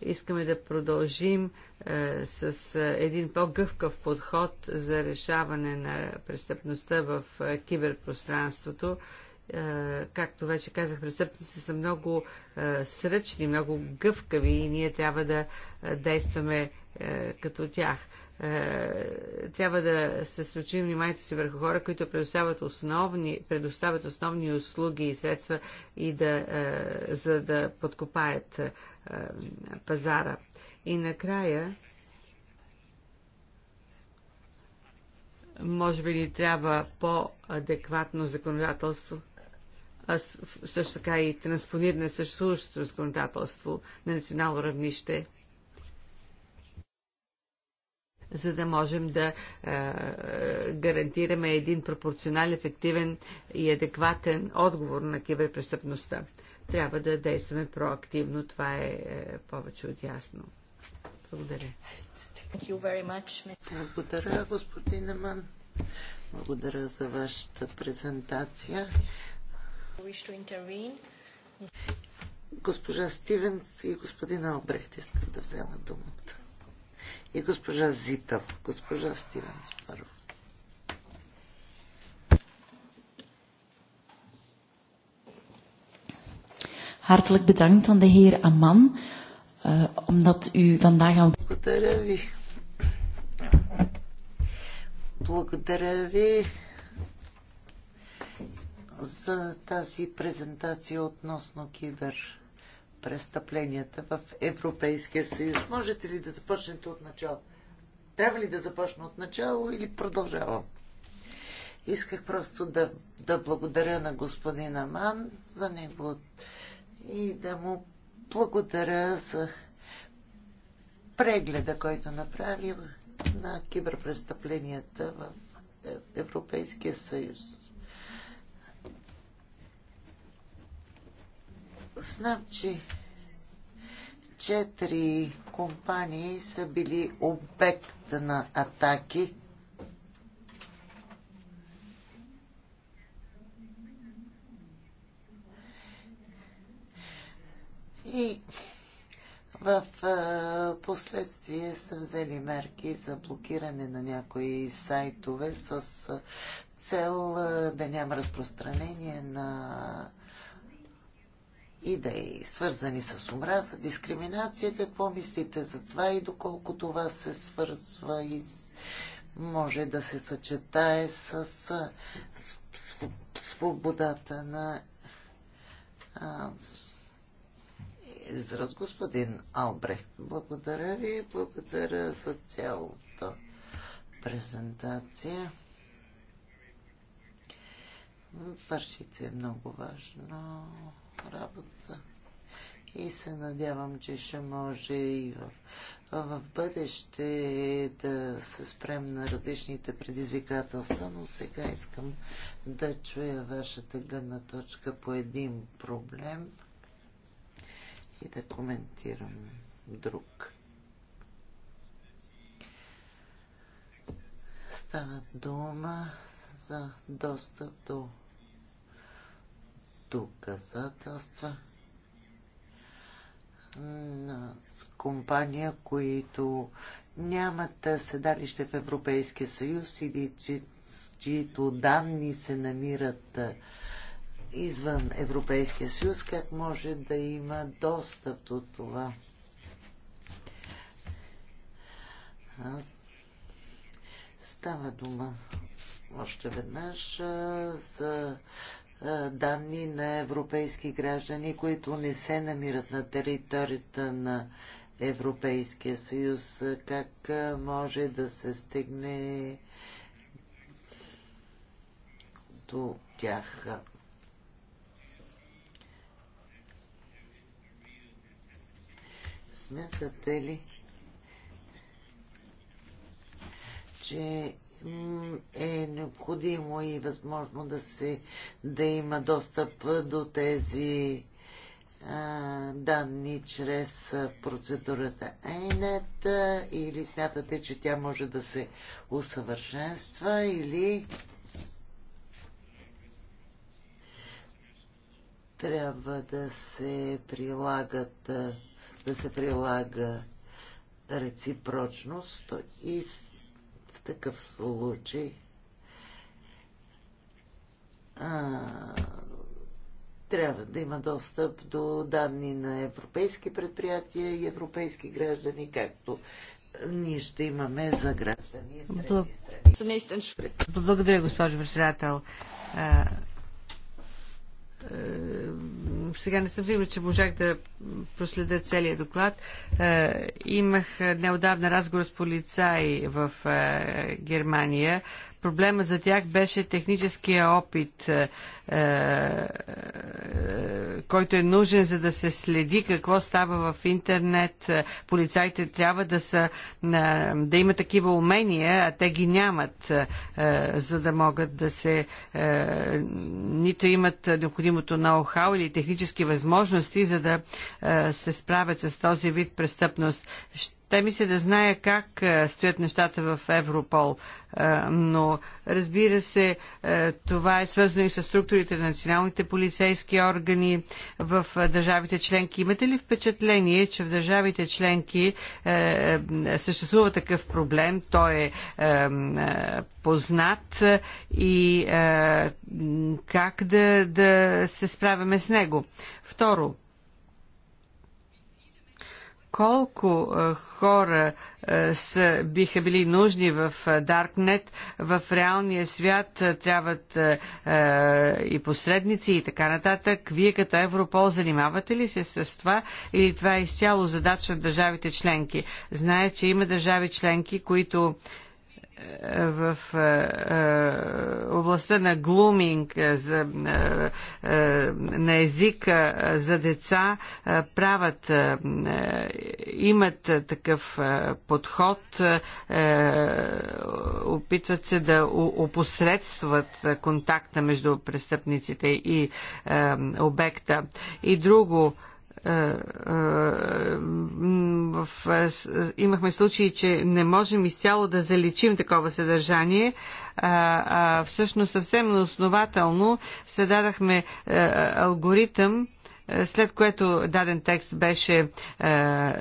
Speaker 5: Искаме да продължим е, с един по-гъвкав подход за решаване на престъпността в е, киберпространството е, както вече казах, престъпниците са много е, сръчни, много гъвкави и ние трябва да е, действаме като тях. Трябва да се случим вниманието си върху хора, които предоставят основни, предоставят основни услуги и средства, и да, за да подкопаят пазара. И накрая, може би ни трябва по-адекватно законодателство, също така и транспониране съществуващото законодателство на национално равнище, за да можем да а, гарантираме един пропорционален, ефективен и адекватен отговор на киберпрестъпността. Трябва да действаме проактивно, това е, е повече от ясно.
Speaker 3: Благодаря. Благодаря, господин Аман. Благодаря за вашата презентация. Госпожа Стивенс и господин Албрехт искат да вземат думата. И госпожа Зипел. Госпожа Стивенс първо. Hartelijk bedankt aan de heer Amman, uh, omdat u vandaag aan... Благодаря ви. Благодаря ви за тази презентация относно киберпрестъпленията в Европейския съюз. Можете ли да започнете от начало? Трябва ли да започна от начало или продължавам? Исках просто да, да благодаря на господина Ман за него и да му благодаря за прегледа, който направи на киберпрестъпленията в Европейския съюз. Знам, че четири компании са били обект на атаки. И в последствие са взели мерки за блокиране на някои сайтове с цел да няма разпространение на идеи, е свързани с омраза, дискриминация. Какво мислите за това и доколко това се свързва и може да се съчетае с, с, с свободата на а, с, израз господин Албрехт. Благодаря ви, благодаря за цялото презентация. Вършите много важно работа. И се надявам, че ще може и в, в бъдеще да се спрем на различните предизвикателства, но сега искам да чуя вашата гледна точка по един проблем и да коментирам друг. Става дума за достъп до доказателства с компания, които нямат седалище в Европейския съюз или че, чието данни се намират извън Европейския съюз, как може да има достъп до това? Аз... Става дума още веднъж за данни на европейски граждани, които не се намират на територията на Европейския съюз. Как може да се стигне до тях? Смятате ли, че е необходимо и възможно да, се, да има достъп до тези данни чрез процедурата INET или смятате, че тя може да се усъвършенства или трябва да се прилагат да се прилага реципрочност и такъв случай а, трябва да има достъп до данни на европейски предприятия и европейски граждани, както ние ще имаме за граждани.
Speaker 5: Благодаря, госпожо председател.
Speaker 3: Е,
Speaker 5: сега не съм сигурна, че можах да проследя целия доклад. Е, имах неодавна разговор с полицаи в е, Германия Проблема за тях беше техническия опит, е, е, който е нужен за да се следи какво става в интернет. Полицайите трябва да, са, да има такива умения, а те ги нямат, е, за да могат да се нито имат необходимото ноу-хау или технически възможности, за да се справят с този вид престъпност. Те ми се да знае как стоят нещата в Европол. Е, но разбира се, е, това е свързано и с структурите на националните полицейски органи в е, държавите членки. Имате ли впечатление, че в държавите членки съществува такъв проблем? Той е познат и как да, да се справяме с него? Второ, колко хора са, биха били нужни в Даркнет, в реалния свят трябват и посредници и така нататък. Вие като Европол занимавате ли се с това или това е изцяло задача на държавите членки? Знае, че има държави членки, които в е, е, областта на глуминг е, за, на езика за деца правят, имат такъв подход, опитват се да опосредстват контакта между престъпниците и обекта. И друго, е, е, в, е, имахме случаи, че не можем изцяло да заличим такова съдържание. А, а всъщност съвсем основателно създадахме алгоритъм, след което даден текст беше е,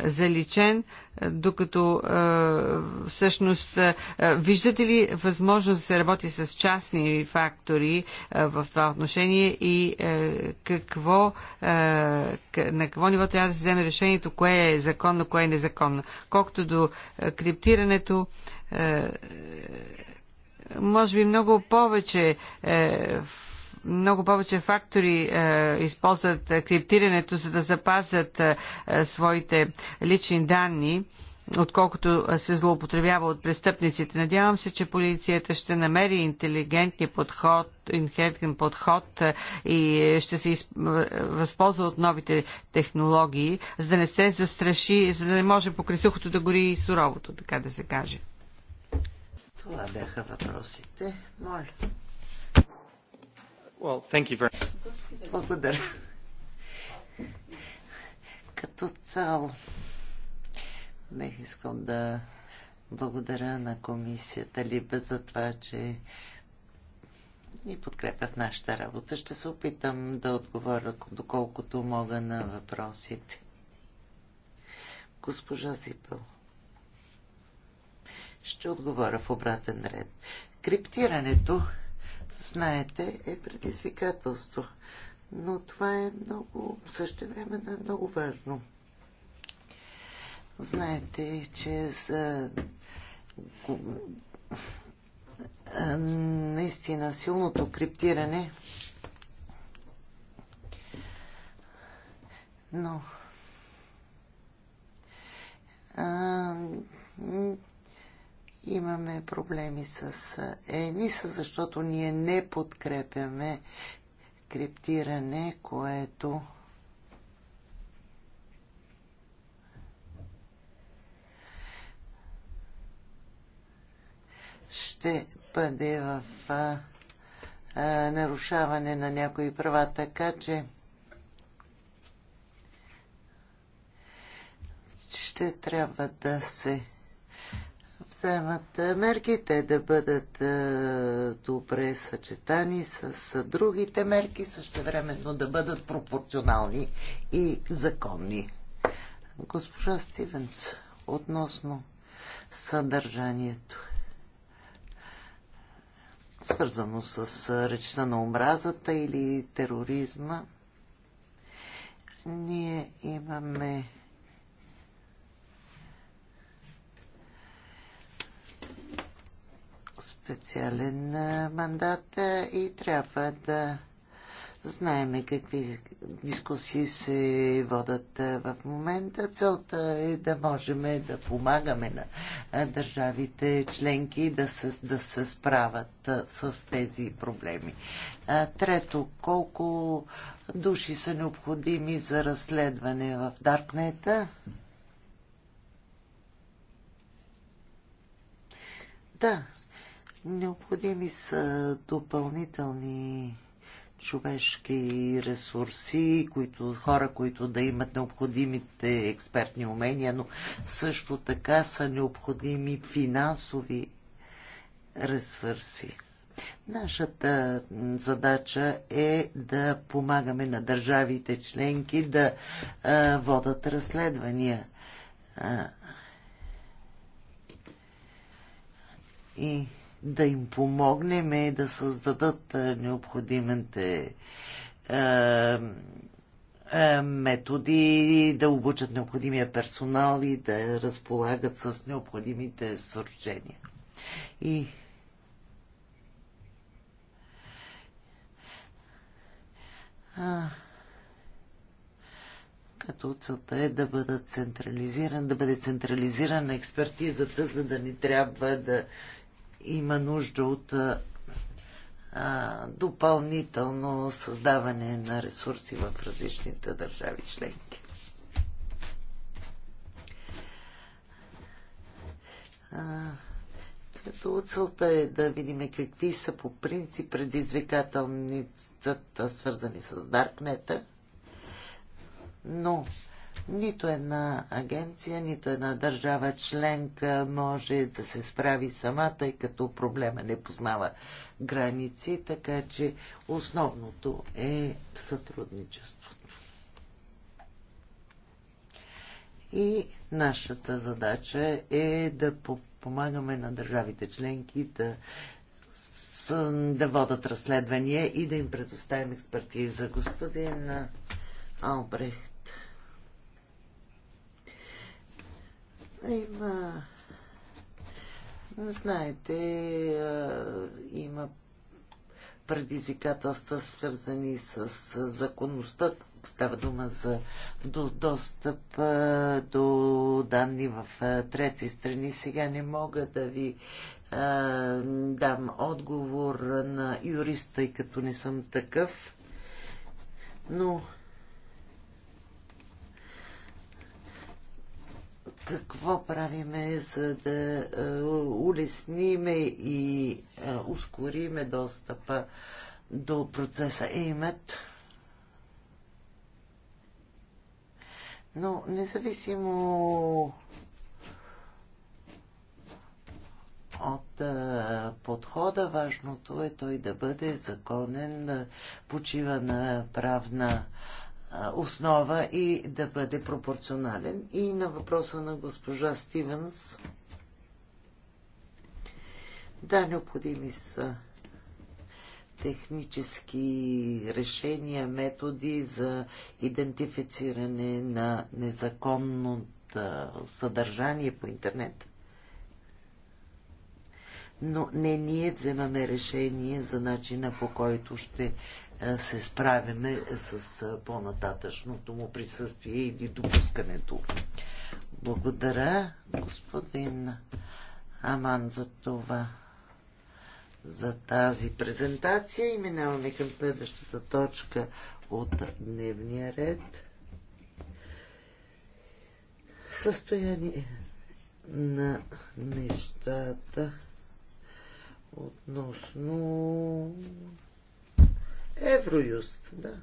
Speaker 5: заличен, докато е, всъщност е, виждате ли възможност да се работи с частни фактори е, в това отношение и е, какво, е, на какво ниво трябва да се вземе решението, кое е законно, кое е незаконно. Колкото до е, криптирането, е, може би много повече е, много повече фактори е, използват е, криптирането, за да запазят е, е своите лични данни отколкото е, се злоупотребява от престъпниците. Надявам се, че полицията ще намери интелигентен подход, интелигентен подход и ще се изп... възползва от новите технологии, за да не се застраши, за да не може покрай сухото да гори и суровото, така да се каже.
Speaker 3: Това бяха въпросите. Моля.
Speaker 1: Well, thank you very...
Speaker 3: Благодаря. Като цяло бих искал да благодаря на комисията Либе за това, че ни подкрепя в нашата работа. Ще се опитам да отговоря доколкото мога на въпросите. Госпожа Зипел. Ще отговоря в обратен ред. Криптирането знаете, е предизвикателство. Но това е много, също време е много важно. Знаете, че за наистина силното криптиране но а, имаме проблеми с ЕНИСа, защото ние не подкрепяме криптиране, което ще бъде в а, а, нарушаване на някои права, така че ще трябва да се вземат мерки, те да бъдат е, добре съчетани с другите мерки, същевременно да бъдат пропорционални и законни. Госпожа Стивенс, относно съдържанието, свързано с е, речта на омразата или тероризма, ние имаме специален мандат и трябва да знаеме какви дискусии се водат в момента. Целта е да можем да помагаме на държавите членки да се, да се справят с тези проблеми. Трето, колко души са необходими за разследване в Даркнета? Да, Необходими са допълнителни човешки ресурси, които, хора, които да имат необходимите експертни умения, но също така са необходими финансови ресурси. Нашата задача е да помагаме на държавите членки да а, водат разследвания. А, и да им помогнем да създадат е, необходимите е, е, методи, да обучат необходимия персонал и да разполагат с необходимите съоръжения. И а, като целта е да бъдат централизиран, да бъде централизирана експертизата, за да ни трябва да има нужда от а, допълнително създаване на ресурси в различните държави членки. като целта е да видим какви са по принцип предизвикателницата, свързани с Даркнета, но нито една агенция, нито една държава членка може да се справи сама, тъй като проблема не познава граници, така че основното е сътрудничеството. И нашата задача е да помагаме на държавите членки да да водат разследвания и да им предоставим експертиза. Господин Албрехт Има. Знаете, има предизвикателства, свързани с законността. Става дума за до, достъп до данни в трети страни. Сега не мога да ви а, дам отговор на юрист, тъй като не съм такъв. Но какво правиме, за да е, улесниме и е, ускориме достъпа до процеса е, имат. Но независимо от подхода, важното е той да бъде законен, да почива на правна основа и да бъде пропорционален. И на въпроса на госпожа Стивенс. Да, необходими са технически решения, методи за идентифициране на незаконното съдържание по интернет. Но не ние вземаме решение за начина по който ще се справяме с по-нататъчното му присъствие или допускането. Благодаря, господин Аман, за това, за тази презентация и минаваме към следващата точка от дневния ред. Състояние на нещата относно Евроюст, да.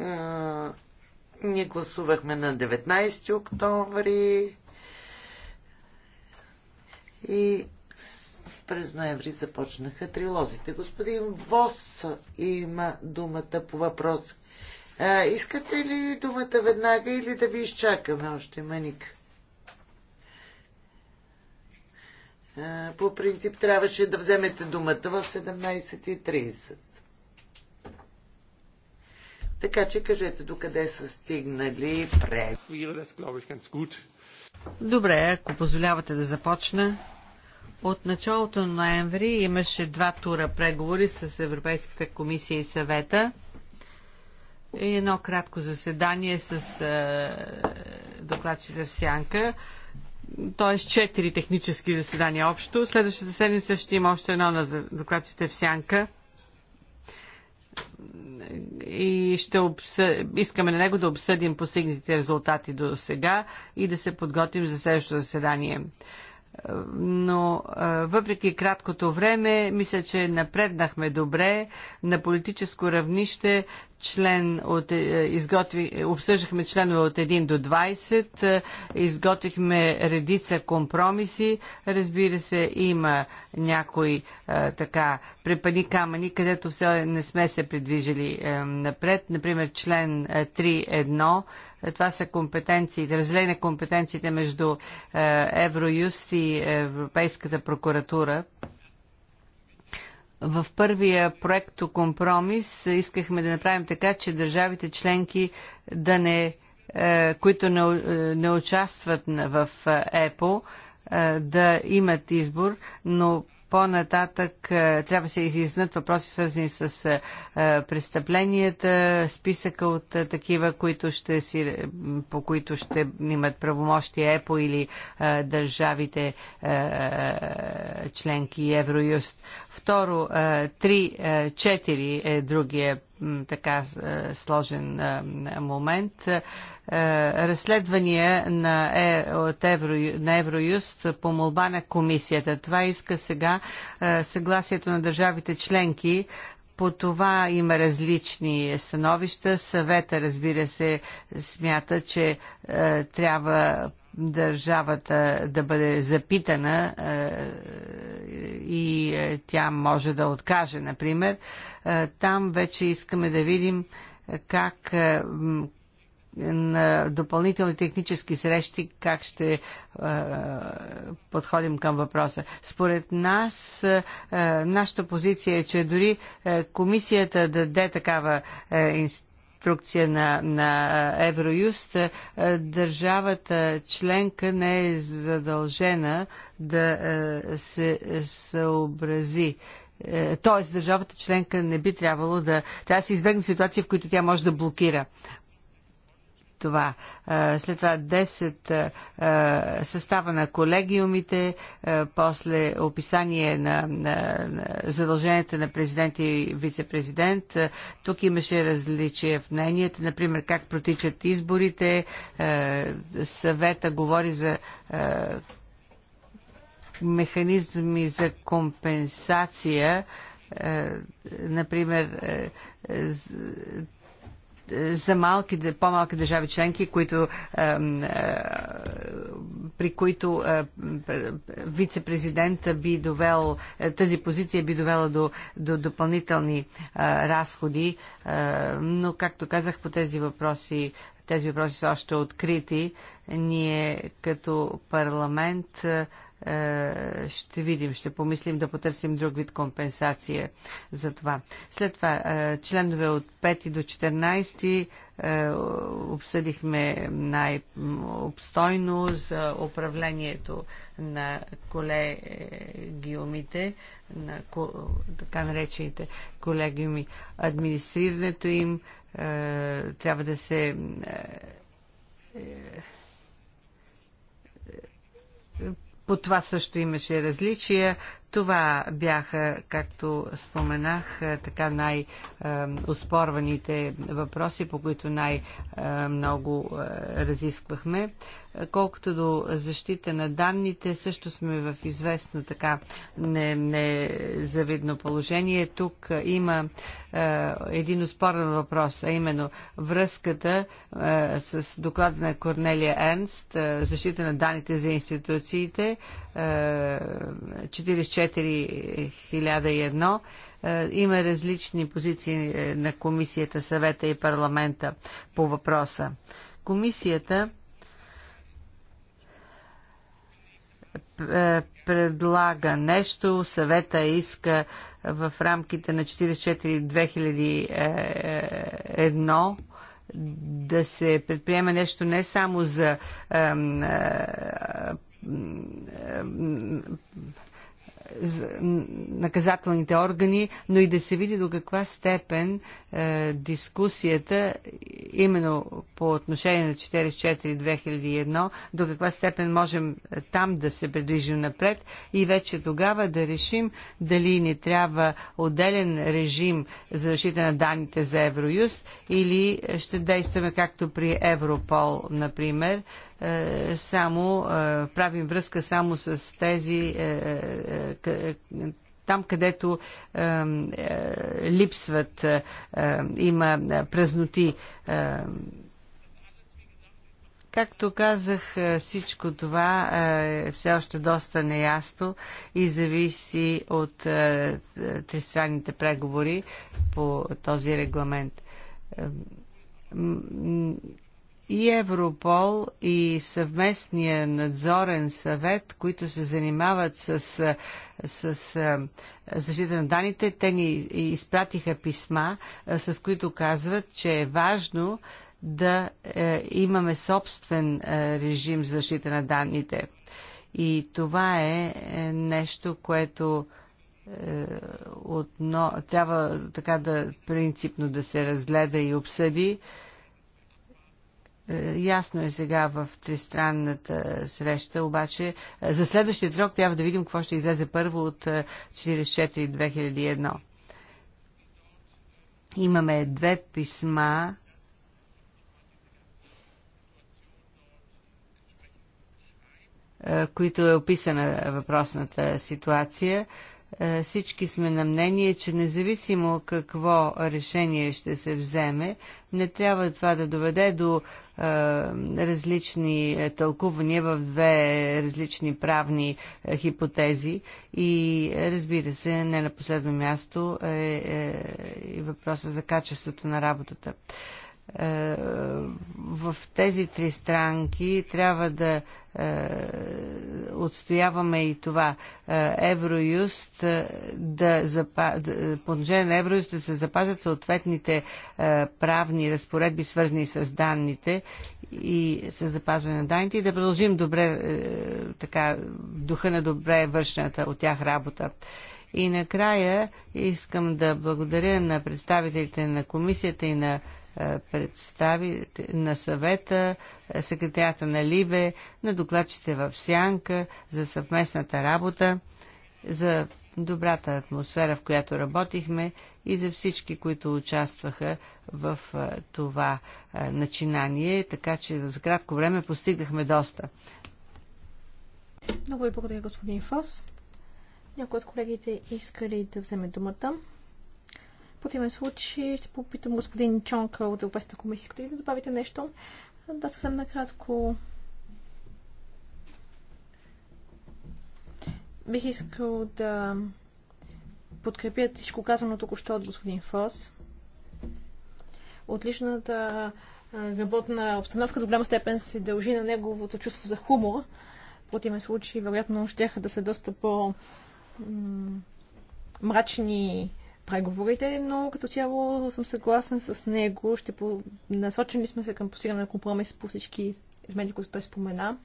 Speaker 3: А... Ние гласувахме на 19 октомври и през ноември започнаха трилозите. Господин Вос има думата по въпрос. А, искате ли думата веднага или да ви изчакаме още, маника? по принцип трябваше да вземете думата в 17.30. Така че кажете докъде са стигнали пред.
Speaker 5: Добре, ако позволявате да започна. От началото на ноември имаше два тура преговори с Европейската комисия и съвета и едно кратко заседание с е, докладчите в Сянка т.е. четири технически заседания общо. Следващата седмица ще има още едно на докладците в Сянка и ще обсъ... искаме на него да обсъдим постигнатите резултати до сега и да се подготвим за следващото заседание. Но въпреки краткото време, мисля, че напреднахме добре на политическо равнище член от, е, изготви, обсъждахме членове от 1 до 20, е, изготвихме редица компромиси. Разбира се, има някои е, така препани камъни, където все не сме се придвижили напред. Например, член 3.1 това са компетенциите, разделение компетенциите между Евроюст и Европейската прокуратура в първия проекто компромис искахме да направим така, че държавите членки да не, е, които не, е, не участват в ЕПО, е, да имат избор, но по-нататък е, трябва да се изизнат въпроси, свързани с е, е, престъпленията, списъка от такива, които ще си, по които ще имат правомощи ЕПО или държавите членки Евроюст. Второ, 3-4 е другия така е, сложен е, момент. Е, разследвания на, е, от Евро, на Евроюст по молба на комисията. Това иска сега съгласието на държавите членки по това има различни становища. Съвета, разбира се, смята, че е, трябва държавата да бъде запитана е, и е, тя може да откаже, например. Е, там вече искаме да видим как на допълнителни технически срещи как ще е, подходим към въпроса. Според нас, е, нашата позиция е, че дори е, комисията даде такава е, инст конструкция на, на Евроюст, държавата членка не е задължена да се съобрази т.е. държавата членка не би трябвало да... Трябва да се избегне ситуация, в която тя може да блокира това. След това 10 състава на колегиумите, после описание на, задълженията на президент и вице-президент. Тук имаше различия в мненията, например как протичат изборите. Съвета говори за механизми за компенсация например, за малки, по-малки държави членки, които, е, при които е, вице-президента би довел, е, тази позиция би довела до, до допълнителни разходи, но, както казах, по тези въпроси тези въпроси са още открити. Ние като парламент е, ще видим, ще помислим да потърсим друг вид компенсация за това. След това, е, членове от 5 до 14 е, обсъдихме най-обстойно за управлението на колегиумите, на така наречените колегиуми. Администрирането им трябва да се по това също имаше различия. Това бяха, както споменах, е, така най-оспорваните въпроси, по които най-много е, разисквахме. Колкото до защита на данните, също сме в известно така незавидно не, положение. Тук има е, един успорен въпрос, а именно връзката е, с доклада на Корнелия Енст, е, защита на данните за институциите, 44001 е, има различни позиции е, на комисията, съвета и парламента по въпроса. Комисията е, предлага нещо, съвета иска в рамките на 44-2001 да се предприеме нещо не само за наказателните органи, но и да се види до каква степен е, дискусията, именно по отношение на 44-2001, до каква степен можем е, там да се придвижим напред и вече тогава да решим дали ни трябва отделен режим за защита на данните за Евроюст или ще действаме както при Европол, например, е, само, е, правим връзка само с тези е, там, където е, е, липсват, е, има празноти. Е, Както казах, всичко това е все още доста неясно и зависи от е, тристранните преговори по този регламент и Европол и съвместния надзорен съвет, които се занимават с, с, с защита на данните, те ни изпратиха писма, с които казват, че е важно да е, имаме собствен е, режим за защита на данните. И това е, е нещо, което е, отно, трябва така да принципно да се разгледа и обсъди. Е, е, ясно е сега в тристранната среща, обаче е, за следващия срок трябва да видим какво ще излезе първо от 44-2001. Е, Имаме две писма които е описана въпросната ситуация. Е, всички сме на мнение, че независимо какво решение ще се вземе, не трябва това да доведе до е, различни е, тълкувания в две различни правни е, хипотези. И разбира се, не на последно място е, е, и въпроса за качеството на работата. Е, е, в тези три странки трябва да е, отстояваме и това е, Евроюст да, запазят на Евроюст да се запазят съответните правни разпоредби, свързани с данните и с запазване на данните и да продължим добре така, духа на добре вършната от тях работа. И накрая искам да благодаря на представителите на комисията и на е, представи на съвета, е, секретарята на Либе, на докладчите в Сянка за съвместната работа, за добрата атмосфера, в която работихме и за всички, които участваха в е, това начинание, така че за кратко време постигнахме доста. Много
Speaker 2: ви благодаря, господин Фос. Някой от колегите искали да вземе думата. В противен случай ще попитам господин Чонка от Европейската комисия. Искате ли да добавите нещо? Да, съвсем накратко. Бих искал да подкрепя всичко казано току-що от господин Фос. Отличната работна обстановка до голяма степен се дължи на неговото чувство за хумор. В противен случай, вероятно, ще да са доста по- мрачни преговорите, но като цяло съм съгласен с него. Ще по... Насочили сме се към постигане на компромис по всички елементи, които той спомена.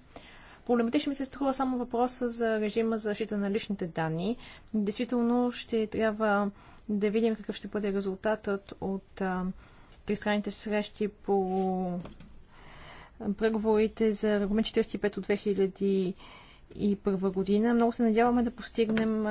Speaker 2: Проблематично ми се струва само въпроса за режима за защита на личните данни. Действително ще трябва да видим какъв ще бъде резултатът от а, тристранните срещи по преговорите за регламент 45 от 2000 2021 година. Много се надяваме да постигнем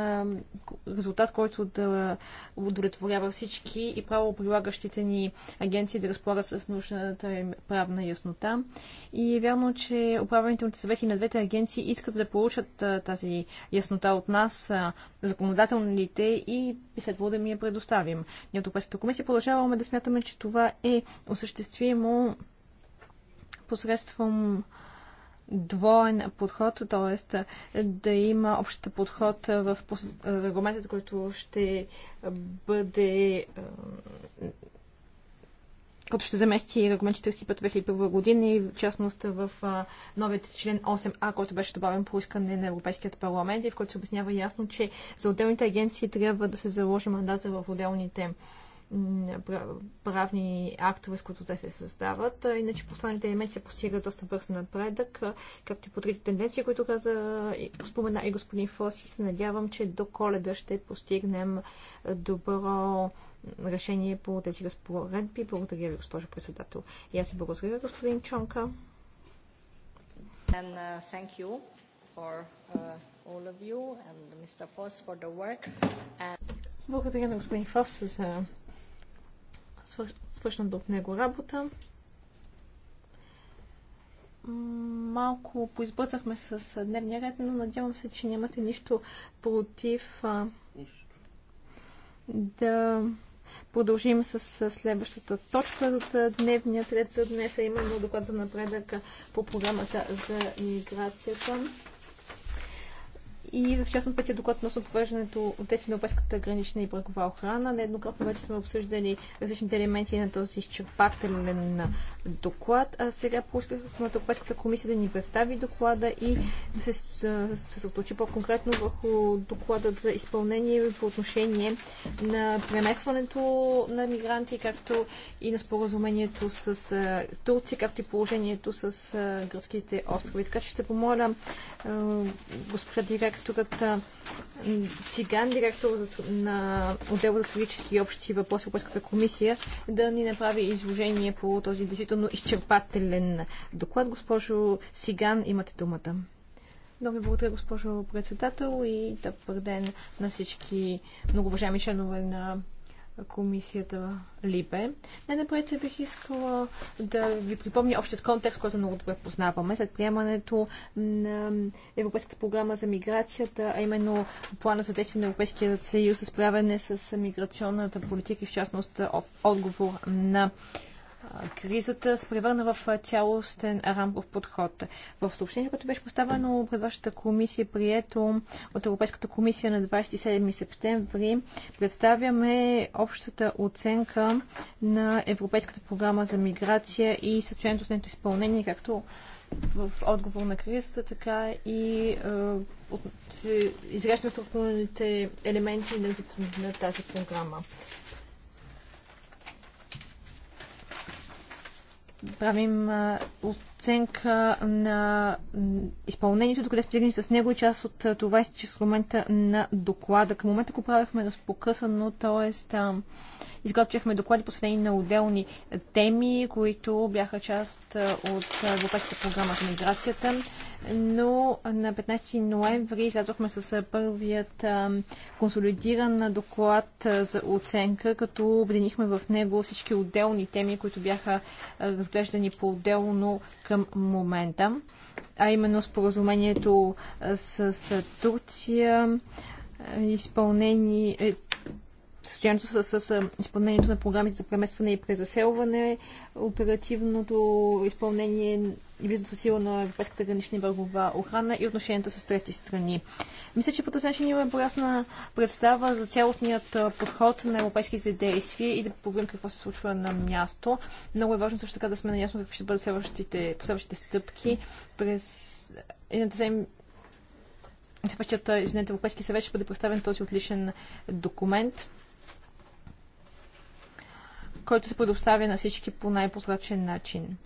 Speaker 2: резултат, който да удовлетворява всички и право прилагащите ни агенции да разполагат с нужната им правна яснота. И е вярно, че управителните съвети на двете агенции искат да получат тази яснота от нас, законодателните и следва да ми я предоставим. Ние от Европейската комисия продължаваме да смятаме, че това е осъществимо посредством двоен подход, т.е. да има общата подход в регламентът, който ще бъде като ще замести регламент 45 2001 година и в частност в новият член 8а, който беше добавен по искане на Европейският парламент и в който се обяснява ясно, че за отделните агенции трябва да се заложи мандата в отделните правни актове, с които те се създават. Иначе последните елементи се постига доста бърз напредък, както и по трите тенденции, които каза, спомена и господин Фоси. Се надявам, че до коледа ще постигнем добро решение по тези разпоредби. Благодаря ви, госпожо председател. И аз ви благодаря, господин Чонка.
Speaker 5: And, uh, thank you for uh, all of you and Mr. Foss for the work. And...
Speaker 2: Благодаря на господин Фос за свършната от него работа. Малко поизбързахме с дневния ред, но надявам се, че нямате нищо против нищо. да продължим с следващата точка от дневния ред за днес, а именно доклад за напредък по програмата за миграцията и в частност пътя доклад относно провеждането от действие на обеската гранична и брегова охрана. Нееднократно вече сме обсъждали различните елементи на този изчерпателен доклад. А сега поискахме от Европейската комисия да ни представи доклада и да се съсредоточи по-конкретно върху докладът за изпълнение по отношение на преместването на мигранти, както и на споразумението с Турция, както и положението с гръцките острови. Така че ще помоля госпожа директор докторът Циган, директор на отдел за стратегически и общи въпроси в Европейската комисия, да ни направи изложение по този действително изчерпателен доклад. Госпожо Сиган, имате думата. Много ви благодаря, госпожо председател и да ден на всички многоважаеми членове на комисията Либе. Най-напред бих искала да ви припомня общият контекст, който много добре познаваме след приемането на Европейската програма за миграцията, а именно плана за действие на Европейския съюз за справяне с миграционната политика и в частност отговор на кризата се превърна в цялостен рамков подход. В съобщение, което беше поставено пред вашата комисия, прието от Европейската комисия на 27 септември, представяме общата оценка на Европейската програма за миграция и състоянието с нейното изпълнение, както в отговор на кризата, така и е, от, структурните елементи на, на тази програма. правим оценка на изпълнението, докъде сте стигнали с него и част от това е с момента на доклада. Към момента го правихме покъсано, т.е. изготвяхме доклади последни на отделни теми, които бяха част от Европейската програма за миграцията. Но на 15 ноември излязохме с първият консолидиран доклад за оценка, като обединихме в него всички отделни теми, които бяха разглеждани по-отделно към към момента, а именно споразумението с Турция, изпълнение, е, състоянието с, с, с изпълнението на програмите за преместване и презаселване, оперативното изпълнение и влизането сила на Европейската гранична и бъргова охрана и отношенията с трети страни. Мисля, че по този начин имаме поясна представа за цялостният подход на европейските действия и да поговорим какво се случва на място. Много е важно също така да сме наясно какви ще бъдат следващите, последващите стъпки през е, едната седмица извинете, Европейски съвет ще бъде представен този отличен документ който се предоставя на всички по най-прозрачен начин.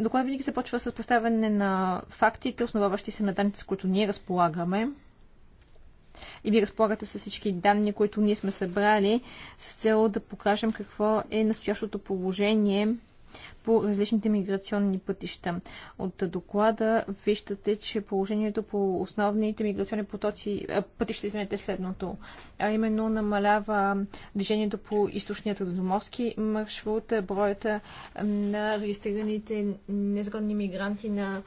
Speaker 2: Доклад винаги започва с представяне на фактите, основаващи се на данните, с които ние разполагаме. И ви разполагате с всички данни, които ние сме събрали, с цел да покажем какво е настоящото положение по различните миграционни пътища. От доклада виждате, че положението по основните миграционни потоци, пътища извинете е следното, а именно намалява движението по източния родоморски маршрут, броята на регистрираните незаконни мигранти на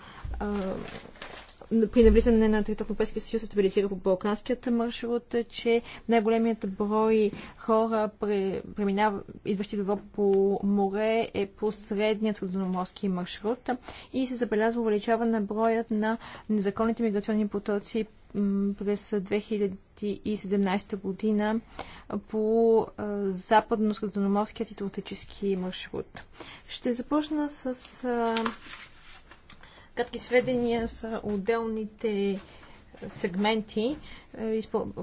Speaker 2: при навлизане на територията Европейския съюз се стабилизира по балканският маршрут, че най-големият брой хора, преминава, идващи в Европа по море, е по средният средноморски маршрут и се забелязва увеличаване на броят на незаконните миграционни потоци през 2017 година по западно-средноморският и маршрут. Ще започна с кратки сведения са отделните сегменти. Е,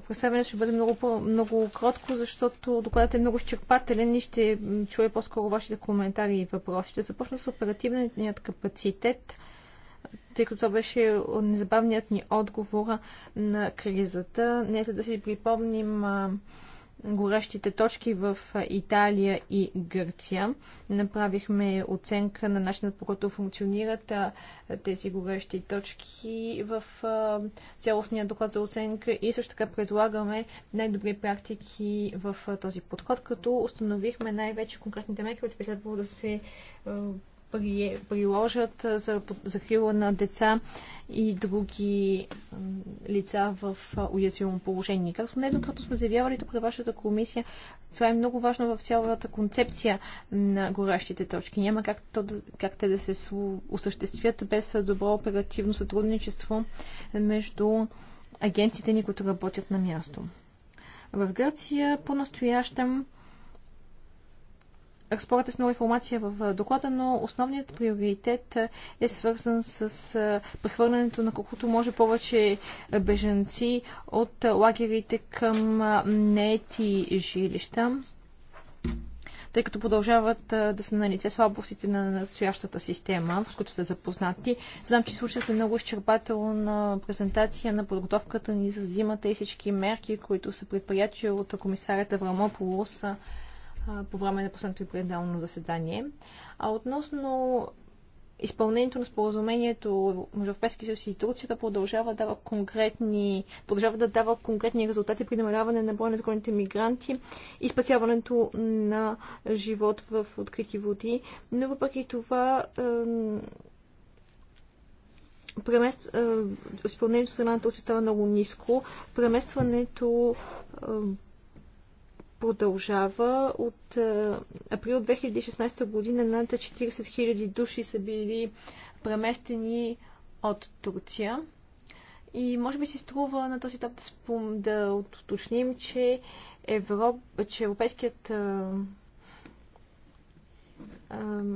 Speaker 2: представянето ще бъде много, много кротко, защото докладът е много изчерпателен и ще чуя по-скоро вашите коментари и въпроси. Ще започна с оперативният капацитет, тъй като това беше незабавният ни отговор на кризата. Не след да си припомним горещите точки в Италия и Гърция. Направихме оценка на начинът по който функционират тези горещи точки в цялостния доклад за оценка и също така предлагаме най-добри практики в този подход, като установихме най-вече конкретните мерки, които би следвало да се при, приложат за закрила на деца и други лица в уязвимо положение. Както не докато сме заявявали тук на вашата комисия, това е много важно в цялата концепция на горещите точки. Няма как, то, как те да се осъществят без добро оперативно сътрудничество между агенците ни, които работят на място. В Гърция по-настоящем разполагате с много информация в доклада, но основният приоритет е свързан с прехвърлянето на колкото може повече беженци от лагерите към нети жилища тъй като продължават да са на лице слабостите на настоящата система, с които сте запознати. Знам, че слушате много изчерпателна презентация на подготовката ни за зимата и всички мерки, които са предприятия от комисарята Врамополос по време на последното и заседание. А относно изпълнението на споразумението между Европейски съюз и Турция да продължава, дава конкретни, продължава да дава конкретни резултати при намаляване на броя на законните мигранти и спасяването на живот в открити води. Но въпреки това премест... изпълнението на страната остава много ниско. Преместването продължава. От е, април 2016 година над 40 000 души са били преместени от Турция. И може би си струва на този етап да, спом... да уточним, че, Европ... че Европейският е, е,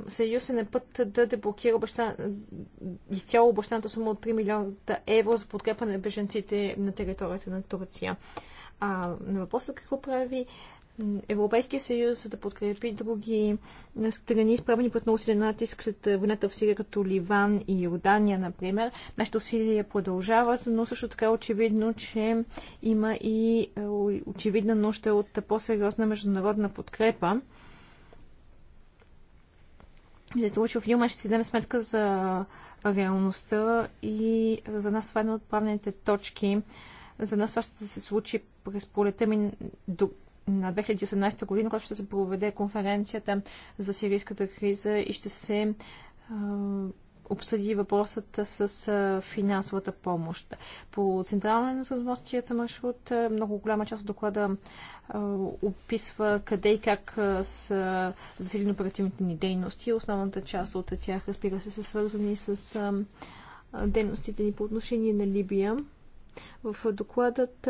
Speaker 2: съюз е на път да деблокира обещан... изцяло обещаната сума от 3 милиона евро за подкрепа на беженците на територията на Турция. А на въпроса какво прави Европейския съюз, за да подкрепи други страни, изправени пред много силен натиск след войната в Сирия, като Ливан и Йордания, например. Нашите усилия продължават, но също така е очевидно, че има и е, очевидна нужда от по-сериозна международна подкрепа. За че в Юма ще си дадем сметка за реалността и за нас това е едно от правните точки, за нас това ще се случи през полета ми до, на 2018 година, когато ще се проведе конференцията за сирийската криза и ще се обсъди въпросът с финансовата помощ. По централния на съдмостият маршрут много голяма част от доклада описва къде и как са засилени оперативните ни дейности. Основната част от тях, разбира се, са свързани с дейностите ни по отношение на Либия. В докладът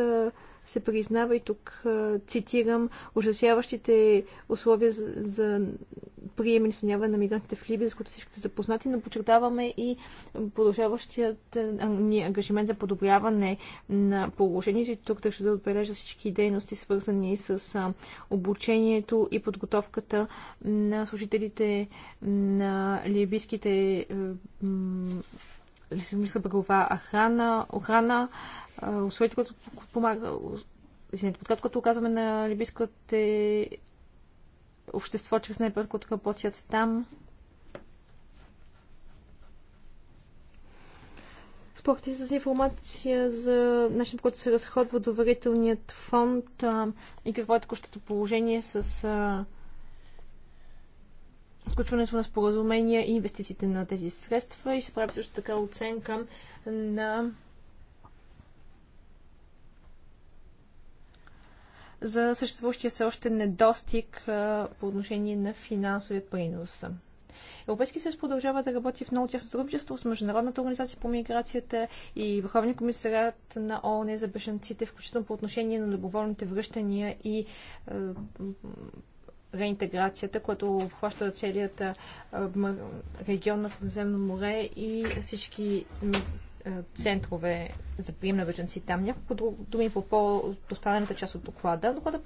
Speaker 2: се признава и тук цитирам ужасяващите условия за, за прием и настаняване на мигрантите в Либия, за които всички са запознати, но подчертаваме и продължаващият ни ангажимент за подобряване на положението. И тук държа да отбележа всички дейности, свързани с обучението и подготовката на служителите на либийските Лисимирска брегова охрана, охрана условията, които помага, подкат, като оказваме на либийските общество, чрез снайпер, които работят там. Спорти с информация за начин, по който се разходва доверителният фонд и какво е такощото положение с а, сключването на споразумения и инвестициите на тези средства и се прави също така оценка на за съществуващия се още недостиг по отношение на финансовият принос. Европейски съюз продължава да работи в много тяхно сътрудничество с Международната организация по миграцията и Върховния комисарят на ООН за бежанците, включително по отношение на доброволните връщания и е, реинтеграцията, което обхваща целият регион на Средиземно море и всички центрове за прием на беженци там. Няколко думи по по част от доклада. Доклада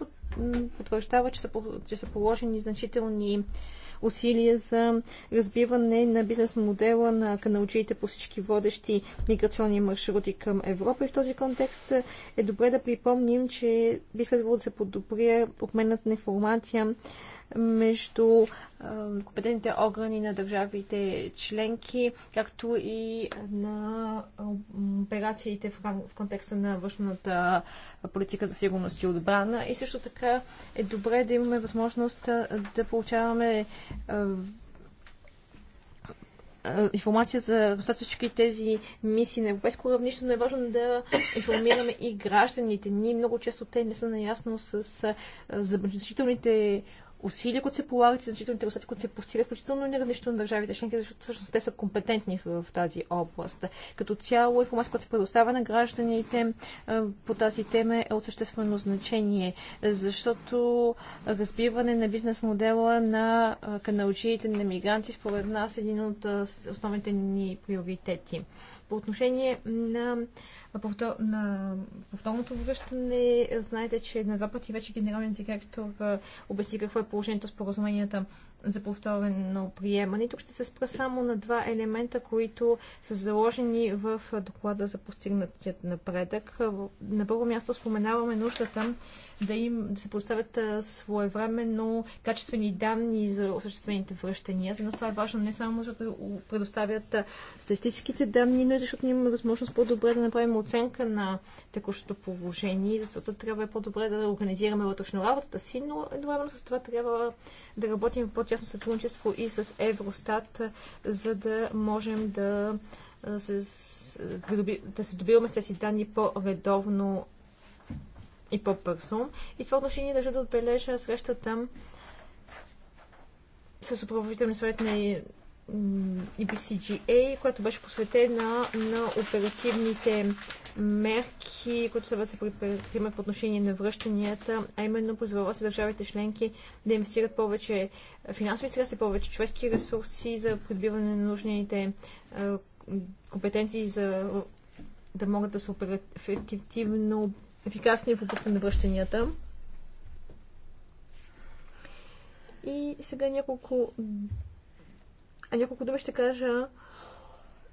Speaker 2: потвърждава, че са, че са положени значителни усилия за разбиване на бизнес модела на каналджиите по всички водещи миграционни маршрути към Европа. И в този контекст е добре да припомним, че би следвало да се подобри обменът на информация между компетентните органи на държавите членки, както и на операциите в, контекста на външната политика за сигурност и отбрана. И също така е добре да имаме възможност да получаваме информация за всички тези мисии на европейско равнище, но е важно да информираме и гражданите. Ние много често те не са наясно с забележителните усилия, които се полагат и значителните резултати, които се постигат, включително и на равнището на държавите членки, защото всъщност те са компетентни в, в тази област. Като цяло информация, която се предоставя на гражданите по тази тема е от съществено значение, защото разбиване на бизнес модела на каналчиите на мигранти според нас е един от основните ни приоритети. По отношение на, повтор, на повторното връщане, знаете, че на два пъти вече генералният директор обясни какво е положението с поразуменията за повторено приемане. Тук ще се спра само на два елемента, които са заложени в доклада за постигнатият напредък. На първо място споменаваме нуждата да им да се поставят своевременно качествени данни за осъществените връщания. За нас това е важно не само защото предоставят статистическите данни, но и защото имаме възможност по-добре да направим оценка на текущото положение. За целта трябва е по-добре да организираме вътрешно работата си, но едновременно с това трябва да работим в по-тясно сътрудничество и с Евростат, за да можем да се, да се добиваме с тези данни по-редовно и по-бързо. И това отношение държа да отбележа срещата с управителния съвет на EBCGA, която беше посветена на оперативните мерки, които следва да се приемат по отношение на връщанията, а именно позволява се държавите членки да инвестират повече финансови средства и повече човешки ресурси за придобиване на нужните компетенции за да могат да се оперативно ефикасни в покупка на връщанията. И сега няколко, а няколко думи ще кажа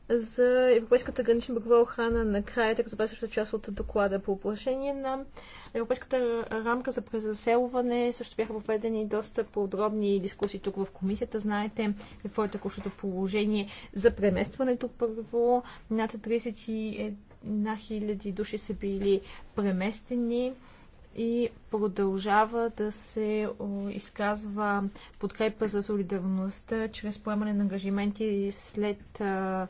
Speaker 2: за Европейската гранична брегова охрана на края, тъй като това е също част от доклада по оплашение на Европейската рамка за презаселване. Също бяха проведени доста подробни дискусии тук в комисията. Знаете какво е текущото положение за преместването първо. Над 31 на хиляди души са били преместени и продължава да се изказва подкрепа за солидарността чрез поемане на ангажименти след а,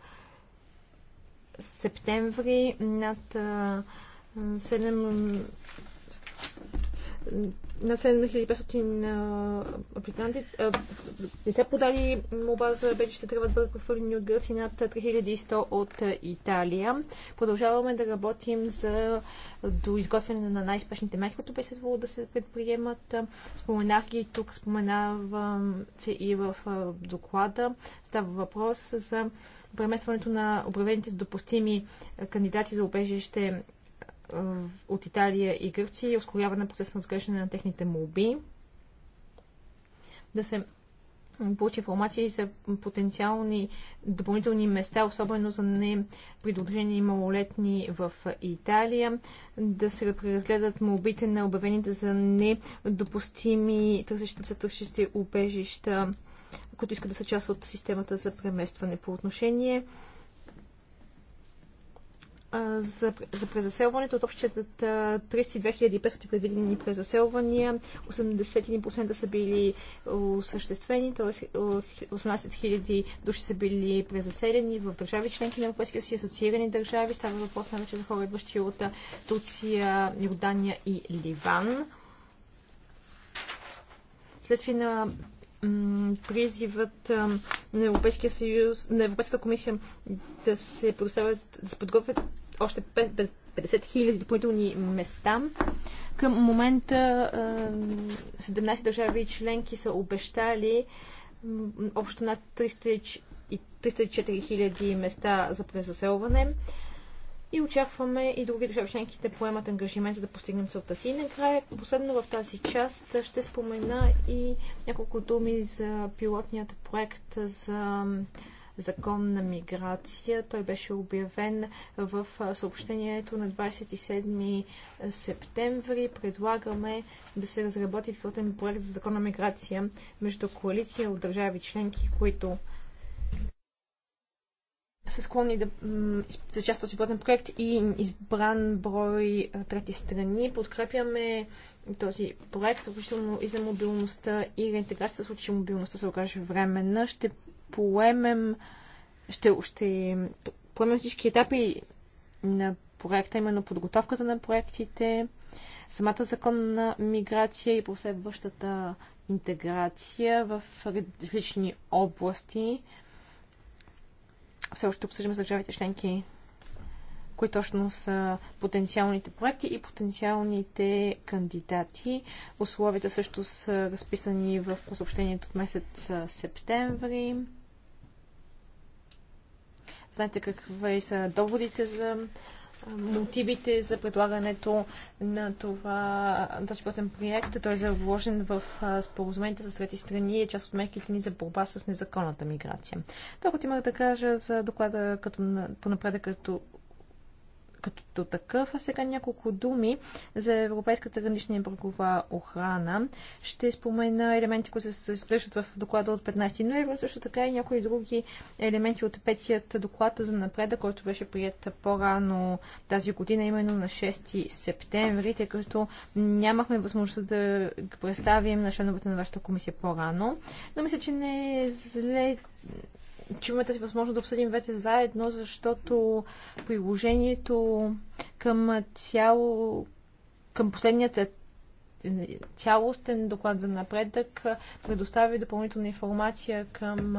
Speaker 2: септември над а, 7 на 7500 апликанти не са подали моба за бежище, трябва да бъдат прехвърлени от Гърция над 3100 от Италия. Продължаваме да работим за до изготвяне на най-спешните мерки, които би следвало да се предприемат. Споменах ги тук, споменавам се и в доклада. Става въпрос за преместването на обявените с допустими кандидати за обежище от Италия и Гърция и ускоряване на процеса на разглеждане на техните молби. Да се получи информация и за потенциални допълнителни места, особено за непредложени малолетни в Италия, да се преразгледат молбите на обявените за недопустими търсещите убежища, които искат да са част от системата за преместване. По отношение за, за презаселването от общата 32 500 предвидени презаселвания, 81% са били осъществени, т.е. 18 000 души са били презаселени в държави членки на Европейския съюз, асоциирани държави. Става въпрос най-вече за хора, идващи от Турция, Йордания и Ливан. Следствие на призивът на Европейския съюз, на Европейската комисия да се, да се подготвят още 50 000 допълнителни места. Към момента 17 държави и членки са обещали общо над 304 000 места за презаселване и очакваме и други държави членки да поемат ангажимент, за да постигнем целта си. И накрая, последно в тази част, ще спомена и няколко думи за пилотният проект за Закон на миграция. Той беше обявен в съобщението на 27 септември. Предлагаме да се разработи пилотен проект за закон на миграция между коалиция от държави членки, които са склонни да се част този пилотен проект и избран брой трети страни. Подкрепяме този проект, включително и за мобилността и реинтеграцията, в случай, че мобилността се окаже временна. Ще поемем, ще, ще поемем всички етапи на проекта, именно подготовката на проектите, самата законна миграция и последващата интеграция в различни области. Все още обсъждаме с държавите членки, кои точно са потенциалните проекти и потенциалните кандидати. Условията също са разписани в съобщението от месец септември. Знаете какви са доводите за мотивите за предлагането на това този проект. Той е заложен в споразумените с трети страни и е част от мерките ни за борба с незаконната миграция. Това, което имах да кажа за доклада като, по напредък като като такъв. А сега няколко думи за Европейската гранична и брегова охрана. Ще спомена елементи, които се съдържат в доклада от 15 ноември, също така и някои други елементи от петият доклад за напреда, който беше прият по-рано тази година, именно на 6 септември, тъй като нямахме възможност да представим на членовете на вашата комисия по-рано. Но мисля, че не е зле че имаме тази възможност да обсъдим двете заедно, защото приложението към цяло към последният цялостен доклад за напредък, предостави допълнителна информация към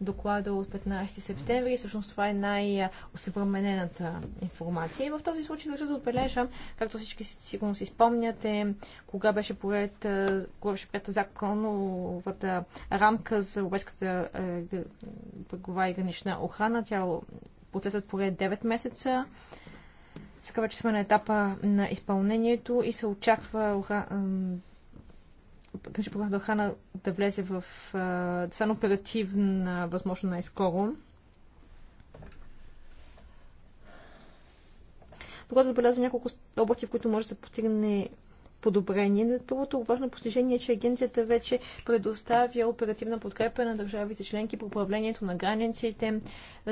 Speaker 2: доклада от 15 септември. Всъщност това е най-осъвременената информация. И в този случай държа да отбележа, както всички сигурно си спомняте, кога беше поред, кога беше прията законовата рамка за Европейската брегова и гранична охрана. Тя процесът поред 9 месеца. Сега вече сме на етапа на изпълнението и се очаква Грижа Богдан Хана да влезе в да стане оперативна възможно най-скоро. Докато отбелязвам няколко области, в които може да се постигне подобрение. Първото важно постижение е, че агенцията вече предоставя оперативна подкрепа на държавите членки по управлението на границите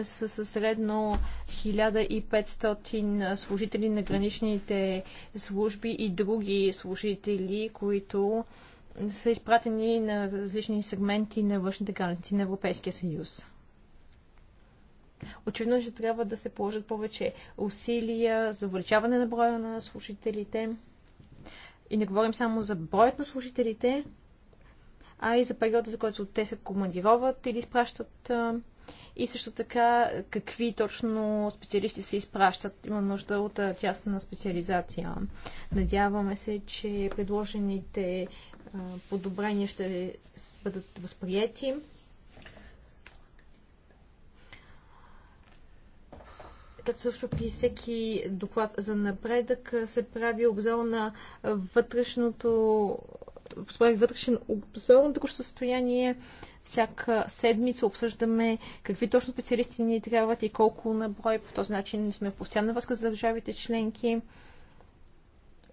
Speaker 2: с, с средно 1500 служители на граничните служби и други служители, които са изпратени на различни сегменти на външните граници на Европейския съюз. Очевидно че трябва да се положат повече усилия за увеличаване на броя на служителите и не говорим само за броят на служителите, а и за периода, за който те се командироват или изпращат. И също така, какви точно специалисти се изпращат. Има нужда от тясна специализация. Надяваме се, че предложените подобрения ще бъдат възприяти. като също при всеки доклад за напредък се прави обзор на вътрешното прави вътрешен обзор на такова състояние. Всяка седмица обсъждаме какви точно специалисти ни трябват и колко на брой. По този начин сме в постоянна връзка с държавите членки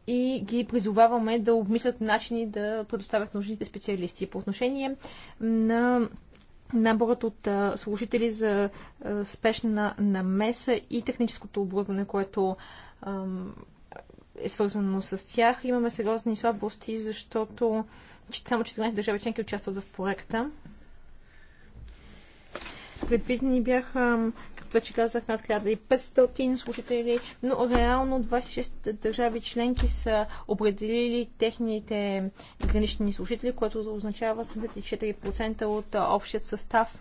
Speaker 2: и ги призоваваме да обмислят начини да предоставят нужните специалисти. По отношение на наборът от служители за спешна намеса и техническото оборудване, което е свързано с тях. Имаме сериозни слабости, защото само 14 държави членки участват в проекта. Предвидени бяха както вече казах, над 1500 слушатели, но реално 26 държави членки са определили техните гранични служители, което означава 74% от общият състав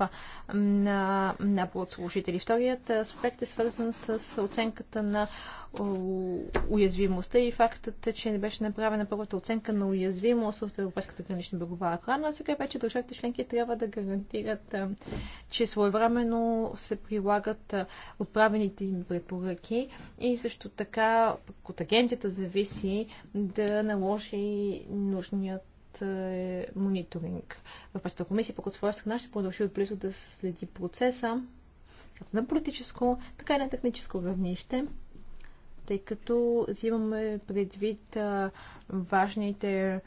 Speaker 2: на, на служители. Вторият аспект е свързан с оценката на уязвимостта и фактът, че не беше направена първата оценка на уязвимост от Европейската гранична бегова охрана. Сега вече държавите членки трябва да гарантират, че своевременно се прилагат изпълняват отправените им препоръки и също така от агенцията зависи да наложи нужният мониторинг. Въпросната комисия пък от своя страна ще продължи отблизо да следи процеса както на политическо, така и на техническо равнище, тъй като взимаме предвид важните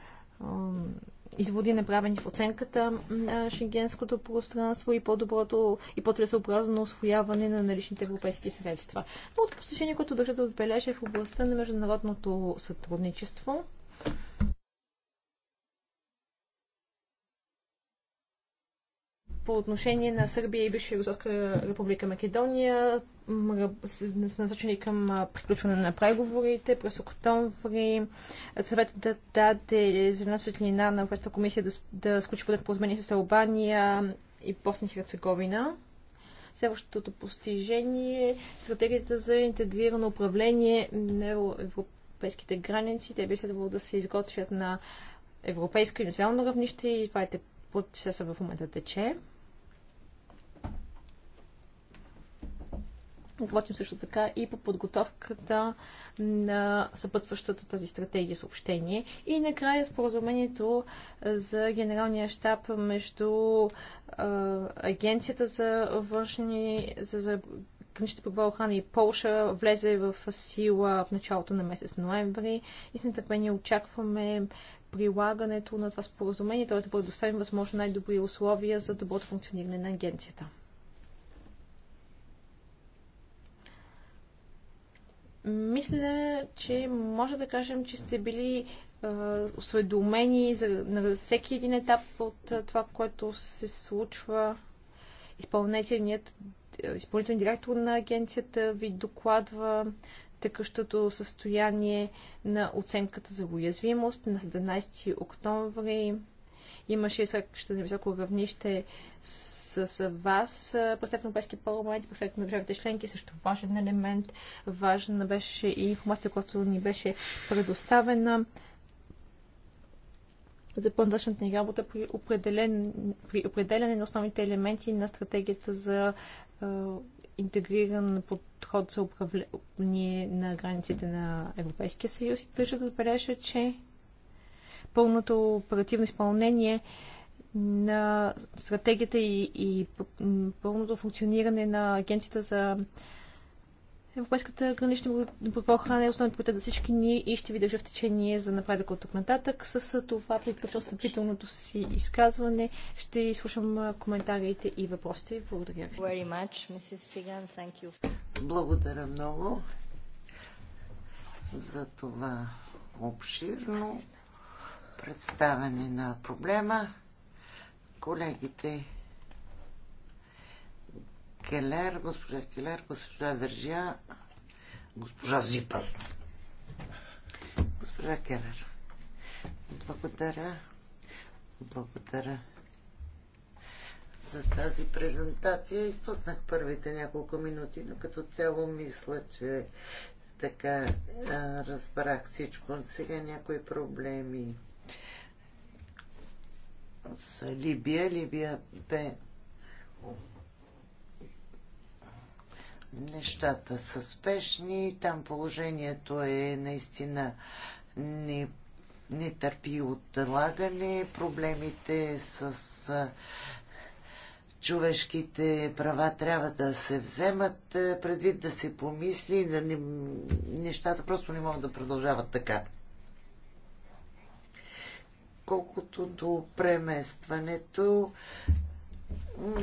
Speaker 2: изводи, направени в оценката на шенгенското пространство и по-доброто и по тресообразно освояване на наличните европейски средства. Но от което държа да отбележа е в областта на международното сътрудничество. по отношение на Сърбия и бивша Югославска република Македония сме насочени към приключване на преговорите. През октомври съветът да даде зелена светлина на Европейската комисия да, да сключи подет поразумение с Албания и Босния и Херцеговина. Следващото постижение е стратегията за интегрирано управление на европейските граници. Те би следвало да се изготвят на европейско и национално равнище и това е процеса в момента тече. Работим също така и по подготовката на съпътващата тази стратегия съобщение. И накрая споразумението за генералния щаб между а, Агенцията за външни, за, за граничната по охрана и Полша влезе в сила в началото на месец ноември и с нетърпение очакваме прилагането на това споразумение, т.е. да бъде доставим възможно най-добри условия за доброто функциониране на агенцията. Мисля, че може да кажем, че сте били осведомени за, на всеки един етап от това, което се случва. Изпълнителният, изпълнителният директор на агенцията ви докладва текъщото състояние на оценката за уязвимост на 17 октомври Имаше и на високо равнище с, с вас, представител Европейския парламент, представител на държавите членки, също важен елемент. Важна беше и информация, която ни беше предоставена за пълнодъчната ни работа при, определен, при определене на основните елементи на стратегията за интегриран подход за управление на границите на Европейския съюз. И държа да отбележа, че пълното оперативно изпълнение на стратегията и, и пълното функциониране на Агенцията за Европейската гранична борба е основен приоритет за всички ние и ще ви държа в течение за напредък от тук нататък. С това приключвам встъпителното си изказване. Ще изслушам коментарите и въпросите. Благодаря ви. Much,
Speaker 3: Благодаря много за това обширно представяне на проблема. Колегите Келер, госпожа Келер, госпожа Държа, госпожа Зипър. Госпожа Келер, благодаря. Благодаря за тази презентация. Изпуснах първите няколко минути, но като цяло мисля, че така разбрах всичко. Сега някои проблеми с Либия. Либия бе нещата са спешни, там положението е наистина не, не търпи отлагане, проблемите с човешките права трябва да се вземат предвид, да се помисли, нещата просто не могат да продължават така колкото до преместването,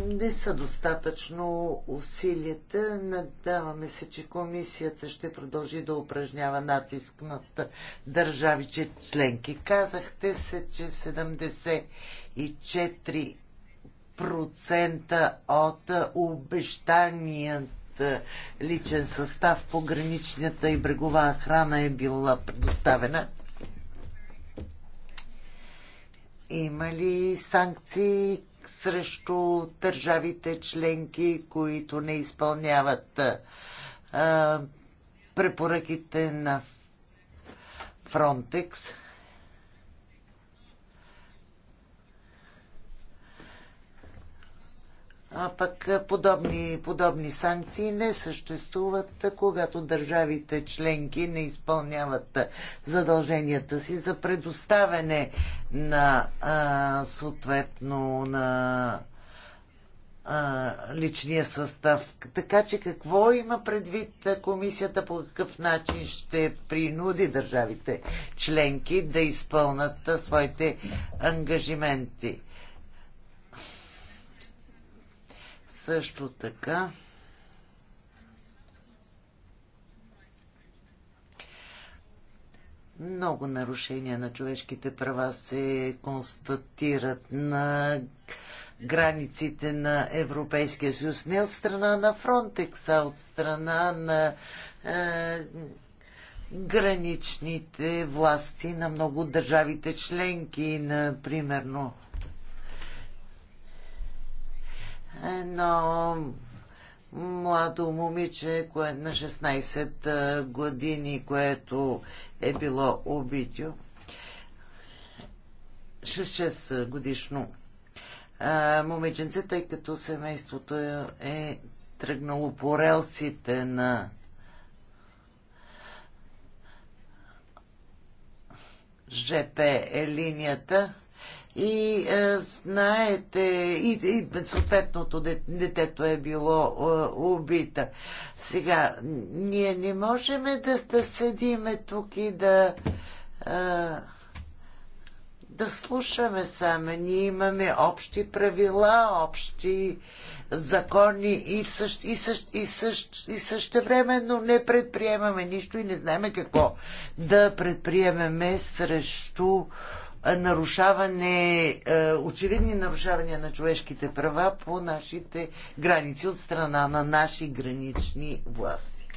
Speaker 3: не са достатъчно усилията. Надаваме се, че комисията ще продължи да упражнява натиск над държавите членки. Казахте се, че 74% от обещаният личен състав по граничната и брегова охрана е била предоставена. Има ли санкции срещу държавите членки, които не изпълняват а, препоръките на Фронтекс? А пък подобни, подобни санкции не съществуват, когато държавите членки не изпълняват задълженията си за предоставяне на а, съответно на а, личния състав. Така че какво има предвид комисията, по какъв начин ще принуди държавите членки да изпълнат своите ангажименти? Също така много нарушения на човешките права се констатират на границите на Европейския съюз. Не от страна на Фронтекс, а от страна на е, граничните власти на много държавите членки, на, примерно едно младо момиче което на 16 години, което е било убитио. 6-6 годишно момиченце, тъй като семейството е, е тръгнало по релсите на ЖП е линията и е, знаете, и, и съответното детето е било е, убита. Сега, ние не можем да, да седиме тук и да. Е, да слушаме саме, Ние имаме общи правила, общи закони и, същ, и, същ, и, същ, и същевременно не предприемаме нищо и не знаеме какво да предприемеме срещу е, нарушаване, е, очевидни нарушавания на човешките права по нашите граници от страна на наши гранични власти.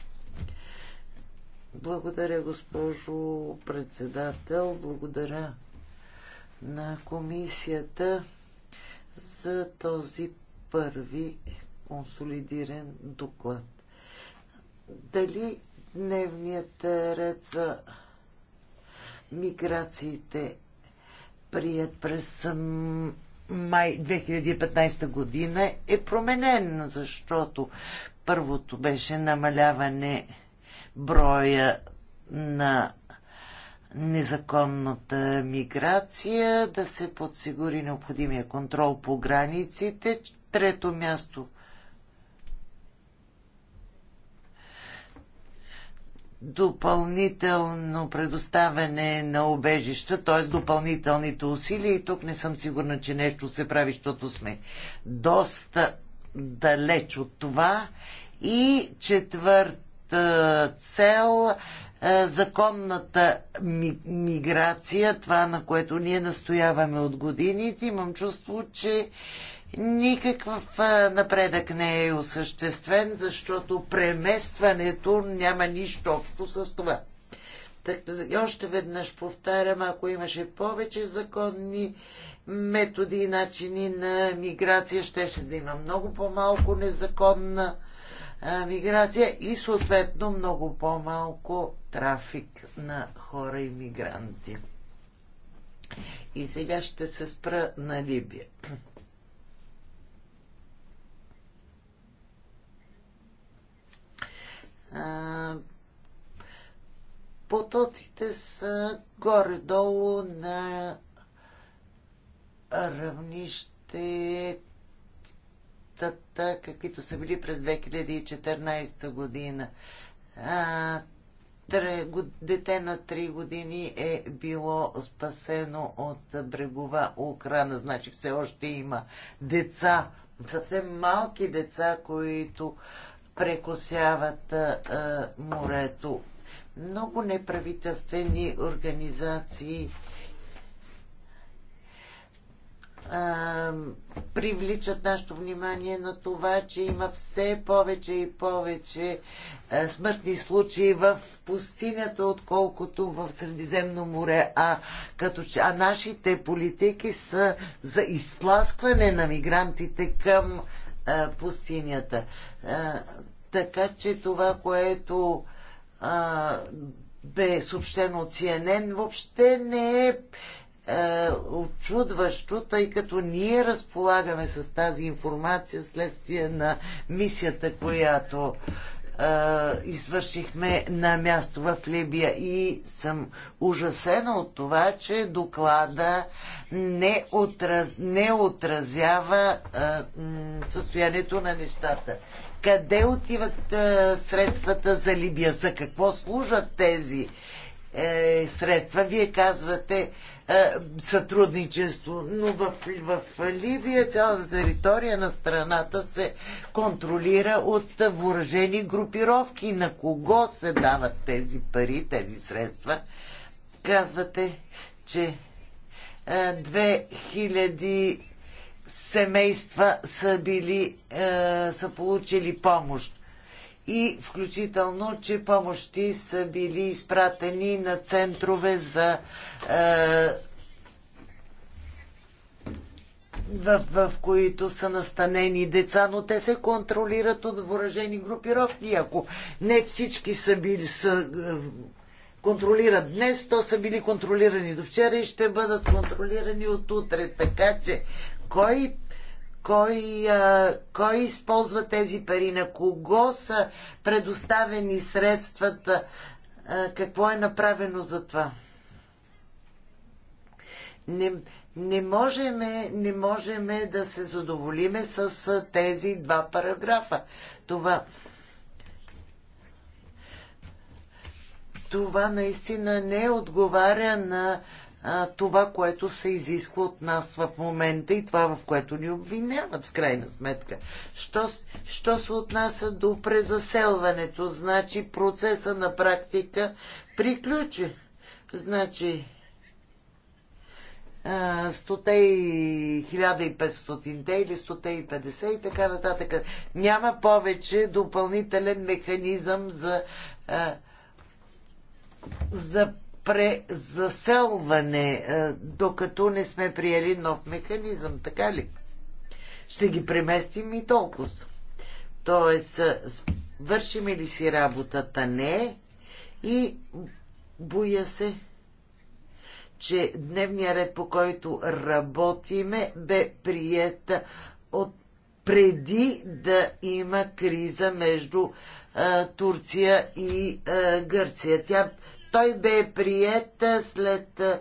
Speaker 3: Благодаря, госпожо председател. Благодаря на комисията за този първи консолидиран доклад. Дали дневният ред за миграциите прият през май 2015 година, е променен, защото първото беше намаляване броя на незаконната миграция, да се подсигури необходимия контрол по границите. Трето място допълнително предоставяне на обежища, т.е. допълнителните усилия. И тук не съм сигурна, че нещо се прави, защото сме доста далеч от това. И четвърта цел е, законната ми, миграция, това на което ние настояваме от годините. Имам чувство, че Никакъв напредък не е осъществен, защото преместването няма нищо общо с това. Така, още веднъж повтарям, ако имаше повече законни методи и начини на миграция, щеше да има много по-малко незаконна а, миграция и съответно много по-малко трафик на хора и мигранти. И сега ще се спра на Либия. потоците са горе-долу на равнище каквито са били през 2014 година. дете на 3 години е било спасено от брегова охрана. Значи все още има деца, съвсем малки деца, които прекосяват морето. Много неправителствени организации привличат нашето внимание на това, че има все повече и повече а, смъртни случаи в пустинята, отколкото в Средиземно море. А, като, а нашите политики са за изтласкване на мигрантите към а, пустинята. А, така че това, което а, бе съобщено от CNN, въобще не е очудващо, тъй като ние разполагаме с тази информация следствие на мисията, която извършихме на място в Либия и съм ужасена от това, че доклада не, отраз, не отразява а, състоянието на нещата. Къде отиват а, средствата за Либия? За какво служат тези е, средства? Вие казвате е, сътрудничество, но в, в Ливия цялата територия на страната се контролира от въоръжени групировки. На кого се дават тези пари, тези средства? Казвате, че 2000 е, семейства са били, е, са получили помощ и включително, че помощи са били изпратени на центрове за е, в, в които са настанени деца, но те се контролират от въоръжени групировки. Ако не всички са били са, е, контролират днес, то са били контролирани до вчера и ще бъдат контролирани от утре. Така че кой кой, а, кой използва тези пари, на кого са предоставени средствата, а, какво е направено за това. Не, не можем, не можем да се задоволиме с тези два параграфа. Това, това наистина не отговаря на това, което се изисква от нас в момента и това, в което ни обвиняват в крайна сметка. Що, що се отнася до презаселването? Значи процеса на практика приключи. Значи стоте и 1500-те или 150 и така нататък. Няма повече допълнителен механизъм за, за презаселване, е, докато не сме приели нов механизъм, така ли? Ще ги преместим и толкова. Тоест, е, вършим ли си работата? Не. И боя се, че дневния ред, по който работиме, бе прият от преди да има криза между а, е, Турция и а, Гърция. Тя той бе прият след е,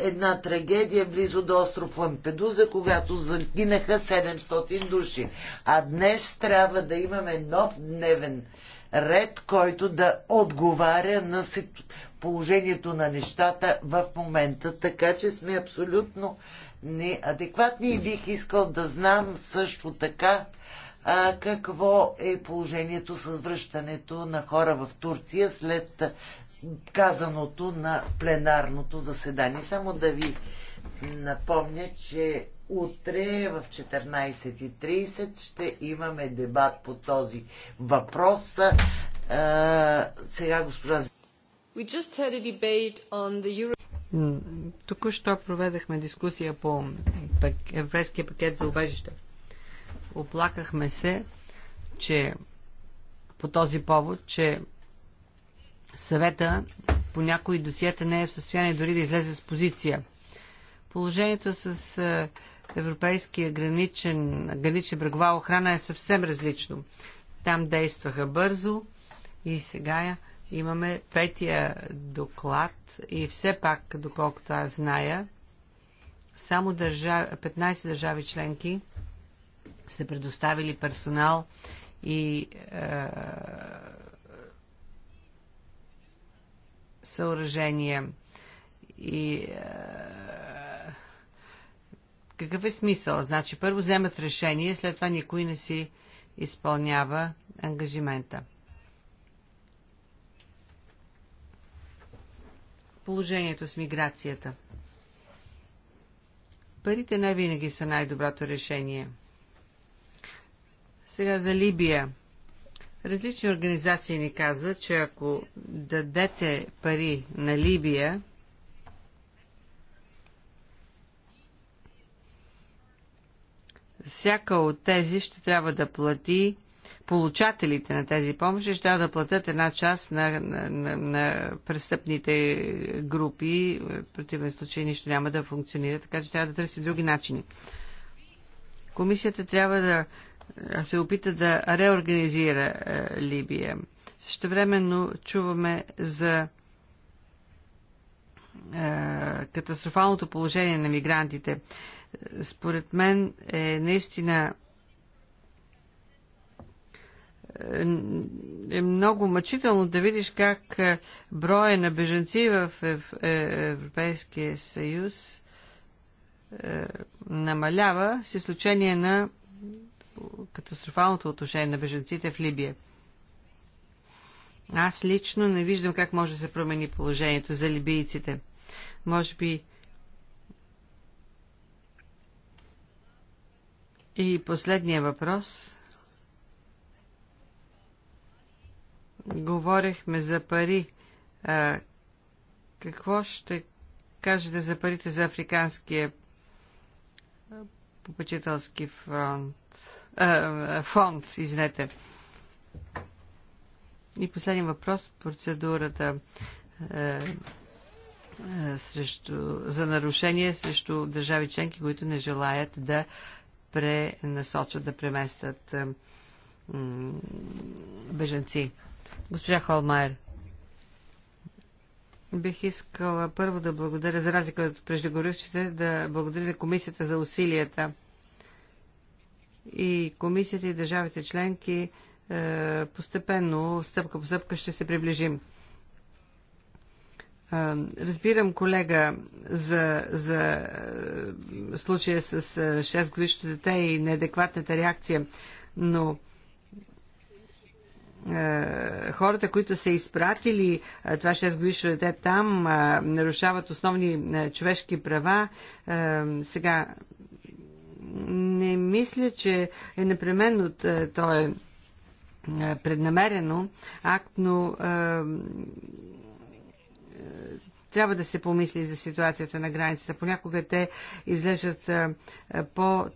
Speaker 3: една трагедия близо до остров Лампедуза, когато загинаха 700 души. А днес трябва да имаме нов дневен ред, който да отговаря на положението на нещата в момента. Така че сме абсолютно неадекватни и бих искал да знам също така а, какво е положението с връщането на хора в Турция след казаното на пленарното заседание. Само да ви напомня, че утре в 14.30 ще имаме дебат по този въпрос. А, сега госпожа. We just had a debate on the Euro...
Speaker 5: Току-що проведахме дискусия по еврейския пакет за убежище. Оплакахме се, че по този повод, че съвета по някои досиета не е в състояние дори да излезе с позиция. Положението с е, европейския граничен, гранична брегова охрана е съвсем различно. Там действаха бързо и сега имаме петия доклад и все пак, доколкото аз зная, само държави, 15 държави членки са предоставили персонал и е, съоръжения. И е, какъв е смисъл? Значи първо вземат решение, след това никой не си изпълнява ангажимента. Положението с миграцията. Парите не винаги са най-доброто решение. Сега за Либия – Различни организации ни казват, че ако дадете пари на Либия, всяка от тези ще трябва да плати, получателите на тези помощи ще трябва да платят една част на, на, на, на престъпните групи. В противен случай нищо няма да функционира, така че трябва да търси други начини. Комисията трябва да се опита да реорганизира е, Либия. времено чуваме за е, катастрофалното положение на мигрантите. Според мен е наистина е, е много мъчително да видиш как броя на беженци в Европейския съюз намалява с изключение на катастрофалното отношение на беженците в Либия. Аз лично не виждам как може да се промени положението за либийците. Може би и последния въпрос. Говорихме за пари. А, какво ще кажете за парите за Африканския попечителски фронт? фонд, извинете. И последен въпрос, процедурата срещу, за нарушение срещу държави членки, които не желаят да пренасочат, да преместят беженци. Госпожа Холмайер, бих искала първо да благодаря, за разлика от преждеговорившите, да благодаря на комисията за усилията и комисията и държавите членки е, постепенно, стъпка по стъпка ще се приближим. Е, разбирам, колега, за, за е, случая с 6-годишното дете и неадекватната реакция, но хората, които са изпратили това 6-годишно дете там, нарушават основни човешки права. Сега не мисля, че е непременно е, то е, е преднамерено акт, но е, е, трябва да се помисли за ситуацията на границата. Понякога те излежат е, е по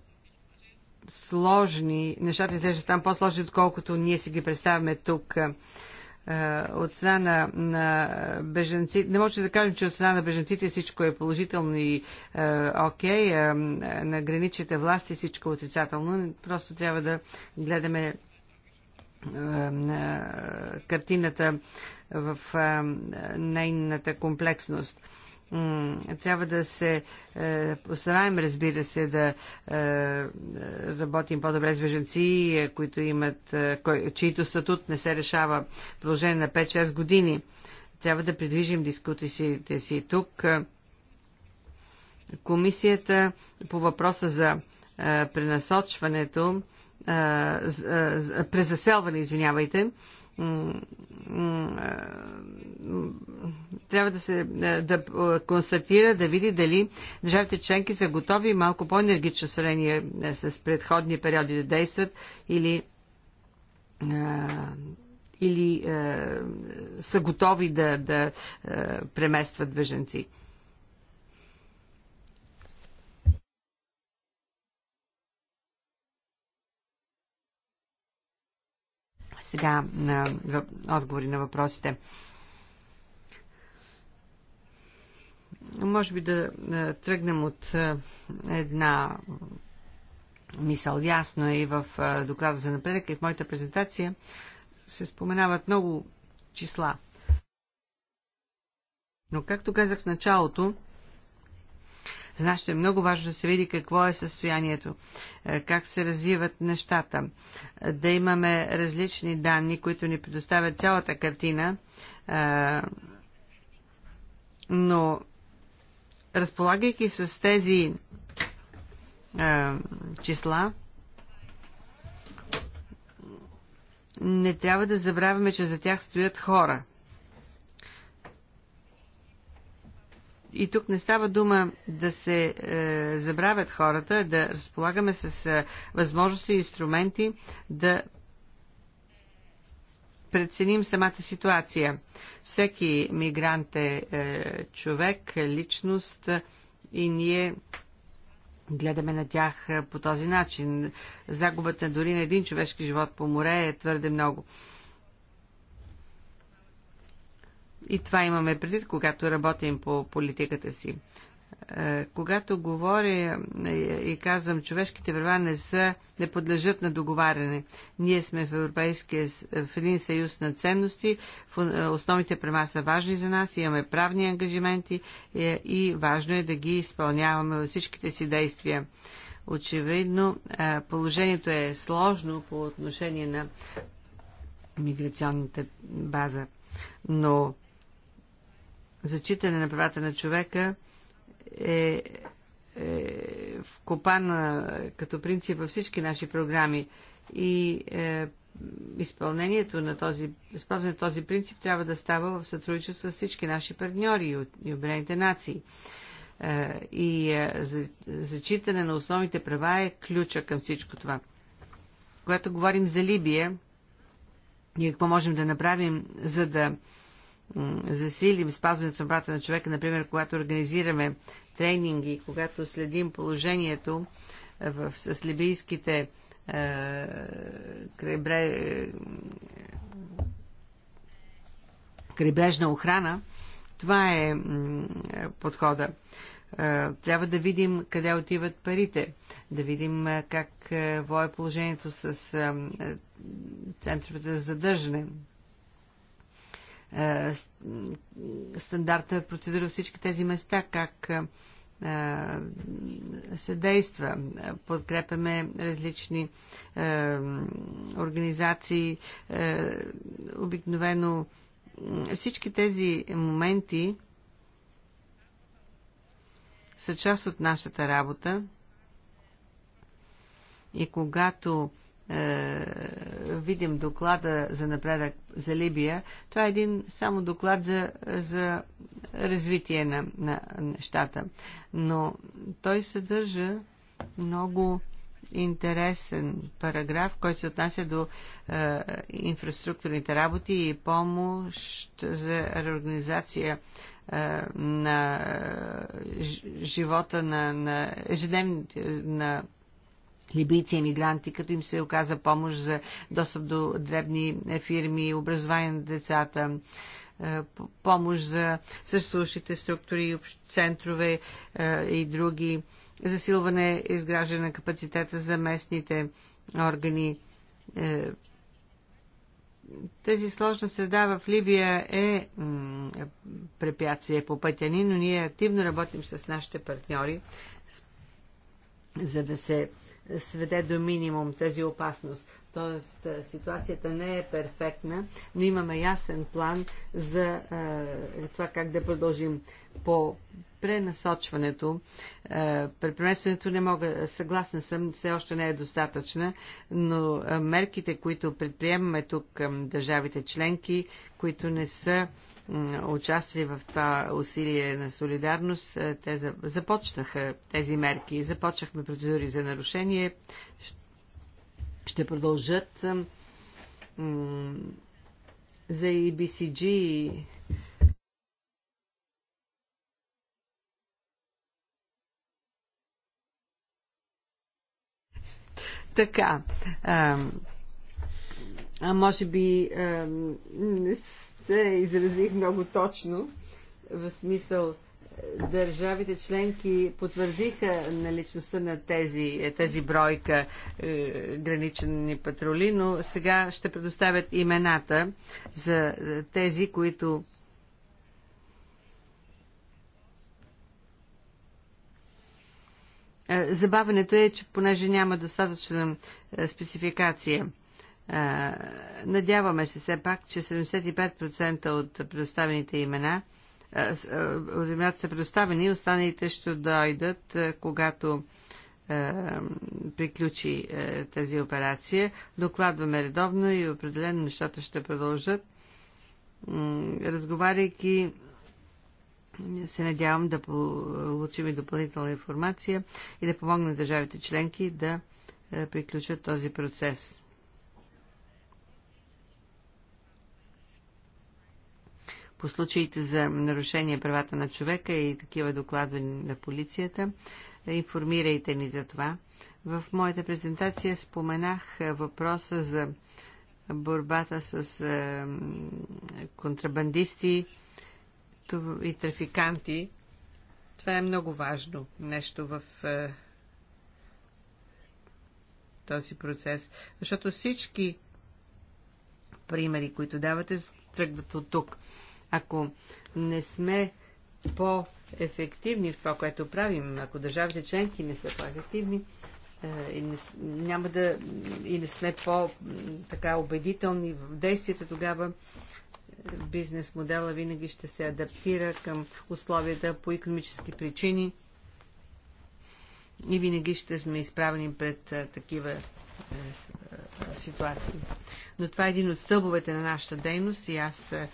Speaker 5: сложни, нещата изглеждат там по-сложни, отколкото ние си ги представяме тук. Е, от страна на, на беженците, не може да кажем, че от страна на беженците всичко е положително и е, окей, е, на граничните власти всичко е отрицателно. Просто трябва да гледаме е, на картината в е, нейната комплексност трябва да се е, постараем, разбира се, да е, работим по-добре с беженци, е, които имат, чието статут не се решава в продължение на 5-6 години. Трябва да придвижим дискусиите си тук. Комисията по въпроса за пренасочването, презаселване, извинявайте, трябва да се е, да е, констатира, да види дали държавите членки са готови малко по-енергично сравнение е, с предходни периоди да действат или или е, са готови да, да е, преместват беженци. Сега на отговори на въпросите. Може би да е, тръгнем от е, една мисъл. Ясно е и в е, доклада за напредък и в моята презентация се споменават много числа. Но, както казах в началото, за нас ще е много важно да се види какво е състоянието, как се развиват нещата, да имаме различни данни, които ни предоставят цялата картина, но разполагайки с тези а, числа, не трябва да забравяме, че за тях стоят хора. И тук не става дума да се е, забравят хората, да разполагаме с е, възможности и инструменти да преценим самата ситуация. Всеки мигрант е, е човек, личност е, и ние гледаме на тях е, по този начин. Загубата дори на един човешки живот по море е твърде много. И това имаме предвид, когато работим по политиката си. Е, когато говоря е, е, и казвам, човешките права не, са, не подлежат на договаряне. Ние сме в Европейския в един съюз на ценности. Основните права са важни за нас, имаме правни ангажименти и важно е да ги изпълняваме във всичките си действия. Очевидно, положението е сложно по отношение на миграционната база, но зачитане на правата на човека е, е вкопана като принцип във всички наши програми и е, изпълнението на този, изпълнението на този принцип трябва да става в сътрудничество с всички наши партньори и обрените нации. Е, и е, зачитане на основните права е ключа към всичко това. Когато говорим за Либия, ние какво можем да направим, за да засилим спазването на правата на човека, например, когато организираме тренинги, когато следим положението в, с либийските е, е, крайбрежна охрана, това е подхода. Е, трябва да видим къде отиват парите, да видим как е положението с центровете за задържане, е, стандарта, процедура, всички тези места, как е, се действа. Подкрепяме различни е, организации. Е, обикновено всички тези моменти са част от нашата работа. И когато е, видим доклада за напредък за Либия, това е един само доклад за, за развитие на, на нещата. Но той съдържа много интересен параграф, който се отнася до е, инфраструктурните работи и помощ за реорганизация е, на е, живота на, на ежедневните на либийци емигранти, като им се оказа помощ за достъп до дребни фирми, образование на децата, е, помощ за съществуващите структури, центрове е, и други, засилване, изграждане на капацитета за местните органи. Е, тази сложна среда в Либия е препятствие по пътя ни, но ние активно работим с нашите партньори, за да се сведе до минимум тази опасност. Тоест ситуацията не е перфектна, но имаме ясен план за е, това как да продължим по пренасочването. Е, препреместването не мога, съгласна съм, все още не е достатъчна, но мерките, които предприемаме тук към държавите членки, които не са е, Участие в това усилие на солидарност, е, те започнаха тези мерки. Започнахме процедури за нарушение. Ще продължат за EBCG Така. А, а може би а, се изразих много точно, в смисъл е, държавите членки потвърдиха наличността на тези, е, тези бройка е, гранични патрули, но сега ще предоставят имената за е, тези, които Забавенето е, че понеже няма достатъчна спецификация – Надяваме се все пак, че 75% от предоставените имена от имената са предоставени, останалите ще дойдат, когато приключи тази операция. Докладваме редовно и определено нещата ще продължат. Разговаряйки, се надявам да получим и допълнителна информация и да помогна държавите членки да приключат този процес. по случаите за нарушение правата на човека и такива докладвани на полицията. Информирайте ни за това. В моята презентация споменах въпроса за борбата с е, контрабандисти и трафиканти. Това е много важно нещо в е, този процес, защото всички примери, които давате, тръгват от тук. Ако не сме по-ефективни в това, което правим, ако държавите членки не са по-ефективни, е, и не, няма да и не сме по-така убедителни в действията, тогава е, бизнес модела винаги ще се адаптира към условията по економически причини и винаги ще сме изправени пред а, е, такива е, ситуации. Но това е един от стълбовете на нашата дейност и аз е,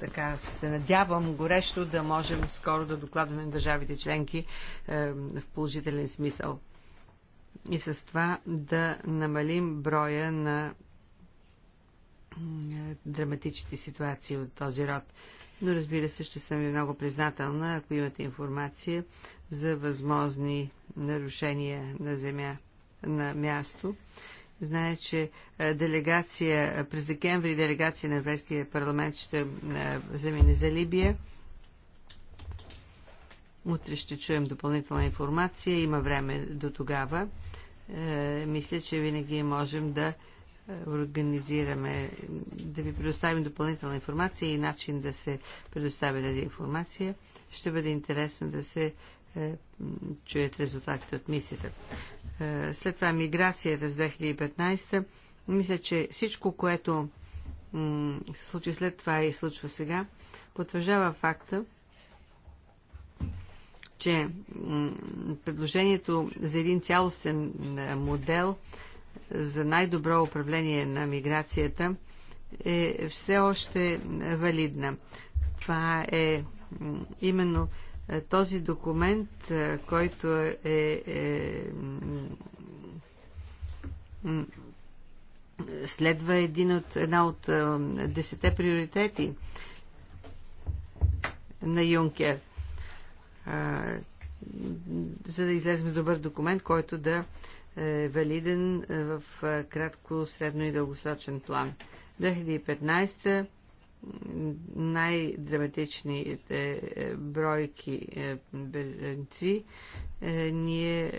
Speaker 5: така се надявам горещо да можем скоро да докладваме държавите членки в положителен смисъл. И с това да намалим броя на драматичните ситуации от този род. Но разбира се, ще съм ви много признателна, ако имате информация за възможни нарушения на земя на място. Знае, че делегация през декември делегация на Европейския парламент ще замине за Либия. Утре ще чуем допълнителна информация. Има време до тогава. Е, мисля, че винаги можем да е, организираме, да ви предоставим допълнителна информация и начин да се предоставя тази информация. Ще бъде интересно да се е, чуят резултатите от мисията. Е, след това миграцията с 2015. Мисля, че всичко, което се случи след това и случва сега, потвърждава факта, че предложението за един цялостен е, модел за най-добро управление на миграцията е все още валидна. Това е именно е, този документ, е, който е, е, е следва един от, една от десете приоритети на Юнкер, за да излезем добър документ, който да е валиден в кратко, средно и дългосрочен план. 2015 най-драматичните е, бройки е, беженци, е, ние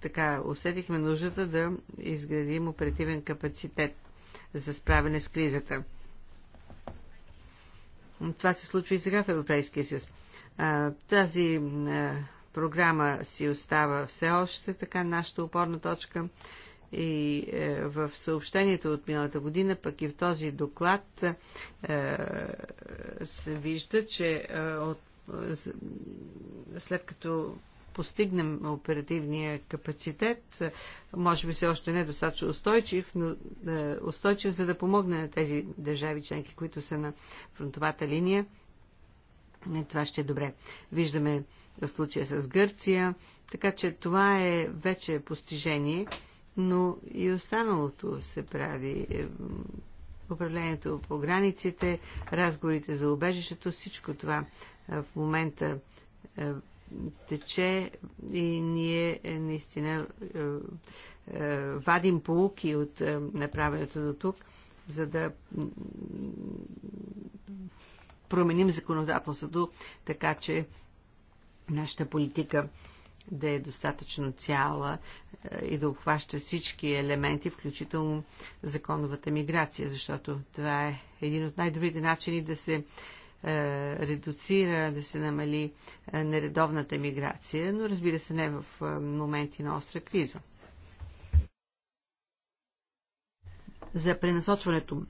Speaker 5: така усетихме нуждата да изградим оперативен капацитет за справяне с кризата. Това се случва и сега в Европейския съюз. Тази програма си остава все още така нашата опорна точка и е, в съобщението от миналата година, пък и в този доклад е, се вижда, че е, от, след като постигнем оперативния капацитет, може би все още не е достатъчно устойчив, но е, устойчив, за да помогне на тези държави членки, които са на фронтовата линия. Е, това ще е добре. Виждаме в случая с Гърция, така че това е вече постижение но и останалото се прави. Е, управлението по границите, разговорите за убежището, всичко това е, в момента е, тече и ние наистина вадим полуки от направеното до тук, за да променим законодателството, така че нашата политика да е достатъчно цяла е, и да обхваща всички елементи, включително законовата миграция, защото това е един от най-добрите начини да се е, редуцира, да се намали е, нередовната миграция, но разбира се не в моменти на остра криза. За пренасочването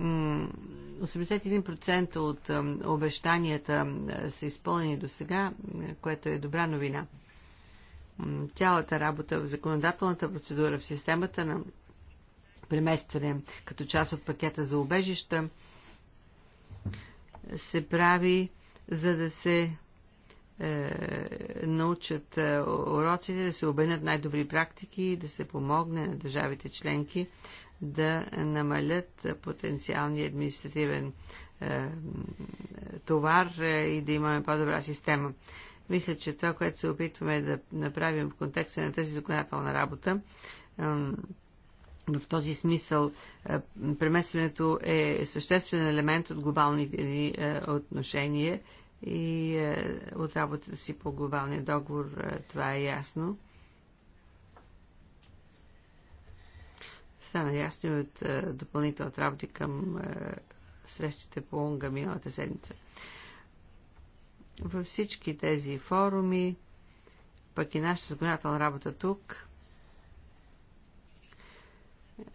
Speaker 5: 81% от обещанията са изпълнени до сега, което е добра новина. Цялата работа в законодателната процедура, в системата на преместване като част от пакета за убежища се прави, за да се е, научат е, уроците, да се обенят най-добри практики да се помогне на държавите членки да намалят потенциалния административен е, товар е, и да имаме по-добра система. Мисля, че това, което се опитваме да направим в контекста на тази законодателна работа, в този смисъл е, преместването е съществен елемент от глобалните ни отношения и от работата си по глобалния договор това е ясно. стана ясно от е, допълнителната работа към е, срещите по Унга миналата седмица. Във всички тези форуми, пък и нашата законодателна работа тук,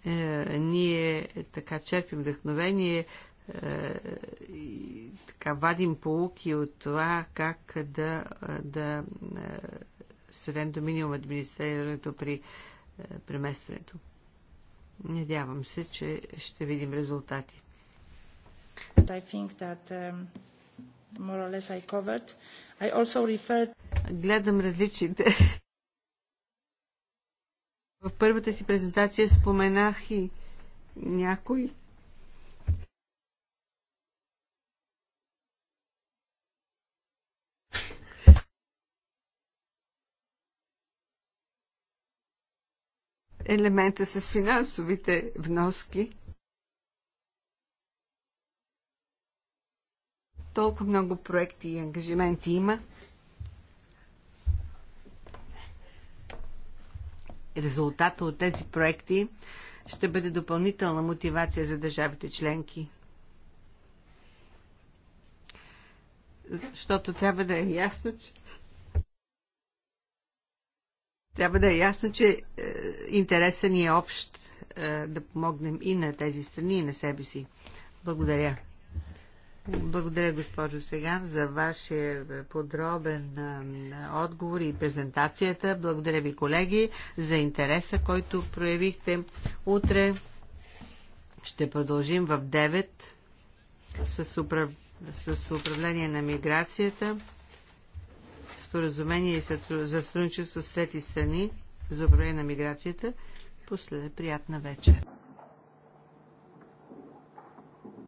Speaker 5: е, ние така черпим вдъхновение е, и така вадим полуки от това как да, е, да сведем до минимум администрирането при е, преместването. Надявам се, че ще видим резултати. Um, Гледам различните. В първата си презентация споменах и някой. елемента с финансовите вноски. Толкова много проекти и ангажименти има. Резултата от тези проекти ще бъде допълнителна мотивация за държавите членки. Защото трябва да е ясно, че трябва да е ясно, че е, интересът ни е общ е, да помогнем и на тези страни, и на себе си. Благодаря. Благодаря, госпожо Сеган, за вашия подробен е, отговор и презентацията. Благодаря ви, колеги, за интереса, който проявихте. Утре ще продължим в 9 с, управ... с управление на миграцията споразумение за сътрудничество с трети страни за управление на миграцията. После приятна вечер.